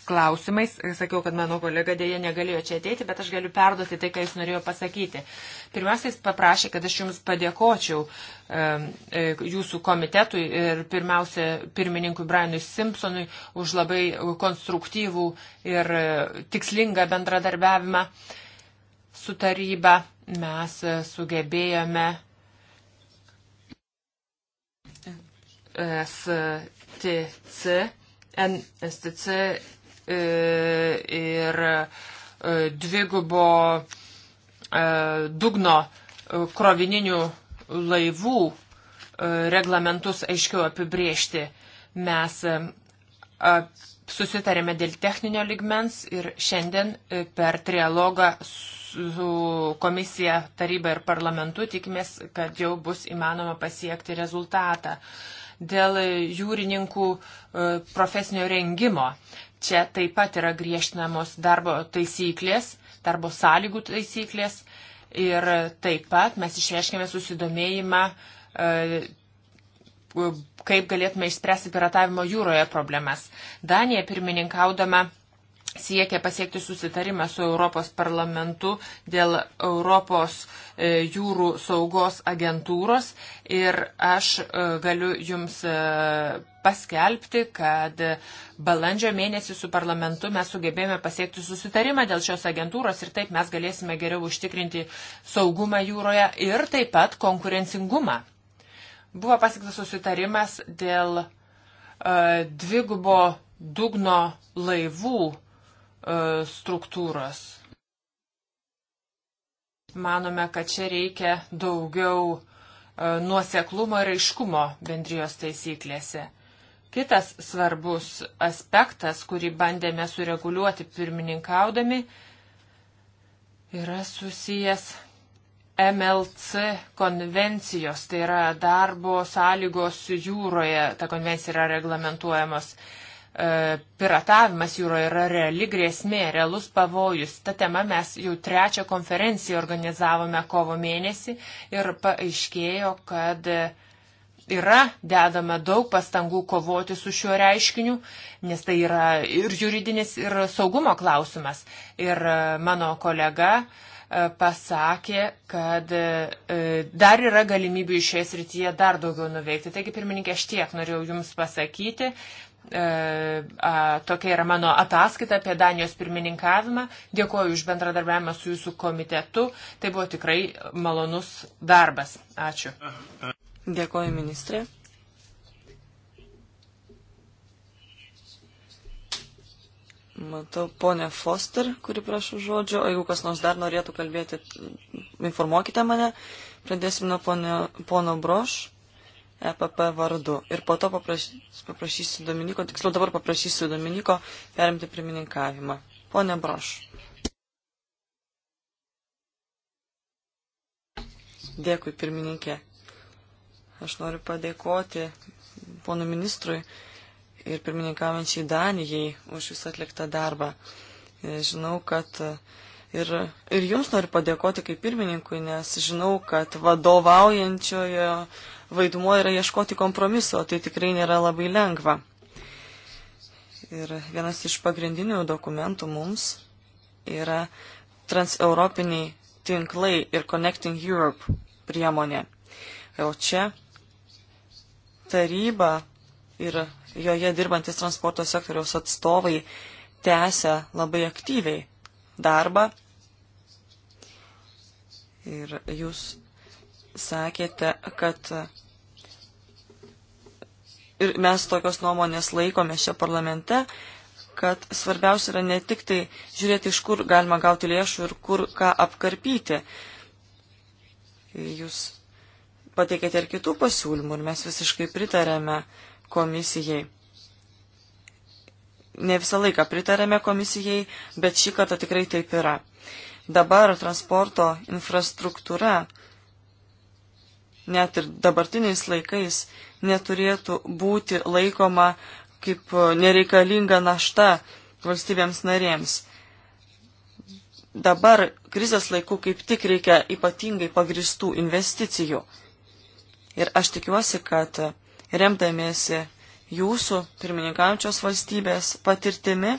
klausimais. Sakiau, kad mano kolega dėja negalėjo čia ateiti, bet aš galiu perduoti tai, ką jis norėjo pasakyti. Pirmiausia, jis paprašė, kad aš jums padėkočiau e, jūsų komitetui ir pirmiausia pirmininkui Brianui Simpsonui už labai konstruktyvų ir e, tikslingą bendradarbiavimą su taryba. Mes e, sugebėjome STC, NSTC E, ir e, dvigubo e, dugno krovininių laivų reglamentus aiškiau apibriežti. Mes susitarėme dėl techninio ligmens ir šiandien per trialogą su komisija, taryba ir parlamentu tikimės, kad jau bus įmanoma pasiekti rezultatą. Dėl jūrininkų profesinio rengimo Čia taip pat yra griežtinamos darbo taisyklės, darbo sąlygų taisyklės ir taip pat mes išreiškėme susidomėjimą, e, kaip galėtume išspręsti piratavimo jūroje problemas. Danija pirmininkaudama siekia pasiekti susitarimą su Europos parlamentu dėl Europos e, jūrų saugos agentūros ir aš e, galiu jums paskelbti, kad balandžio mėnesį su parlamentu mes sugebėjome pasiekti susitarimą dėl šios agentūros ir taip mes galėsime geriau užtikrinti saugumą jūroje ir taip pat konkurencingumą. Buvo pasiektas susitarimas dėl uh, dvigubo dugno laivų uh, struktūros. Manome, kad čia reikia daugiau e, nuoseklumo ir aiškumo bendrijos taisyklėse. Kitas svarbus aspektas, kurį bandėme sureguliuoti pirmininkaudami, yra susijęs MLC konvencijos, tai yra darbo sąlygos jūroje, ta konvencija yra reglamentuojamos. E, piratavimas jūroje yra reali grėsmė, realus pavojus. Ta tema mes jau trečią konferenciją organizavome kovo mėnesį ir paaiškėjo, kad uh, yra dedama daug pastangų kovoti su šiuo reiškiniu, nes tai yra ir juridinis, ir saugumo klausimas. Ir e, mano kolega e, pasakė, kad e, dar yra galimybių iš šioje srityje dar daugiau nuveikti. Taigi, pirmininkė, aš tiek norėjau Jums pasakyti. Tokia yra mano ataskaita apie Danijos pirmininkavimą. Dėkuoju už bendradarbiavimą su Jūsų komitetu. Tai buvo tikrai malonus darbas. Ačiū. Dėkoju, ministrė. Matau ponę Foster, kuri prašo žodžio, o jeigu kas nors dar norėtų kalbėti, informuokite mane. Pradėsim nuo ponio, pono Broš, EPP vardu. Ir po to paprašysiu, paprašysiu Dominiko, tiksliau dabar paprašysiu Dominiko perimti primininkavimą. Pone Broš. Dėkui, pirmininkė. Aš noriu padėkoti ponu ministrui ir pirmininkaujančiai Danijai už visą atliktą darbą. Žinau, kad ir, ir jums noriu padėkoti kaip pirmininkui, nes žinau, kad vadovaujančiojo vaidmuo yra ieškoti kompromiso, tai tikrai nėra labai lengva. Ir vienas iš pagrindinių dokumentų mums yra transeuropiniai tinklai ir Connecting Europe priemonė. O čia taryba ir joje dirbantis transporto sektoriaus atstovai tęsia labai aktyviai darbą. Ir jūs sakėte, kad ir mes tokios nuomonės laikomės čia parlamente, kad svarbiausia yra ne tik tai žiūrėti, iš kur galima gauti lėšų ir kur ką apkarpyti. Jūs pateikėte ir kitų pasiūlymų ir mes visiškai pritarėme komisijai. Ne visą laiką pritarėme komisijai, bet šį kartą tikrai taip yra. Dabar transporto infrastruktūra net ir dabartiniais laikais neturėtų būti laikoma kaip nereikalinga našta valstybėms narėms. Dabar krizės laikų kaip tik reikia ypatingai pagristų investicijų. Ir aš tikiuosi, kad remdamiesi jūsų pirmininkaujančios valstybės patirtimi,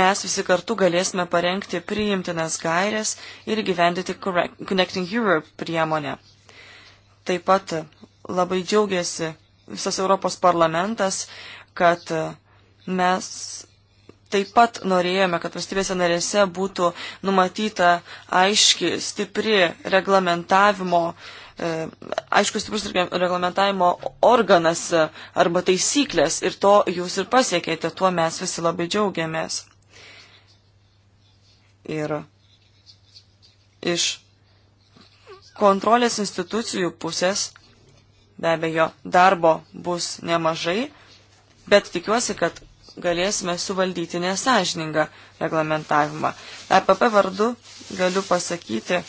mes visi kartu galėsime parengti priimtinas gairias ir gyvendyti Connecting Europe priemonę. Taip pat labai džiaugiasi visas Europos parlamentas, kad mes taip pat norėjome, kad valstybėse narėse būtų numatyta aiški, stipri reglamentavimo, e, aišku, stiprus reglamentavimo organas e, arba taisyklės ir to jūs ir pasiekėte, tuo mes visi labai džiaugiamės. Ir iš kontrolės institucijų pusės be abejo darbo bus nemažai, bet tikiuosi, kad galėsime suvaldyti nesažiningą reglamentavimą. EPP vardu galiu pasakyti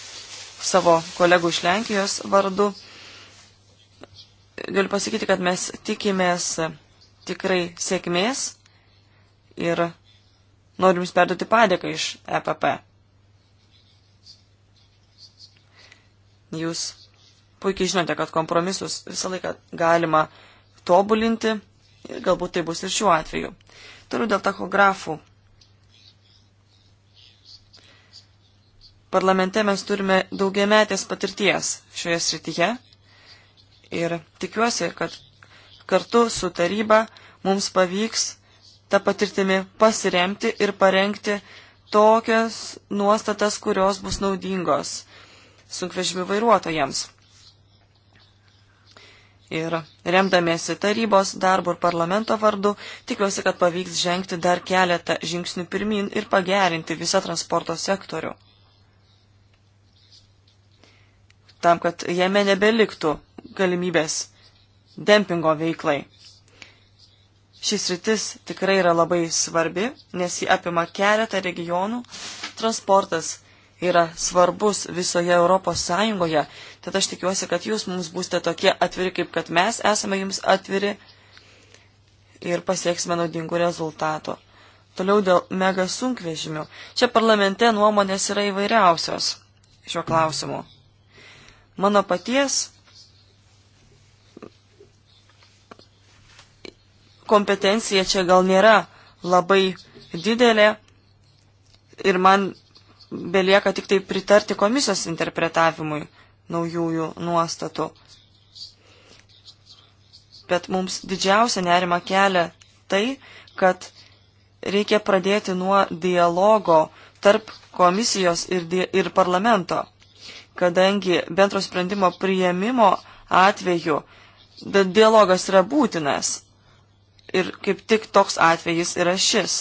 savo kolegų iš Lenkijos vardu, galiu pasakyti, kad mes tikimės tikrai sėkmės ir noriu Jums perduoti padėką iš EPP. Jūs puikiai žinote, kad kompromisus visą laiką galima tobulinti Ir galbūt tai bus ir šiuo atveju. Turiu dėl tachografų. Parlamente mes turime daugiametės patirties šioje srityje ir tikiuosi, kad kartu su taryba mums pavyks tą patirtimį pasiremti ir parengti tokias nuostatas, kurios bus naudingos sunkvežimių vairuotojams. Ir remdamėsi tarybos darbo ir parlamento vardu, tikiuosi, kad pavyks žengti dar keletą žingsnių pirmin ir pagerinti visą transporto sektorių. Tam, kad jame nebeliktų galimybės dempingo veiklai. Šis rytis tikrai yra labai svarbi, nes jį apima keletą regionų. Transportas yra svarbus visoje Europos Sąjungoje, tad aš tikiuosi, kad jūs mums būsite tokie atviri, kaip kad mes esame jums atviri ir pasieksime naudingų rezultatų. Toliau dėl mega sunkvežimių. Čia parlamente nuomonės yra įvairiausios šiuo klausimu. Mano paties kompetencija čia gal nėra labai didelė ir man belieka tik tai pritarti komisijos interpretavimui naujųjų nuostatų. Bet mums didžiausia nerima kelia tai, kad reikia pradėti nuo dialogo tarp komisijos ir, ir parlamento, kadangi bendro sprendimo priėmimo atveju dialogas yra būtinas ir kaip tik toks atvejis yra šis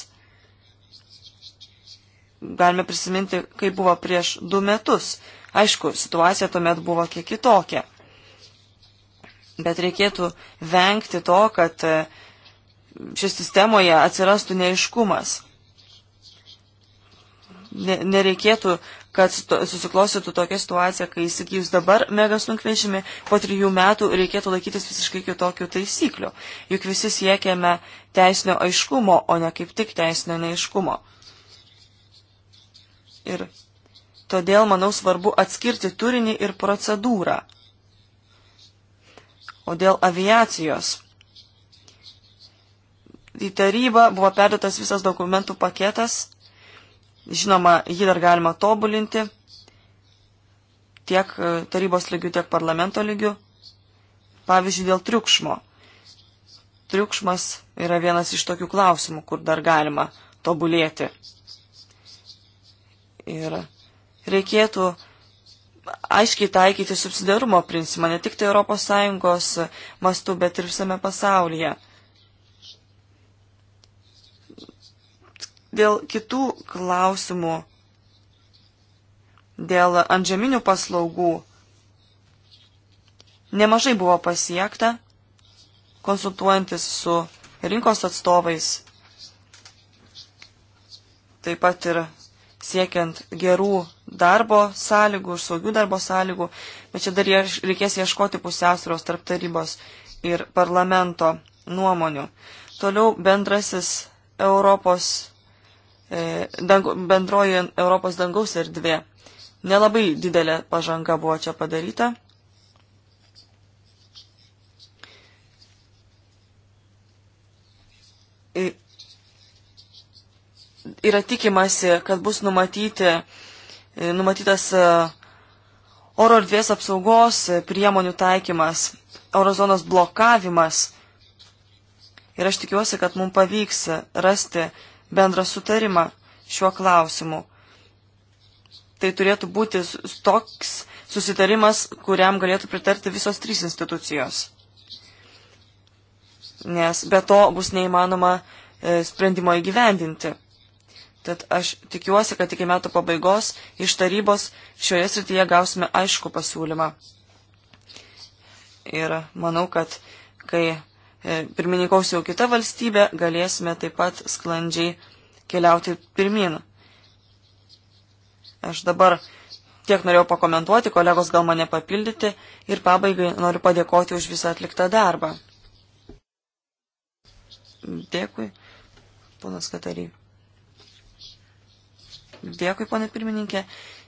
galime prisiminti, kaip buvo prieš du metus. Aišku, situacija tuomet buvo kiek kitokia. Bet reikėtų vengti to, kad e, šis sistemoje atsirastų neiškumas. Ne, nereikėtų, kad susiklostytų tokia situacija, kai įsigijus dabar megas sunkvežimį, po trijų metų reikėtų laikytis visiškai kitokių taisyklių. Juk visi siekiame teisinio aiškumo, o ne kaip tik teisinio neiškumo. Ir todėl, manau, svarbu atskirti turinį ir procedūrą. O dėl aviacijos. Į tarybą buvo perduotas visas dokumentų paketas. Žinoma, jį dar galima tobulinti tiek e, tarybos lygių, tiek parlamento lygių. Pavyzdžiui, dėl triukšmo. Triukšmas yra vienas iš tokių klausimų, kur dar galima tobulėti. Ir reikėtų aiškiai taikyti subsidarumo principą, ne tik tai ES mastu, bet ir visame pasaulyje. Dėl kitų klausimų, dėl antžeminių paslaugų, nemažai buvo pasiekta, konsultuojantis su rinkos atstovais, taip pat ir siekiant gerų darbo sąlygų, saugių darbo sąlygų, bet čia dar reikės ieškoti pusiausvėros tarp tarybos ir parlamento nuomonių. Toliau bendrasis Europos, e, dangu, bendroji Europos dangaus erdvė. Nelabai didelė pažanga buvo čia padaryta. Ir yra tikimasi, kad bus numatyti, e, numatytas e, oro erdvės apsaugos e, priemonių taikymas, eurozonos blokavimas. Ir aš tikiuosi, kad mums pavyks rasti bendrą sutarimą šiuo klausimu. Tai turėtų būti toks susitarimas, kuriam galėtų pritarti visos trys institucijos. Nes be to bus neįmanoma sprendimo įgyvendinti. Tad aš tikiuosi, kad iki metų pabaigos iš tarybos šioje srityje gausime aišku pasiūlymą. Ir manau, kad kai e, pirmininkaus jau kita valstybė, galėsime taip pat sklandžiai keliauti pirmin. Aš dabar tiek norėjau pakomentuoti, kolegos gal mane papildyti ir pabaigai noriu padėkoti už visą atliktą darbą. Dėkui, ponas Katarijai. Dėkui, ponė pirmininkė.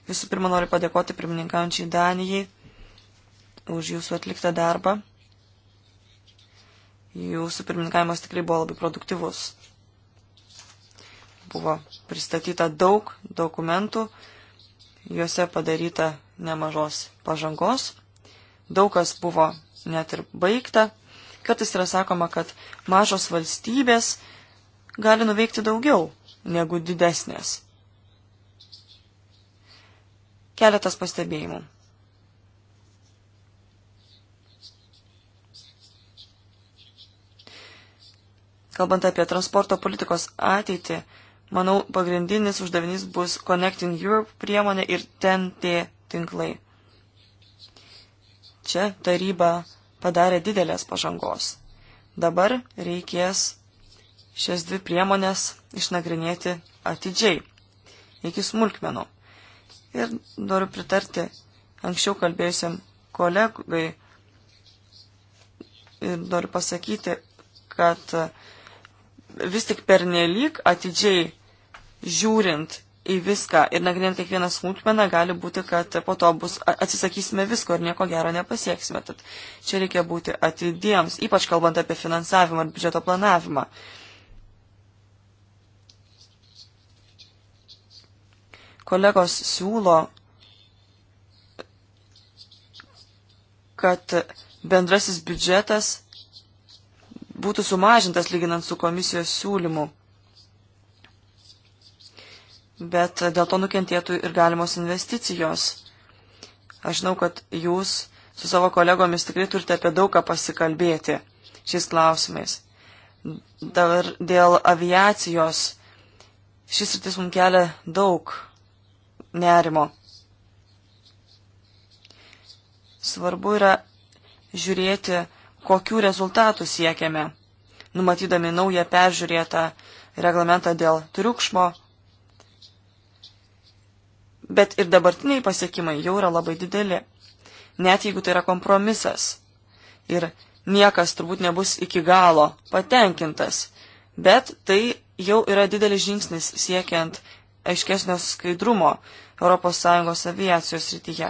Visų pirma, noriu padėkoti pirmininkaujančiai Danijai už jūsų atliktą darbą. Jūsų pirmininkavimas tikrai buvo labai produktyvus. Buvo pristatyta daug dokumentų, juose padaryta nemažos pažangos, daug kas buvo net ir baigta. Kartais yra sakoma, kad mažos valstybės gali nuveikti daugiau negu didesnės. Keletas pastebėjimų. Kalbant apie transporto politikos ateitį, manau, pagrindinis uždavinys bus Connecting Europe priemonė ir TNT tinklai. Čia taryba padarė didelės pažangos. Dabar reikės šias dvi priemonės išnagrinėti atidžiai, iki smulkmenų. Ir noriu pritarti anksčiau kalbėjusiam kolegai ir noriu pasakyti, kad vis tik pernelyg atidžiai žiūrint į viską ir nagrinant kiekvieną smulkmeną, gali būti, kad po to bus atsisakysime visko ir nieko gero nepasieksime. Tad čia reikia būti atidiems, ypač kalbant apie finansavimą ir biudžeto planavimą. Uh, Kolegos siūlo, kad bendrasis biudžetas būtų sumažintas lyginant su komisijos siūlymu. Bet dėl to nukentėtų ir galimos investicijos. Aš žinau, kad jūs su savo kolegomis tikrai turite apie daugą pasikalbėti šiais klausimais. Dar dėl aviacijos šis rytis mums kelia daug nerimo. Svarbu yra žiūrėti, kokių rezultatų siekiame, numatydami naują peržiūrėtą reglamentą dėl triukšmo, bet ir dabartiniai pasiekimai jau yra labai dideli, net jeigu tai yra kompromisas. Ir niekas turbūt nebus iki galo patenkintas, bet tai jau yra didelis žingsnis siekiant aiškesnio skaidrumo ES aviacijos rytyje.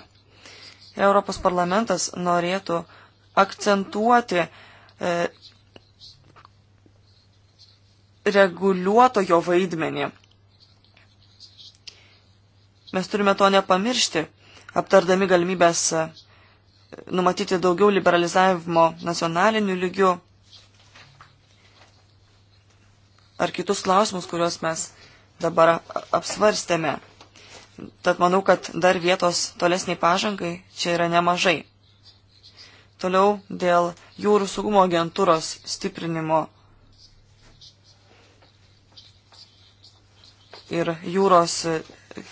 Ir Europos parlamentas norėtų akcentuoti e, reguliuotojo vaidmenį. Mes turime to nepamiršti, aptardami galimybės e, numatyti daugiau liberalizavimo nacionaliniu lygiu ar kitus klausimus, kuriuos mes dabar apsvarstėme. Tad manau, kad dar vietos tolesniai pažangai čia yra nemažai. Toliau dėl jūrų saugumo agentūros stiprinimo ir jūros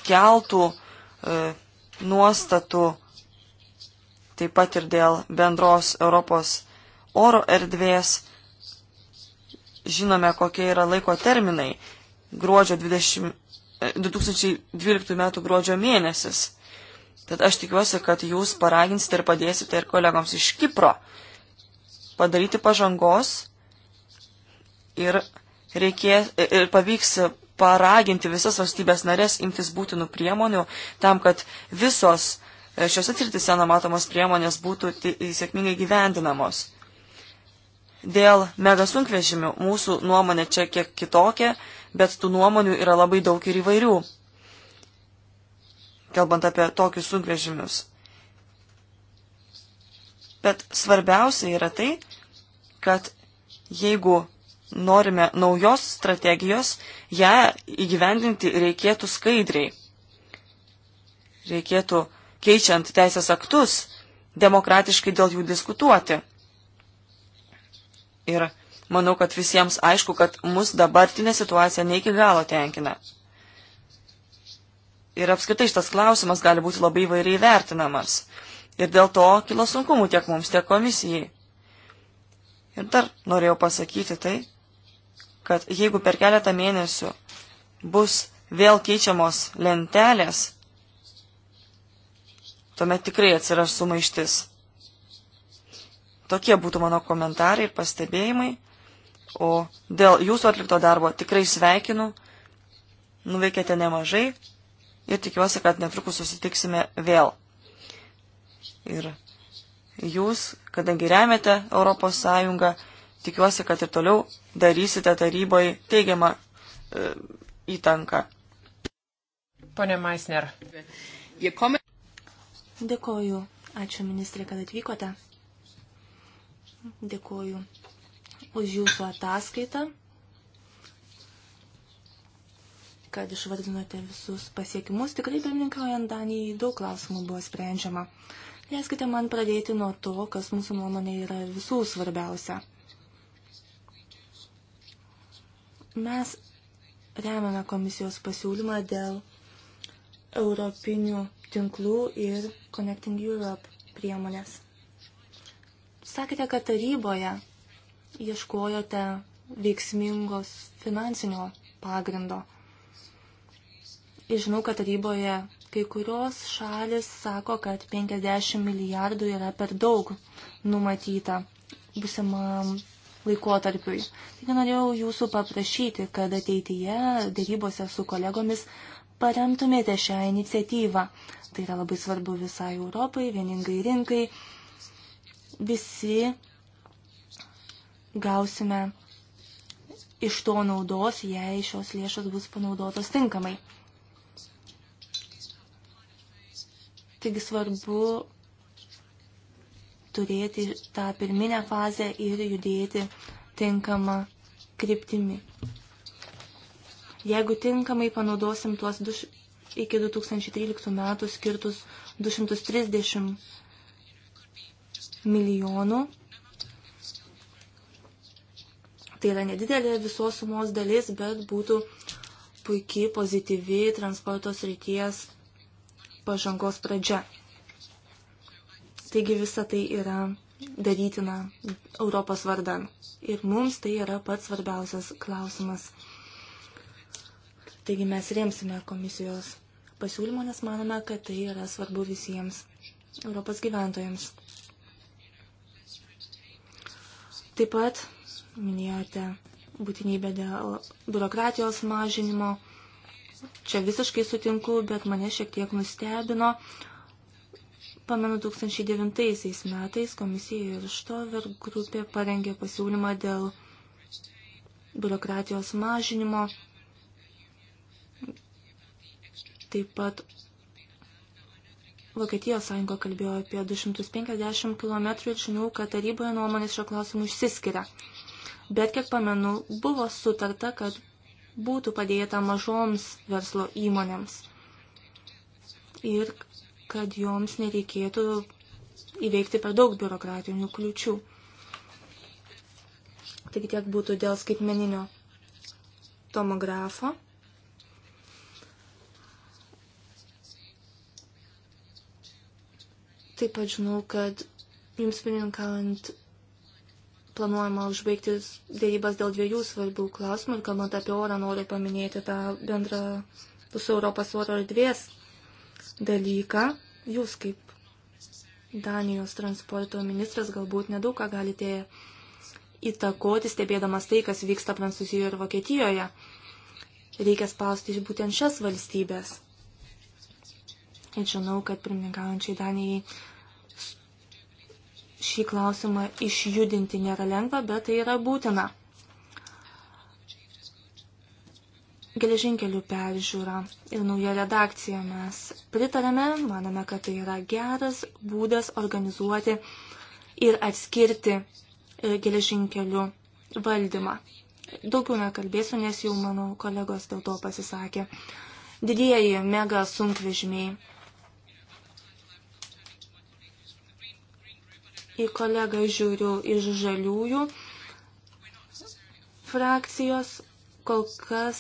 keltų e, nuostatų, taip pat ir dėl bendros Europos oro erdvės. Žinome, kokie yra laiko terminai gruodžio 20, 2012 m. gruodžio mėnesis. Tad aš tikiuosi, kad jūs paraginsite ir padėsite ir kolegoms iš Kipro padaryti pažangos ir, reikės, e, ir pavyks paraginti visas valstybės narės imtis būtinų priemonių tam, kad visos e, šiuose srityse numatomos priemonės būtų sėkmingai gyvendinamos. Dėl megasunkvežimių mūsų nuomonė čia kiek kitokia, bet tų nuomonių yra labai daug ir įvairių, kalbant apie tokius sunkvežimius. Bet svarbiausia yra tai, kad jeigu norime naujos strategijos, ją įgyvendinti reikėtų skaidriai. Reikėtų, keičiant teisės aktus, demokratiškai dėl jų diskutuoti. Ir manau, kad visiems aišku, kad mus dabartinė situacija ne iki galo tenkina. Ir apskritai šitas klausimas gali būti labai vairiai vertinamas. Ir dėl to kilo sunkumų tiek mums, tiek komisijai. Ir dar norėjau pasakyti tai, kad jeigu per keletą mėnesių bus vėl keičiamos lentelės, tuomet tikrai atsiras sumaištis. Tokie būtų mano komentarai ir pastebėjimai. O dėl jūsų atlikto darbo tikrai sveikinu, nuveikėte nemažai ir tikiuosi, kad netrukus susitiksime vėl. Ir jūs, kadangi remiate Europos Sąjungą, tikiuosi, kad ir toliau darysite taryboje teigiamą e, įtanką. Pone Maisner. Dėkoju. Ačiū ministrė, kad atvykote. Dėkuoju už jūsų ataskaitą, kad išvardinote visus pasiekimus. Tikrai, pirmininkaujant Danijai, daug klausimų buvo sprendžiama. Leiskite man pradėti nuo to, kas mūsų nuomonė yra visų svarbiausia. Mes remiame komisijos pasiūlymą dėl europinių tinklų ir Connecting Europe priemonės. Sakėte, kad taryboje ieškojote veiksmingos finansinio pagrindo. Ir žinau, kad taryboje kai kurios šalis sako, kad 50 milijardų yra per daug numatyta busimam laikotarpiui. Taigi norėjau jūsų paprašyti, kad ateityje dėrybose su kolegomis paremtumėte šią iniciatyvą. Tai yra labai svarbu visai Europai, vieningai rinkai, visi gausime iš to naudos, jei šios lėšos bus panaudotos tinkamai. Taigi svarbu turėti tą pirminę fazę ir judėti tinkamą kryptimį. Jeigu tinkamai panaudosim tuos duš, iki 2013 metų skirtus 230 milijonų. Tai yra nedidelė visos sumos dalis, bet būtų puikiai pozityvi transporto srities pažangos pradžia. Taigi visa tai yra darytina Europos vardan. Ir mums tai yra pats svarbiausias klausimas. Taigi mes remsime komisijos pasiūlymą, nes manome, kad tai yra svarbu visiems Europos gyventojams. Taip pat minėjote būtinybę dėl biurokratijos mažinimo. Čia visiškai sutinku, bet mane šiek tiek nustebino. Pamenu, 2009 metais komisija ir Štover grupė parengė pasiūlymą dėl biurokratijos mažinimo. Taip pat Vokietijos sąjunga kalbėjo apie 250 km ir žinau, kad taryboje nuomonės šio klausimu išsiskiria. Bet kiek pamenu, buvo sutarta, kad būtų padėta mažoms verslo įmonėms ir kad joms nereikėtų įveikti per daug biurokratinių kliučių. Taigi tiek būtų dėl skaitmeninio tomografo. Taip pat žinau, kad jums pirmininkaujant planuojama užbaigti dėrybas dėl dviejų svarbių klausimų ir kalbant apie orą noriu paminėti tą bendrą visų Europos oro erdvės dalyką. Jūs kaip Danijos transporto ministras galbūt nedaug ką galite įtakoti, stebėdamas tai, kas vyksta Prancūzijoje ir Vokietijoje. Reikia spausti iš būtent šias valstybės. Ir žinau, kad pirmininkaujančiai Danijai šį klausimą išjudinti nėra lengva, bet tai yra būtina. Geležinkelių peržiūra ir nauja redakcija mes pritarėme, manome, kad tai yra geras būdas organizuoti ir atskirti e, geležinkelių valdymą. Daugiau nekalbėsiu, nes jau mano kolegos dėl to pasisakė. Didieji mega sunkvežimiai į kolegą žiūriu iš žaliųjų frakcijos. Kol kas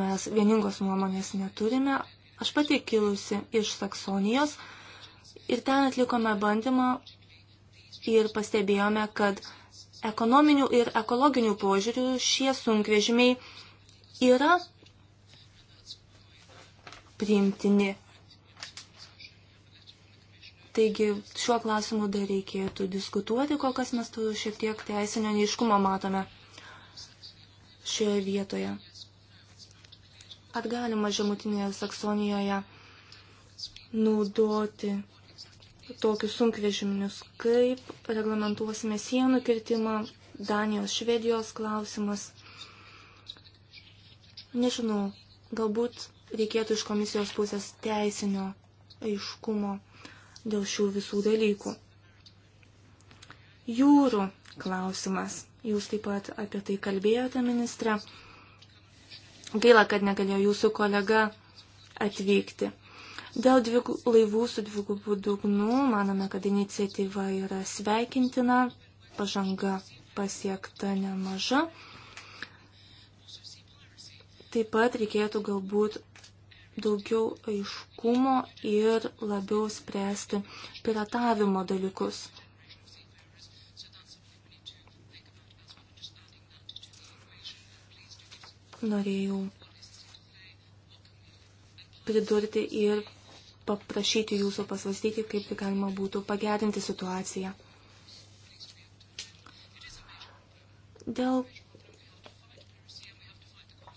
mes vieningos nuomonės neturime. Aš pati kilusi iš Saksonijos ir ten atlikome bandymą ir pastebėjome, kad ekonominių ir ekologinių požiūrių šie sunkvežimiai yra priimtini. Taigi šiuo klausimu dar reikėtų diskutuoti, kol kas mes tų šiek tiek teisinio neiškumo matome šioje vietoje. Atgalima žemutinėje Saksonijoje naudoti tokius sunkvežiminius, kaip reglamentuosime sienų kirtimą, Danijos, Švedijos klausimas. Nežinau, galbūt reikėtų iš komisijos pusės teisinio aiškumo dėl šių visų dalykų. Jūrų klausimas. Jūs taip pat apie tai kalbėjote, ministre. Gaila, kad negalėjo jūsų kolega atvykti. Dėl dvigų, laivų su dvigubu dugnu manome, kad iniciatyva yra sveikintina, pažanga pasiekta nemaža. Taip pat reikėtų galbūt daugiau aiškumo ir labiau spręsti piratavimo dalykus. Norėjau pridurti ir paprašyti jūsų pasvastyti, kaip tai galima būtų pagerinti situaciją. Dėl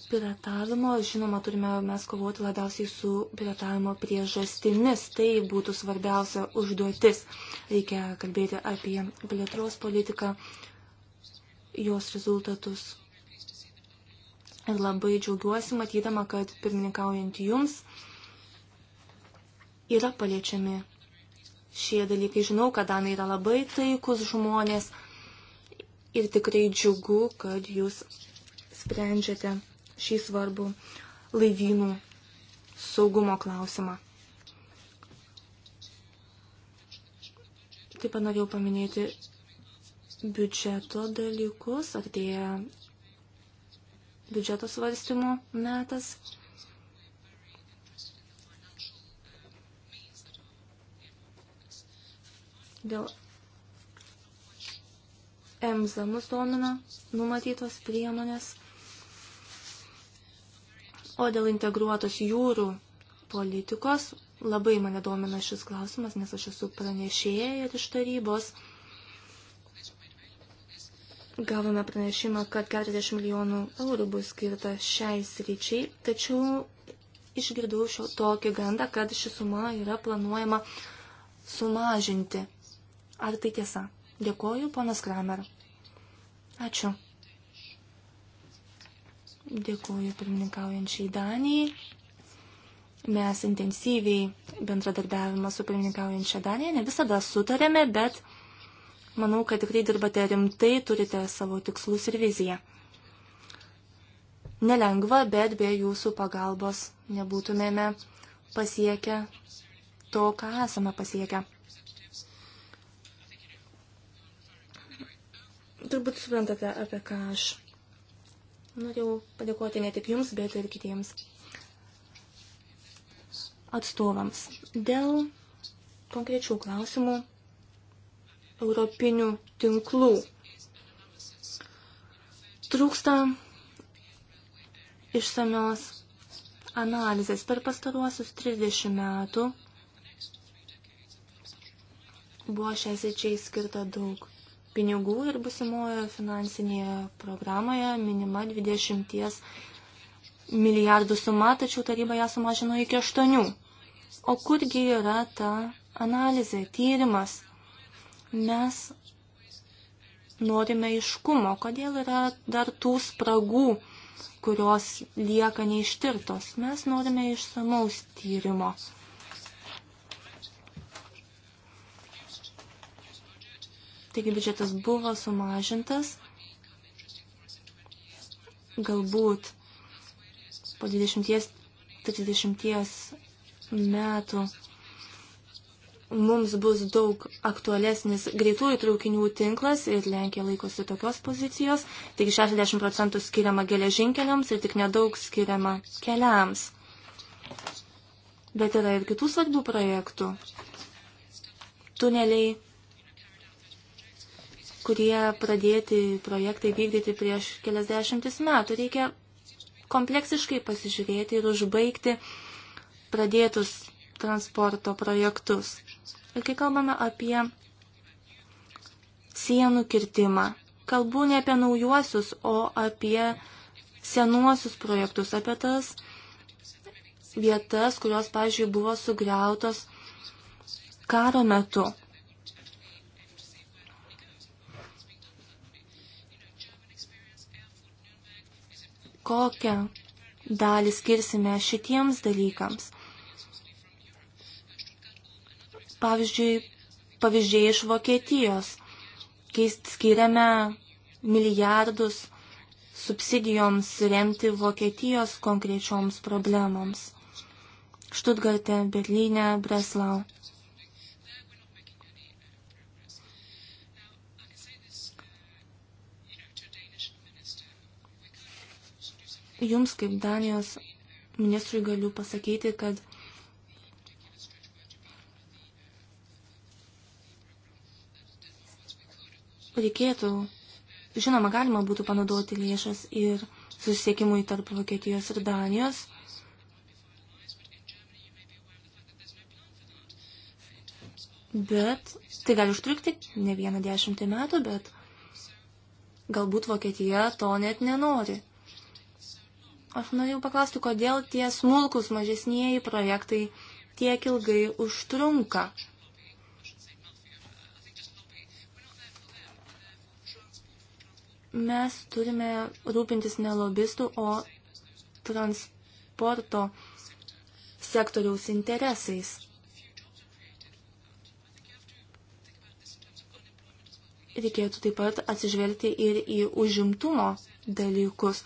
piratavimo, žinoma, turime mes kovoti labiausiai su piratavimo priežastimis. Tai būtų svarbiausia užduotis. Reikia kalbėti apie plėtros politiką, jos rezultatus. Ir labai džiaugiuosi matydama, kad pirmininkaujant jums yra paliečiami šie dalykai. Žinau, kad Danai yra labai taikus žmonės ir tikrai džiugu, kad jūs sprendžiate šį svarbų laivynų saugumo klausimą. Taip pat norėjau paminėti biudžeto dalykus, artėja biudžeto svarstymo metas. Dėl EMSA mus domina numatytos priemonės O dėl integruotos jūrų politikos labai mane domina šis klausimas, nes aš esu pranešėja ir iš tarybos. Gavome pranešimą, kad 40 milijonų eurų bus skirta šiai sričiai, tačiau išgirdau šio tokį gandą, kad ši suma yra planuojama sumažinti. Ar tai tiesa? Dėkoju, ponas Kramer. Ačiū. Dėkuoju pirmininkaujančiai Danijai. Mes intensyviai bendradarbiavimą su pirmininkaujančia Danija ne visada sutarėme, bet manau, kad tikrai dirbate rimtai, turite savo tikslus ir viziją. Nelengva, bet be jūsų pagalbos nebūtumėme pasiekę to, ką esame pasiekę. Turbūt suprantate, apie ką aš Norėjau padėkoti ne tik jums, bet ir kitiems atstovams. Dėl konkrečių klausimų europinių tinklų. Trūksta išsamios analizės per pastaruosius 30 metų buvo šiai sričiai skirta daug pinigų ir busimojo finansinėje programoje minima 20 milijardų suma, tačiau taryba ją sumažino iki 8. O kurgi yra ta analizė, tyrimas? Mes norime iškumo, kodėl yra dar tų spragų, kurios lieka neištirtos. Mes norime išsamaus tyrimo. Taigi biudžetas buvo sumažintas. Galbūt po 20-30 metų mums bus daug aktualesnis greitųjų traukinių tinklas ir Lenkija laikosi tokios pozicijos. Taigi 60 procentų skiriama geležinkeliams ir tik nedaug skiriama keliams. Bet yra ir kitų svarbių projektų. Tuneliai kurie pradėti projektai vykdyti prieš kelias dešimtis metų. Reikia kompleksiškai pasižiūrėti ir užbaigti pradėtus transporto projektus. Ir kai kalbame apie sienų kirtimą, kalbu ne apie naujuosius, o apie senuosius projektus, apie tas vietas, kurios, pažiūrėjau, buvo sugriautos karo metu. kokią dalį skirsime šitiems dalykams. Pavyzdžiui, pavyzdžiai iš Vokietijos, kai skiriame milijardus subsidijoms remti Vokietijos konkrečioms problemams. Štutgarte, Berlyne, Breslau. jums kaip Danijos ministrui galiu pasakyti, kad reikėtų, žinoma, galima būtų panaudoti lėšas ir susisiekimui tarp Vokietijos ir Danijos. Bet tai gali užtrukti ne vieną dešimtį metų, bet galbūt Vokietija to net nenori. Aš norėjau paklausti, kodėl tie smulkus mažesnieji projektai tiek ilgai užtrunka. Mes turime rūpintis ne lobistų, o transporto sektoriaus interesais. Reikėtų taip pat atsižvelgti ir į užimtumo dalykus.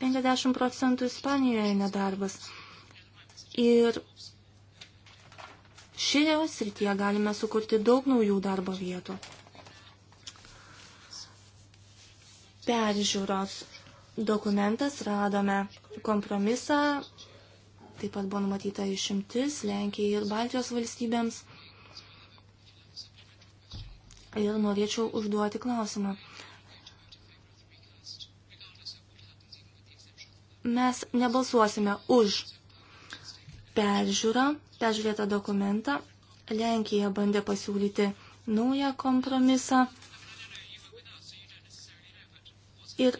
50 procentų Ispanijoje nedarbas. Ir šioje srityje galime sukurti daug naujų darbo vietų. Peržiūros dokumentas radome kompromisą, taip pat buvo numatyta išimtis Lenkijai ir Baltijos valstybėms. Ir norėčiau užduoti klausimą. mes nebalsuosime už peržiūrą, peržiūrėtą dokumentą. Lenkija bandė pasiūlyti naują kompromisą. Ir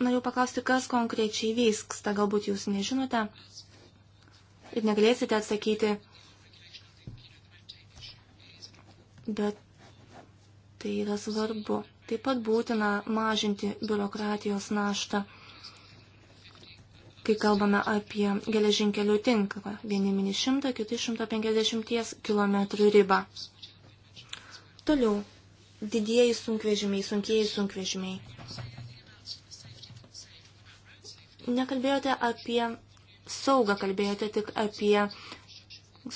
noriu paklausti, kas konkrečiai vyksta, galbūt jūs nežinote ir negalėsite atsakyti. Bet tai yra svarbu. Taip pat būtina mažinti biurokratijos naštą kai kalbame apie geležinkelių tinklą. Vieni mini 100, kiti 150 km ribą. Toliau. Didieji sunkvežimiai, sunkieji sunkvežimiai. Nekalbėjote apie saugą, kalbėjote tik apie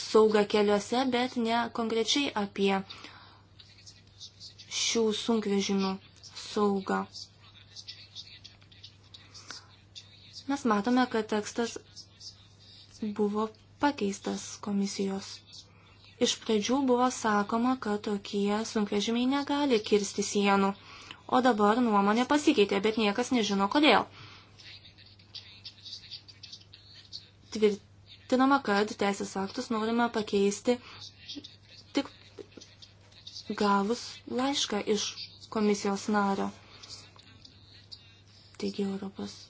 saugą keliuose, bet ne konkrečiai apie šių sunkvežimių saugą. mes matome, kad tekstas buvo pakeistas komisijos. Iš pradžių buvo sakoma, kad tokie sunkvežimiai negali kirsti sienų, o dabar nuomonė pasikeitė, bet niekas nežino kodėl. Tvirtinama, kad teisės aktus norime pakeisti tik gavus laišką iš komisijos nario. Taigi Europos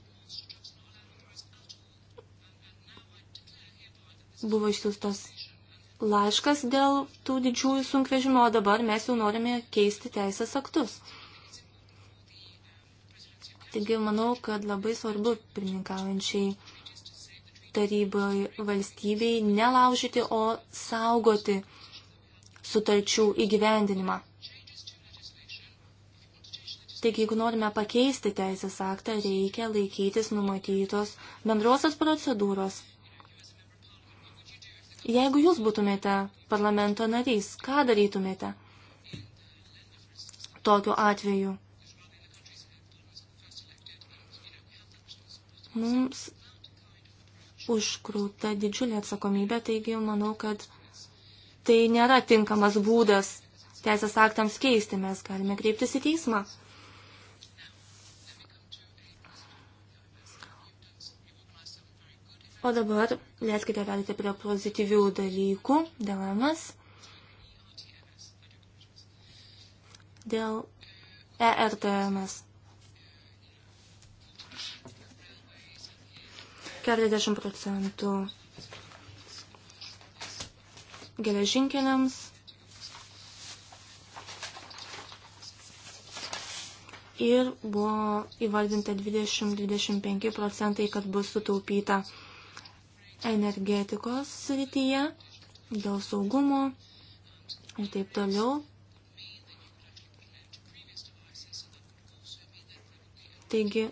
buvo išsiustas laiškas dėl tų didžiųjų sunkvežimio, o dabar mes jau norime keisti teisės aktus. Taigi manau, kad labai svarbu pirmininkaujančiai tarybai valstybei nelaužyti, o saugoti sutarčių įgyvendinimą. Taigi, jeigu norime pakeisti teisės aktą, reikia laikytis numatytos bendrosios procedūros Jeigu jūs būtumėte parlamento narys, ką darytumėte tokiu atveju? Mums užkrūta didžiulė atsakomybė, taigi manau, kad tai nėra tinkamas būdas teisės aktams keisti, mes galime kreiptis į teismą. O dabar leiskite perėti prie pozityvių dalykų. Delamas. Dėl ERTMS. 40 e e procentų geležinkeliams. Ir buvo įvardinta 20-25 procentai, kad bus sutaupyta energetikos srityje, dėl saugumo ir taip toliau. Taigi,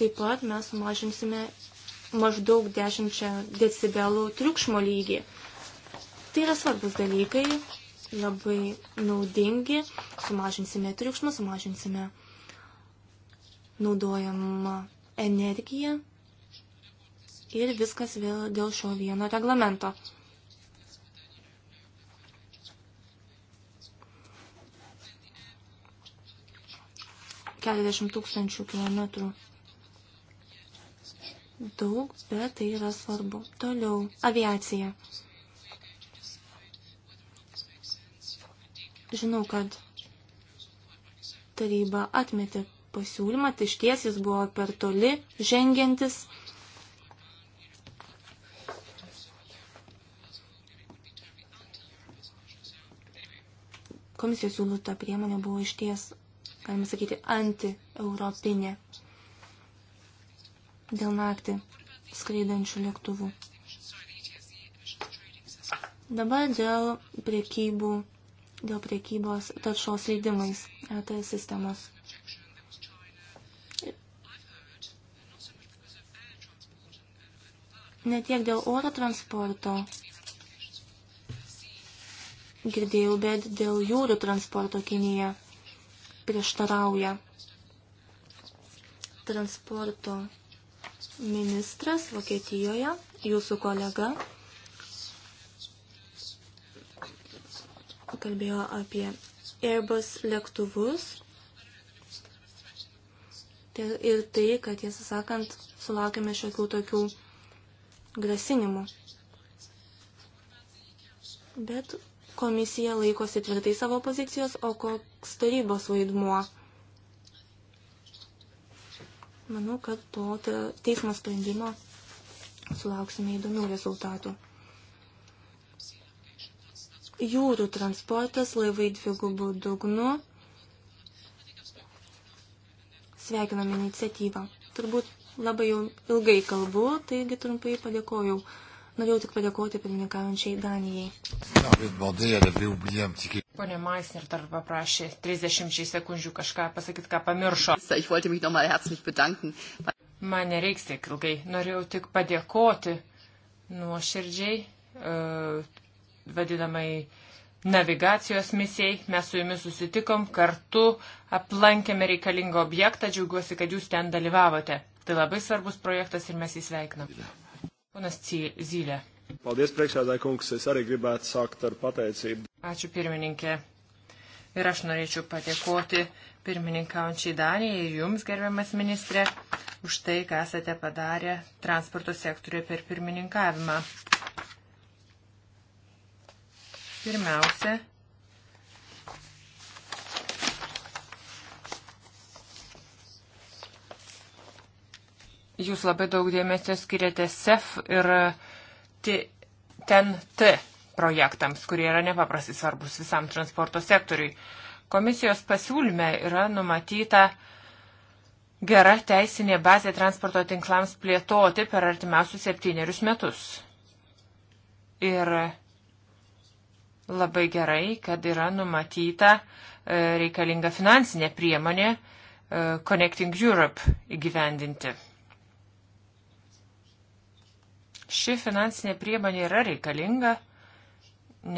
taip pat mes mažinsime maždaug 10 decibelų triukšmo lygį. Tai yra svarbus dalykai, labai naudingi, sumažinsime triukšmą, sumažinsime naudojamą energiją ir viskas vėl dėl šio vieno reglamento. Keliasdešimt tūkstančių kilometrų. Daug, bet tai yra svarbu. Toliau. Aviacija. Žinau, kad taryba atmetė pasiūlymą, tai išties jis buvo per toli žengiantis komisijos siūlyta priemonė buvo išties, galima sakyti, anti-europinė dėl naktį skraidančių lėktuvų. Dabar dėl priekybų, dėl priekybos taršos leidimais ETS sistemos. Ne tiek dėl oro transporto, girdėjau, bet dėl jūrų transporto Kinija prieštarauja. Transporto ministras Vokietijoje, jūsų kolega, kalbėjo apie Airbus lėktuvus ir tai, kad tiesą sakant, sulaukime šiokių tokių grasinimų. Bet komisija laikosi tvirtai savo pozicijos, o koks tarybos vaidmuo. Manau, kad to teismo sprendimo sulauksime įdomių rezultatų. Jūrų transportas laivai dvigubų dugnu. Sveikiname iniciatyvą. Turbūt labai jau ilgai kalbu, taigi trumpai padėkojau Norėjau tik padėkoti pirmininkaujančiai Danijai. Pone Maisner dar paprašė 30 sekundžių kažką pasakyti, ką pamiršo. Man nereiks tiek ilgai. Norėjau tik padėkoti nuoširdžiai, e, vadinamai navigacijos misijai. Mes su jumis susitikom, kartu aplankėme reikalingą objektą, džiaugiuosi, kad jūs ten dalyvavote. Tai labai svarbus projektas ir mes jį sveikinam. Ponas Zylė. Paldies, priekšsēdāj kungs. Es arī gribētu sākt ar pateicību. Ačiū pirmininkė. Ir aš norėčiau padėkoti pirmininkaujančiai Danijai ir jums, gerbiamas ministrė, už tai, ką esate padarę transporto sektoriuje per pirmininkavimą. Pirmiausia, Jūs labai daug dėmesio skiriate SEF ir TEN-T projektams, kurie yra nepaprastai svarbus visam transporto sektoriui. Komisijos pasiūlyme yra numatyta gera teisinė bazė transporto tinklams plėtoti per artimiausius septynerius metus. Ir labai gerai, kad yra numatyta e, reikalinga finansinė priemonė e, Connecting Europe įgyvendinti. Ši finansinė priemonė yra reikalinga,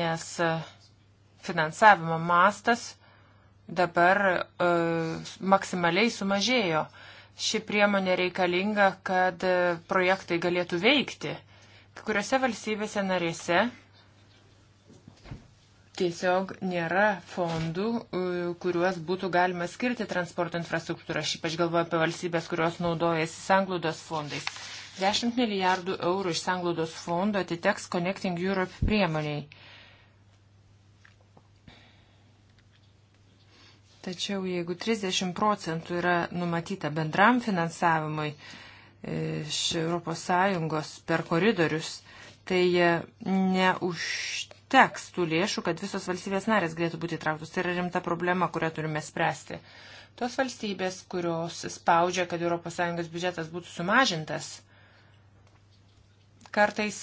nes e, finansavimo mastas dabar e, maksimaliai sumažėjo. Ši priemonė reikalinga, kad e, projektai galėtų veikti. Kai kuriuose valstybėse narėse tiesiog nėra fondų, e, kuriuos būtų galima skirti transporto infrastruktūrą. Aš ypač galvoju apie valstybės, kurios naudojasi sanglaudos fondais. 10 milijardų eurų iš sanglaudos fondo atiteks Connecting Europe priemoniai. Tačiau jeigu 30 procentų yra numatyta bendram finansavimui e, iš ES per koridorius, tai e, neužteks tų lėšų, kad visos valstybės narės galėtų būti įtrauktos. Tai yra rimta problema, kurią turime spręsti. Tos valstybės, kurios spaudžia, kad ES biudžetas būtų sumažintas, kartais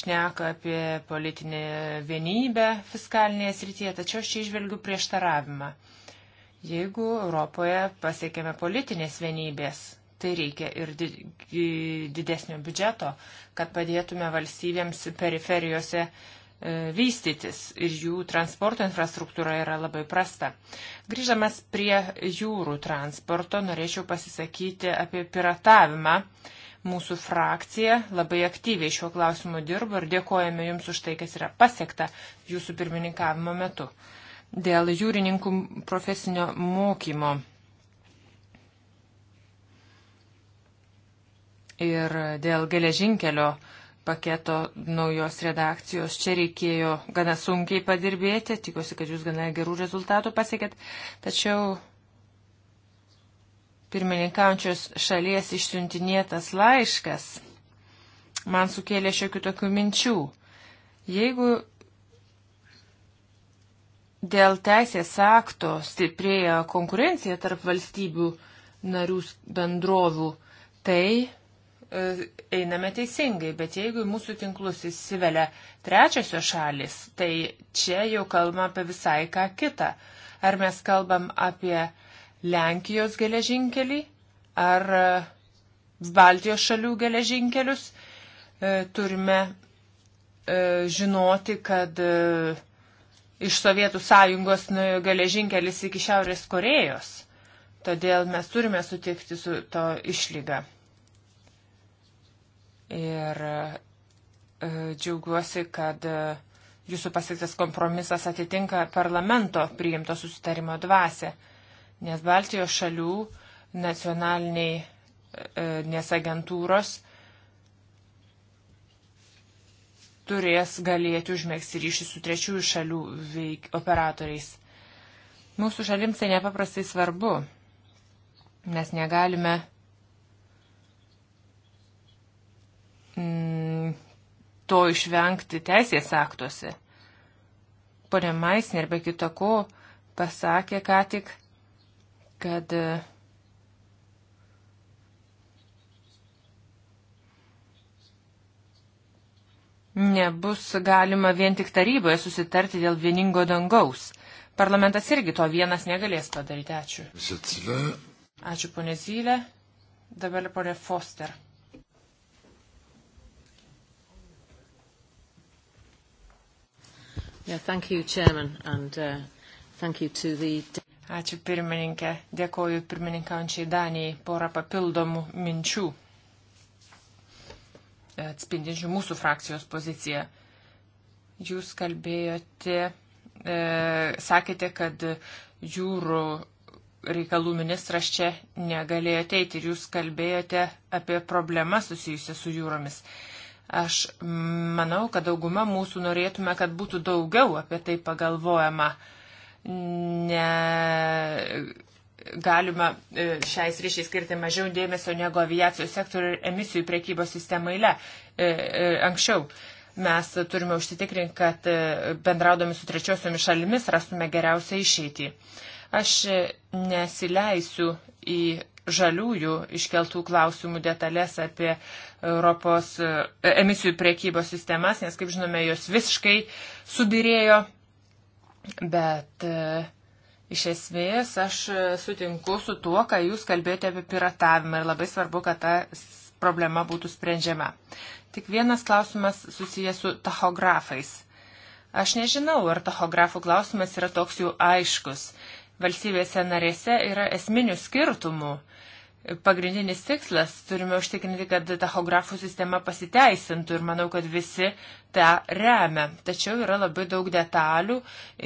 šneka apie politinį vienybę fiskalinėje srityje, tačiau aš čia išvelgiu prieštaravimą. Jeigu Europoje pasiekėme politinės vienybės, tai reikia ir didesnio biudžeto, kad padėtume valstybėms periferijose e, vystytis ir jų transporto infrastruktūra yra labai prasta. Grįžamas prie jūrų transporto, norėčiau pasisakyti apie piratavimą. Mūsų frakcija labai aktyviai šiuo klausimu dirbo ir dėkojame Jums už tai, kas yra pasiekta Jūsų pirmininkavimo metu. Dėl jūrininkų profesinio mokymo ir dėl geležinkelio paketo naujos redakcijos. Čia reikėjo gana sunkiai padirbėti, tikiuosi, kad jūs gana gerų rezultatų pasiekėt, tačiau pirmininkaujančios šalies išsiuntinėtas laiškas man sukėlė šiokių tokių minčių. Jeigu dėl teisės akto stiprėja konkurencija tarp valstybių narių bendrovių, tai e, einame teisingai, bet jeigu į mūsų tinklus įsivelia trečiosios šalis, tai čia jau kalbam apie visai ką kitą. Ar mes kalbam apie Lenkijos geležinkelį ar e, Baltijos šalių geležinkelius. E, turime e, žinoti, kad iš Sovietų sąjungos nuėjo geležinkelis iki Šiaurės Korejos. Todėl mes turime sutikti su to išlyga. Ir džiaugiuosi, kad jūsų pasiektas kompromisas atitinka parlamento priimto susitarimo dvasę nes Baltijos šalių nacionaliniai e, nes agentūros turės galėti užmėgsti ryšį su trečiųjų šalių veik, operatoriais. Mūsų šalims tai nepaprastai svarbu, nes negalime mm, to išvengti teisės aktuose. Pone Maisner be kitako pasakė ką tik, kad e, nebus galima vien tik taryboje susitarti dėl vieningo dangaus. Parlamentas irgi to vienas negalės padaryti. Ačiū. Ačiū, ponė Zylė. Dabar ponė Foster. Yeah, thank you, Chairman, and uh, thank you to the... Ačiū pirmininkė. Dėkoju pirmininkaujančiai Danijai. Porą papildomų minčių e, atspindinčių mūsų frakcijos poziciją. Jūs kalbėjote, e, sakėte, kad jūrų reikalų ministras čia negalėjo ateiti ir jūs kalbėjote apie problemą susijusią su jūromis. Aš manau, kad dauguma mūsų norėtume, kad būtų daugiau apie tai pagalvojama. E, ne, galima e, šiais ryšiais skirti mažiau dėmesio negu aviacijos sektorių ir emisijų priekybos sistemai le, e, e, anksčiau. Mes turime užsitikrinti, kad bendraudami su trečiosiomis šalimis rastume geriausią išeitį. Aš nesileisiu į žaliųjų iškeltų klausimų detalės apie Europos emisijų priekybos sistemas, nes, kaip žinome, jos visiškai subirėjo Bet e, iš esmės aš sutinku su tuo, ką jūs kalbėjote apie piratavimą ir labai svarbu, kad ta problema būtų sprendžiama. Tik vienas klausimas susijęs su tachografais. Aš nežinau, ar tachografų klausimas yra toks jų aiškus. Valstybėse narėse yra esminių skirtumų. Uh, pagrindinis tikslas. Turime užtikrinti, kad tachografų sistema pasiteisintų ir manau, kad visi tą remia. Tačiau yra labai daug detalių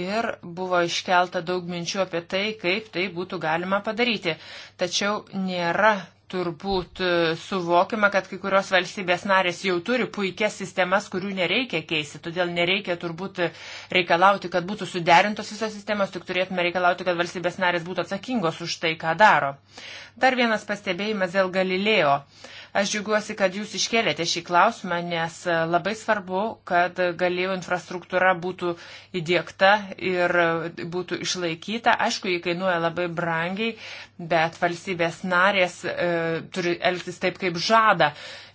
ir buvo iškelta daug minčių apie tai, kaip tai būtų galima padaryti. Tačiau nėra turbūt e, suvokime, kad kai kurios valstybės narės jau turi puikias sistemas, kurių nereikia keisti. Todėl nereikia turbūt reikalauti, kad būtų suderintos visos sistemos, tik turėtume reikalauti, kad valstybės narės būtų atsakingos už tai, ką daro. Dar vienas pastebėjimas dėl Galilėjo. Aš džiaugiuosi, kad jūs iškėlėte šį klausimą, nes e, labai svarbu, kad galėjų infrastruktūra būtų įdėkta ir būtų išlaikyta. Aišku, jį kainuoja labai brangiai, bet valstybės narės e, turi elgtis taip, kaip žada,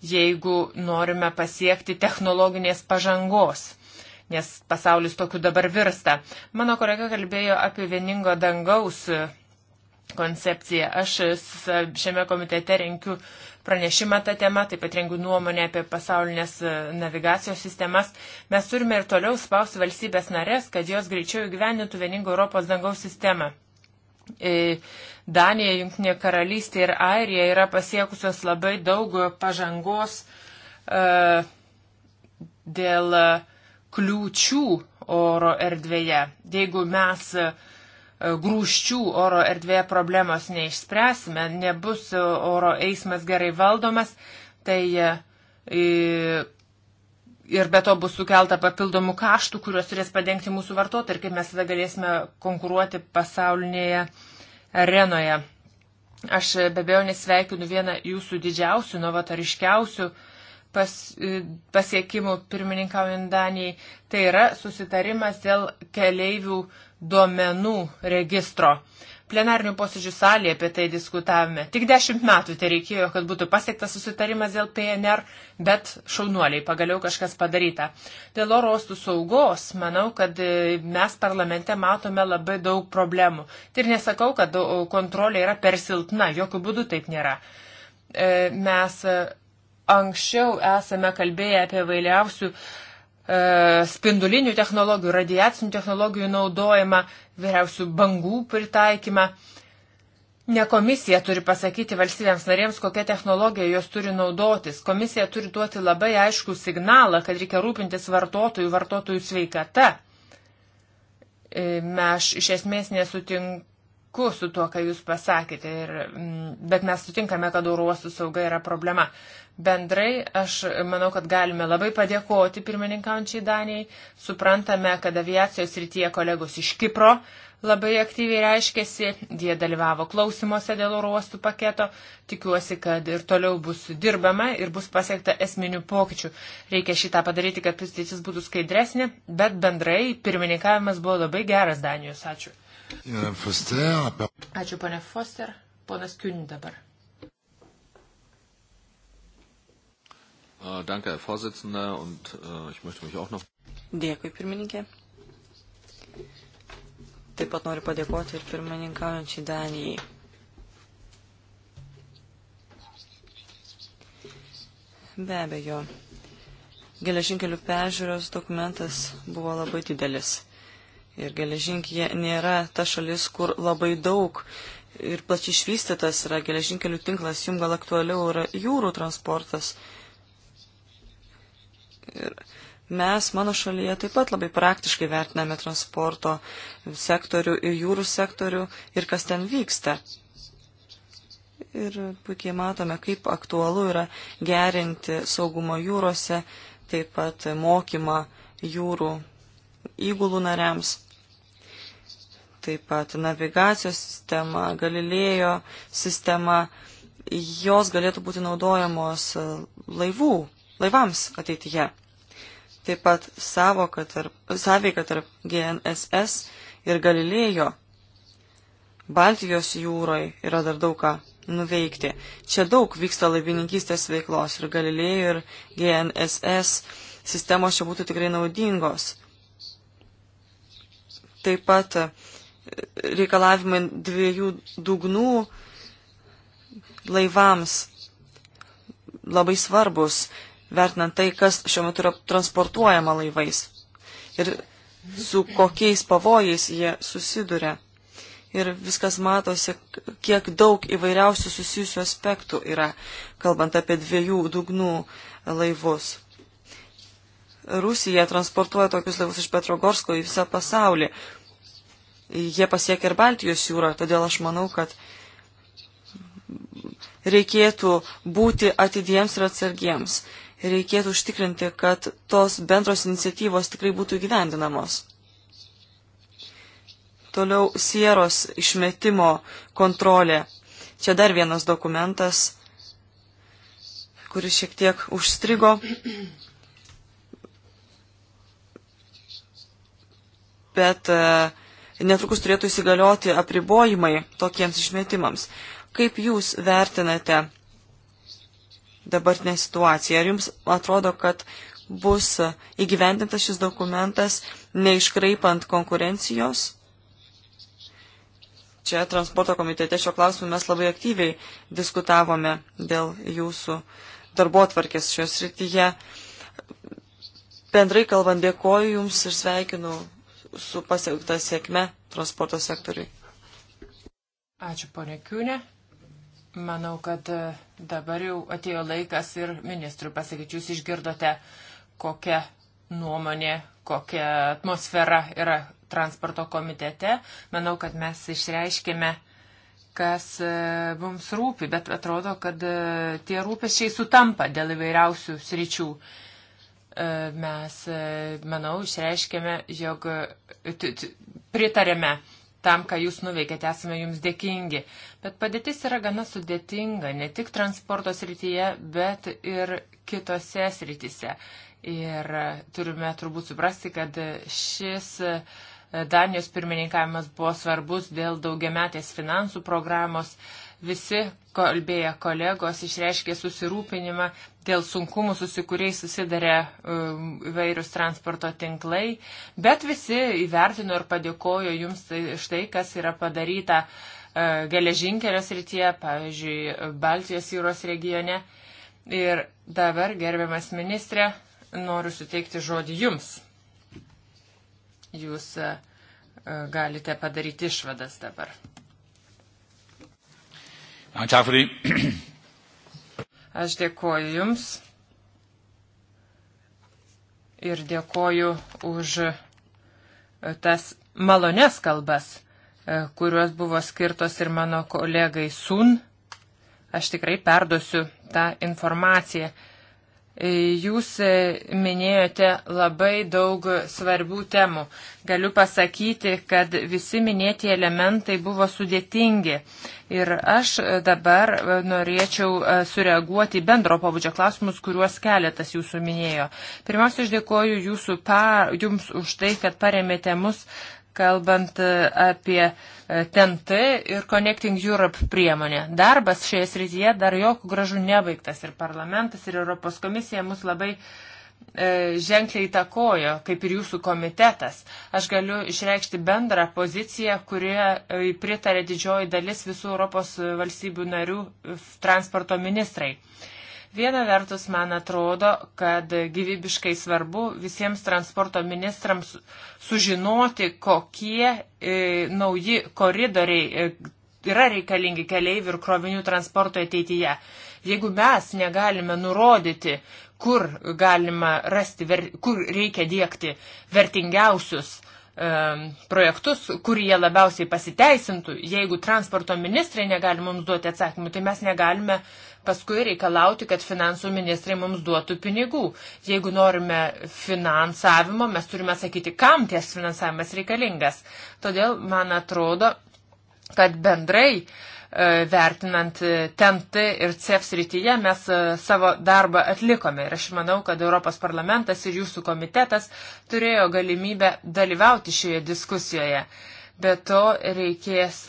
jeigu norime pasiekti technologinės pažangos nes pasaulis tokiu dabar virsta. Mano kolega kalbėjo apie vieningo dangaus koncepciją. Aš šiame komitete renkiu uh, pranešimą tą temą, taip pat rengiu nuomonę apie pasaulinės e, navigacijos sistemas. Mes turime ir toliau spausti valstybės narės, kad jos greičiau įgyvenintų vieningą Europos dangaus sistemą. E, Danija, Junktinė karalystė ir Airija yra pasiekusios labai daug pažangos uh, dėl kliūčių oro erdvėje. Jeigu mes uh, grūščių oro erdvėje problemos neišspręsime, nebus oro eismas gerai valdomas, tai e, ir be to bus sukelta papildomų kaštų, kuriuos turės padengti mūsų vartotojai ir kaip mes tada galėsime konkuruoti pasaulinėje arenoje. Aš be abejo nesveikinu vieną jūsų didžiausių, novatariškiausių pas, pasiekimų pirmininkaujant Danijai. Tai yra susitarimas dėl keleivių duomenų registro. Plenarnių posėdžių salėje apie tai diskutavome. Tik dešimt metų tai reikėjo, kad būtų pasiektas susitarimas dėl PNR, bet šaunuoliai pagaliau kažkas padaryta. Dėl oro ostų saugos, manau, kad e, mes parlamente matome labai daug problemų. Tai ir nesakau, kad kontrolė yra per silpna, jokių būdų taip nėra. E, mes e, anksčiau esame kalbėję apie vailiausių E, spindulinių technologijų, radiacinių technologijų naudojimą, vyriausių bangų pritaikymą. Ne komisija turi pasakyti valstybėms narėms, kokia technologija jos turi naudotis. Komisija turi duoti labai aiškų signalą, kad reikia rūpintis vartotojų, vartotojų sveikata. E, mes iš esmės nesutink, sutinku su tuo, ką Jūs pasakėte, ir, mm, bet mes sutinkame, kad oro uostų sauga yra problema. Bendrai, aš manau, kad galime labai padėkoti pirmininkaujančiai Danijai. Suprantame, kad aviacijos rytyje kolegos iš Kipro labai aktyviai reiškėsi, jie dalyvavo klausimuose dėl oro uostų paketo, tikiuosi, kad ir toliau bus dirbama ir bus pasiekta esminių pokyčių. Reikia šitą padaryti, kad pristatis būtų skaidresnė, bet bendrai pirmininkavimas buvo labai geras Danijos. Ačiū. Ačiū, ponė Foster. Ponas Kiun dabar. Äh, danke, Herr Vorsitzender, und äh, ich möchte mich auch noch. Dėkui, pirmininkė. Taip pat noriu padėkoti ir pirmininkaujančiai Danijai. Be abejo, geležinkelių peržiūros dokumentas buvo labai didelis. Ir geležinkija nėra ta šalis, kur labai daug ir plačiai išvystytas yra geležinkelių tinklas, jums gal aktualiau yra jūrų transportas. Ir mes mano šalyje taip pat labai praktiškai vertiname transporto sektorių ir jūrų sektorių ir kas ten vyksta. Ir puikiai matome, kaip aktualu yra gerinti saugumo jūrose, taip pat mokymą jūrų įgulų nariams. Taip pat navigacijos sistema, Galilėjo sistema, jos galėtų būti naudojamos e, laivų, laivams ateityje. Taip pat savoka tarp, sąveika tarp GNSS ir Galilėjo Baltijos jūroje yra dar daug ką nuveikti. Čia daug vyksta laivininkystės veiklos ir Galilėjo ir GNSS sistemos čia būtų tikrai naudingos. Taip pat reikalavimai dviejų dugnų laivams labai svarbus, vertinant tai, kas šiuo metu yra transportuojama laivais ir su kokiais pavojais jie susiduria. Ir viskas matosi, kiek daug įvairiausių susijusių aspektų yra, kalbant apie dviejų dugnų laivus. Rusija transportuoja tokius laivus iš Petrogorsko į visą pasaulį. Jie pasiekia ir Baltijos jūrą, todėl aš manau, kad reikėtų būti atidiems ir atsargiems. Reikėtų užtikrinti, kad tos bendros iniciatyvos tikrai būtų gyvendinamos. Toliau sieros išmetimo kontrolė. Čia dar vienas dokumentas, kuris šiek tiek užstrigo. bet e, netrukus turėtų įsigalioti apribojimai tokiems išmetimams. Kaip jūs vertinate dabartinę situaciją? Ar jums atrodo, kad bus įgyvendintas šis dokumentas, neiškraipant konkurencijos? Čia transporto komitete šio klausimu mes labai aktyviai diskutavome dėl jūsų darbo atvarkės šios rytyje. Bendrai kalbant, dėkoju Jums ir sveikinu su pasiekta sėkme transporto sektoriui. Ačiū, ponė Kiūnė. Manau, kad e, dabar jau atėjo laikas ir ministrui pasakyti, jūs išgirdote, kokia nuomonė, kokia atmosfera yra transporto komitete. Manau, kad mes išreiškėme, kas e, mums rūpi, bet atrodo, kad e, tie rūpeščiai sutampa dėl įvairiausių sričių. E, mes, e, manau, išreiškėme, jog e, pritarėme tam, ką jūs nuveikėte, esame jums dėkingi. Bet padėtis yra gana sudėtinga, ne tik transporto srityje, bet ir kitose srityse. Ir turime turbūt suprasti, kad šis Danijos pirmininkavimas buvo svarbus dėl daugiametės finansų programos, Visi kalbėję kolegos išreiškė susirūpinimą dėl sunkumų, susikuriais susidarė um, įvairius transporto tinklai, bet visi įvertino ir padėkojo jums štai, tai, kas yra padaryta uh, geležinkelios rytie, pavyzdžiui, Baltijos jūros regione. Ir dabar, gerbiamas ministrė, noriu suteikti žodį jums. Jūs uh, galite padaryti išvadas dabar. Ah, Aš dėkoju Jums ir dėkoju už e, tas malones kalbas, e, kurios buvo skirtos ir mano kolegai Sun. Aš tikrai perdosiu tą informaciją Jūs e, minėjote labai daug svarbių temų. Galiu pasakyti, kad visi minėti elementai buvo sudėtingi. Ir aš e, dabar e, norėčiau sureaguoti bendro pabudžio klausimus, kuriuos keletas jūsų minėjo. Pirmiausia, aš dėkoju jūsų pa, jums už tai, kad paremėte mus kalbant e, apie TNT e, ir Connecting Europe priemonę. Darbas šioje srityje dar jokių gražų nebaigtas ir parlamentas, ir Europos komisija mus labai e, ženkliai įtakojo, kaip ir jūsų komitetas. Aš galiu išreikšti bendrą poziciją, kurie e, pritarė didžioji dalis visų Europos valstybių narių transporto ministrai. E, Viena vertus, man atrodo, kad gyvybiškai svarbu visiems transporto ministrams sužinoti, kokie e, nauji koridoriai e, yra reikalingi keleivių ir krovinių transporto ateityje. Jeigu mes negalime nurodyti, kur galima rasti, ver, kur reikia dėkti vertingiausius e, projektus, kur jie labiausiai pasiteisintų, jeigu transporto ministrai negali mums duoti atsakymų, tai mes negalime uh, paskui reikalauti, kad finansų ministrai mums duotų pinigų. Jeigu norime finansavimo, mes turime sakyti, kam ties finansavimas reikalingas. Todėl, man atrodo, kad bendrai e, vertinant e, TNT ir CEF srityje mes e, savo darbą atlikome. Ir aš manau, kad Europos parlamentas ir jūsų komitetas turėjo galimybę dalyvauti šioje diskusijoje. Be to reikės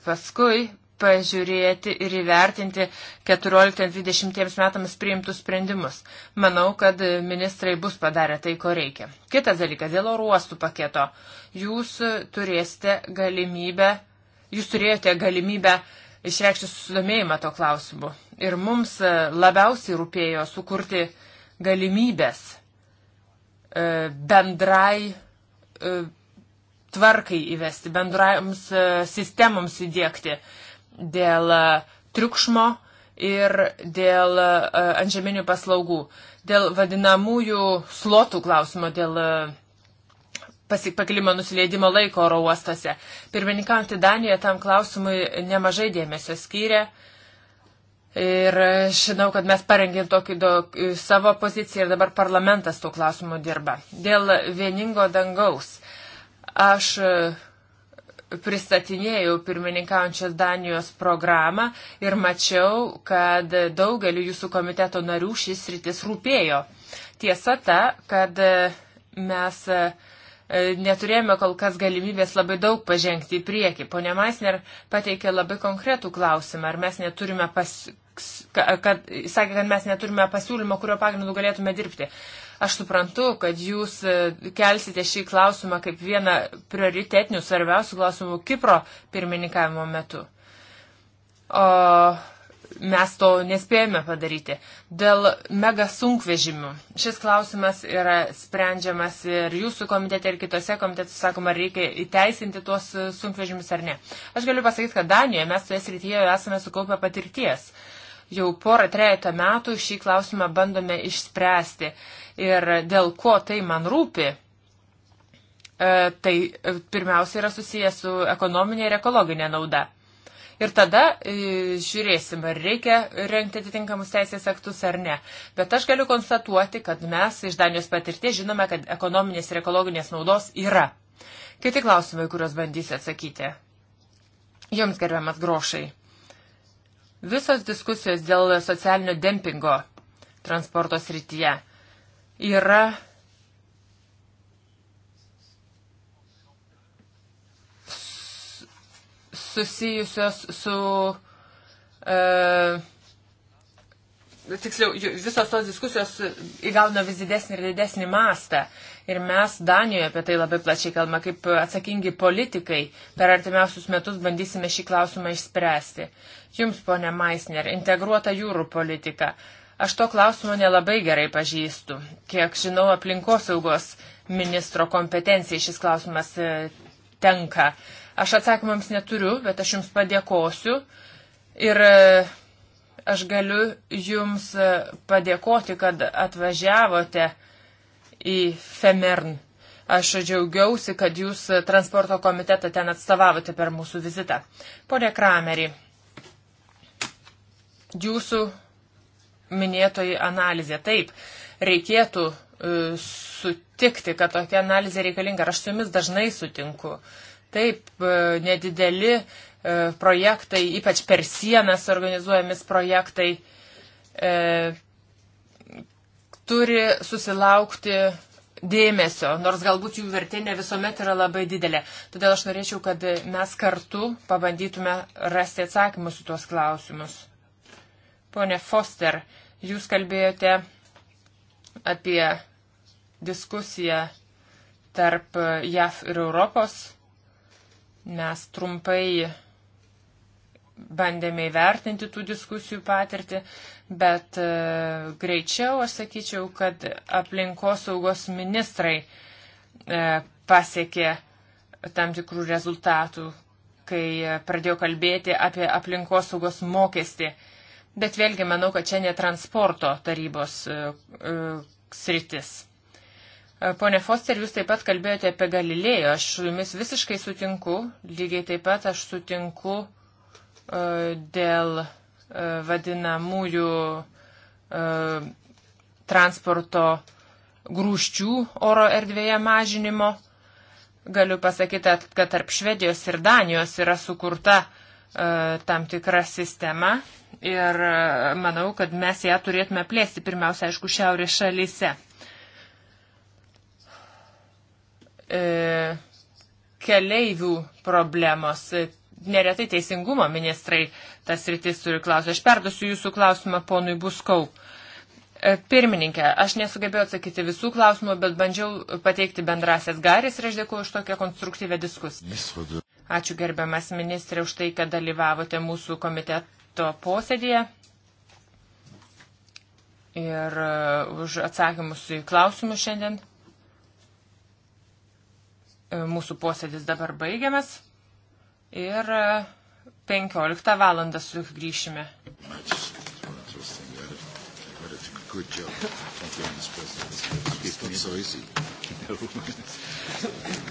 paskui pažiūrėti ir įvertinti 14-20 metams priimtus sprendimus. Manau, kad ministrai bus padarę tai, ko reikia. Kitas dalykas, dėl oruostų paketo. Jūs turėsite galimybę, jūs turėjote galimybę išreikšti susidomėjimą to klausimu. Ir mums labiausiai rūpėjo sukurti galimybės e, bendrai e, tvarkai įvesti, bendraims e, sistemoms įdėkti dėl e, triukšmo ir dėl e, antžeminių paslaugų, dėl vadinamųjų slotų klausimo, dėl e, pakilimo nusileidimo laiko oro uostose. Pirmininkaujantį Daniją tam klausimui nemažai dėmesio skyrė. Ir žinau, kad mes parengėm tokį do, savo poziciją ir dabar parlamentas tuo klausimu dirba. Dėl vieningo dangaus. Aš pristatinėjau pirmininkaujančios Danijos programą ir mačiau, kad daugeliu jūsų komiteto narių šis rytis rūpėjo. Tiesa ta, kad mes e, neturėjome kol kas galimybės labai daug pažengti į priekį. Pone Maisner pateikė labai konkretų klausimą, ar mes neturime pas, kad, sakė, kad mes neturime pasiūlymo, kurio pagrindu galėtume dirbti. Aš suprantu, kad jūs e, kelsite šį klausimą kaip vieną prioritetinių svarbiausių klausimų Kipro pirmininkavimo metu. O mes to nespėjome padaryti. Dėl mega sunkvežimių. Šis klausimas yra sprendžiamas ir jūsų komitete, ir kitose komitete, sakoma, reikia įteisinti tuos e, sunkvežimius ar ne. Aš galiu pasakyti, kad Danijoje mes toje srityje esame sukaupę patirties. Uh, Jau porą trejata metų šį klausimą bandome išspręsti. Ir dėl ko tai man rūpi, e, tai e, pirmiausia yra susijęs su ekonominė ir ekologinė nauda. Ir tada e, žiūrėsim, ar reikia renkti atitinkamus teisės aktus ar ne. Bet aš galiu konstatuoti, kad mes iš Danijos patirties žinome, kad ekonominės ir ekologinės naudos yra. Kiti klausimai, kuriuos bandysiu atsakyti. Jums gerbiamas grošai. Visos diskusijos dėl socialinio dempingo transporto srityje yra susijusios su. Uh, tiksliau, visos tos diskusijos įgauna vis didesnį ir didesnį mastą. Uh, Ir mes Danijoje apie tai labai plačiai kalbame, kaip atsakingi politikai per artimiausius metus bandysime šį klausimą išspręsti. Jums, ponė Maisner, integruota jūrų politika. Aš to klausimo nelabai gerai pažįstu. Kiek žinau, aplinkosaugos ministro kompetencijai šis klausimas e, tenka. Aš atsakymams neturiu, bet aš jums padėkosiu. Ir e, aš galiu jums e, padėkoti, kad atvažiavote į Femern. Aš džiaugiausi, kad jūs transporto komitetą ten atstovavote per mūsų vizitą. Pone Kramerį, jūsų minėtoji analizė. Taip, reikėtų e, sutikti, kad tokia analizė reikalinga. Aš su jumis dažnai sutinku. Taip, e, nedideli e, projektai, ypač per sienas organizuojamis projektai, e, turi susilaukti dėmesio, nors galbūt jų vertė ne visuomet yra labai didelė. Todėl aš norėčiau, kad mes kartu pabandytume rasti atsakymus į tuos klausimus. Pone Foster, jūs kalbėjote apie diskusiją tarp JAF ir Europos. Mes trumpai bandėme įvertinti tų diskusijų patirtį, bet e, greičiau aš sakyčiau, kad aplinkosaugos ministrai e, pasiekė tam tikrų rezultatų, kai e, pradėjo kalbėti apie aplinkosaugos mokestį. Bet vėlgi manau, kad čia ne transporto tarybos sritis. Pone Foster, jūs taip pat kalbėjote apie Galilėjo. Aš su jumis visiškai sutinku. Lygiai taip pat aš sutinku E, dėl e, vadinamųjų e, transporto grūščių oro erdvėje mažinimo. Galiu pasakyti, kad tarp Švedijos ir Danijos yra sukurta tam tikra sistema ir manau, kad mes ją turėtume plėsti pirmiausia, aišku, šiaurės šalyse. Keleivių problemos neretai teisingumo ministrai tas rytis turi klausimą. Aš perduosiu jūsų klausimą ponui Buskau. E, pirmininkė, aš nesugebėjau atsakyti visų klausimų, bet bandžiau pateikti bendrasias garis ir aš dėkuoju už tokią konstruktyvę diskusiją. Ačiū gerbiamas ministrė už tai, kad dalyvavote mūsų komiteto posėdėje ir e, už atsakymus į klausimus šiandien. E, mūsų posėdis dabar baigiamas ir 15 e, valandą sugrįšime. Good job. Thank you, Mr. President. It's not so easy. No.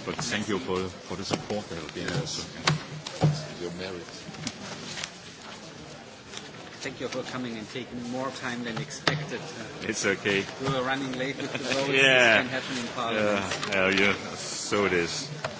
but thank you for, for the support that have been yes. also. Your merit. Thank you for coming and taking more time than expected. Uh, it's okay. We were running late with the vote. yeah. This can happen in Parliament. Yeah, uh, yeah, so it is.